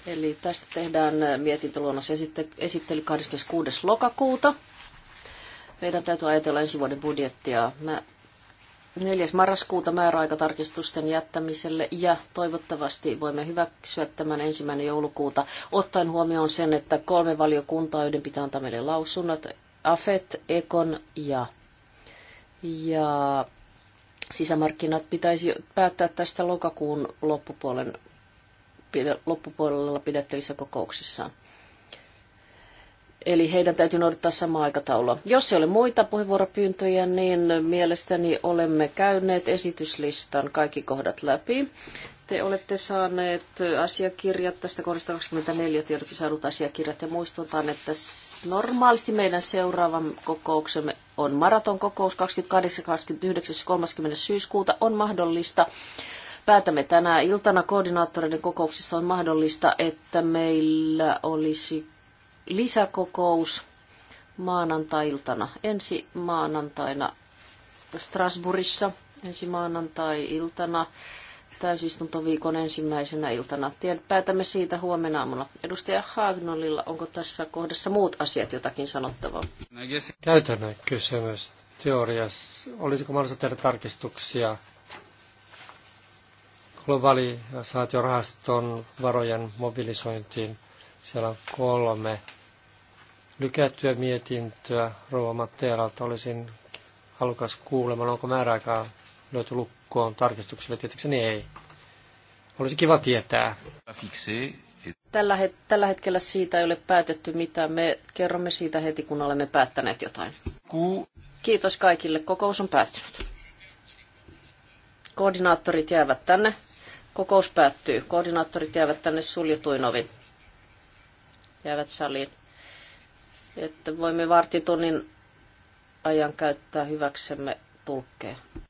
Eli tästä tehdään mietintöluonnos esittely 26. lokakuuta. Meidän täytyy ajatella ensi vuoden budjettia. Mä 4. marraskuuta määräaikatarkistusten jättämiselle ja toivottavasti voimme hyväksyä tämän ensimmäinen joulukuuta, ottaen huomioon sen, että kolme valiokuntaa, joiden pitää antaa meille lausunnot, AFET, EKON ja ja sisämarkkinat pitäisi päättää tästä lokakuun loppupuolen, loppupuolella pidettävissä kokouksissaan. Eli heidän täytyy noudattaa samaa aikataulua. Jos ei ole muita puheenvuoropyyntöjä, niin mielestäni olemme käyneet esityslistan kaikki kohdat läpi. Te olette saaneet asiakirjat tästä kohdasta 24 tiedoksi saadut asiakirjat ja muistutan, että normaalisti meidän seuraavan kokouksemme on maratonkokous 28. 29. 30. syyskuuta on mahdollista. Päätämme tänä iltana koordinaattoreiden kokouksissa on mahdollista, että meillä olisi lisäkokous maanantai-iltana, ensi maanantaina Strasbourgissa, ensi maanantai-iltana täysistuntoviikon ensimmäisenä iltana. Tien päätämme siitä huomenna aamulla. Edustaja Haagnolilla, onko tässä kohdassa muut asiat jotakin sanottavaa? Käytännön kysymys teoriassa. Olisiko mahdollista tehdä tarkistuksia globalisaatiorahaston varojen mobilisointiin? Siellä on kolme lykättyä mietintöä Rouva Matteeralta. Olisin halukas kuulemaan, onko määräaikaa löyty lukkoon on tarkistuksella, tietysti niin ei. Olisi kiva tietää. Tällä, het- tällä hetkellä siitä ei ole päätetty mitään. Me kerromme siitä heti, kun olemme päättäneet jotain. Kiitos kaikille. Kokous on päättynyt. Koordinaattorit jäävät tänne. Kokous päättyy. Koordinaattorit jäävät tänne suljetuin ovin. Jäävät saliin. Että voimme vartitunnin ajan käyttää hyväksemme tulkkeja.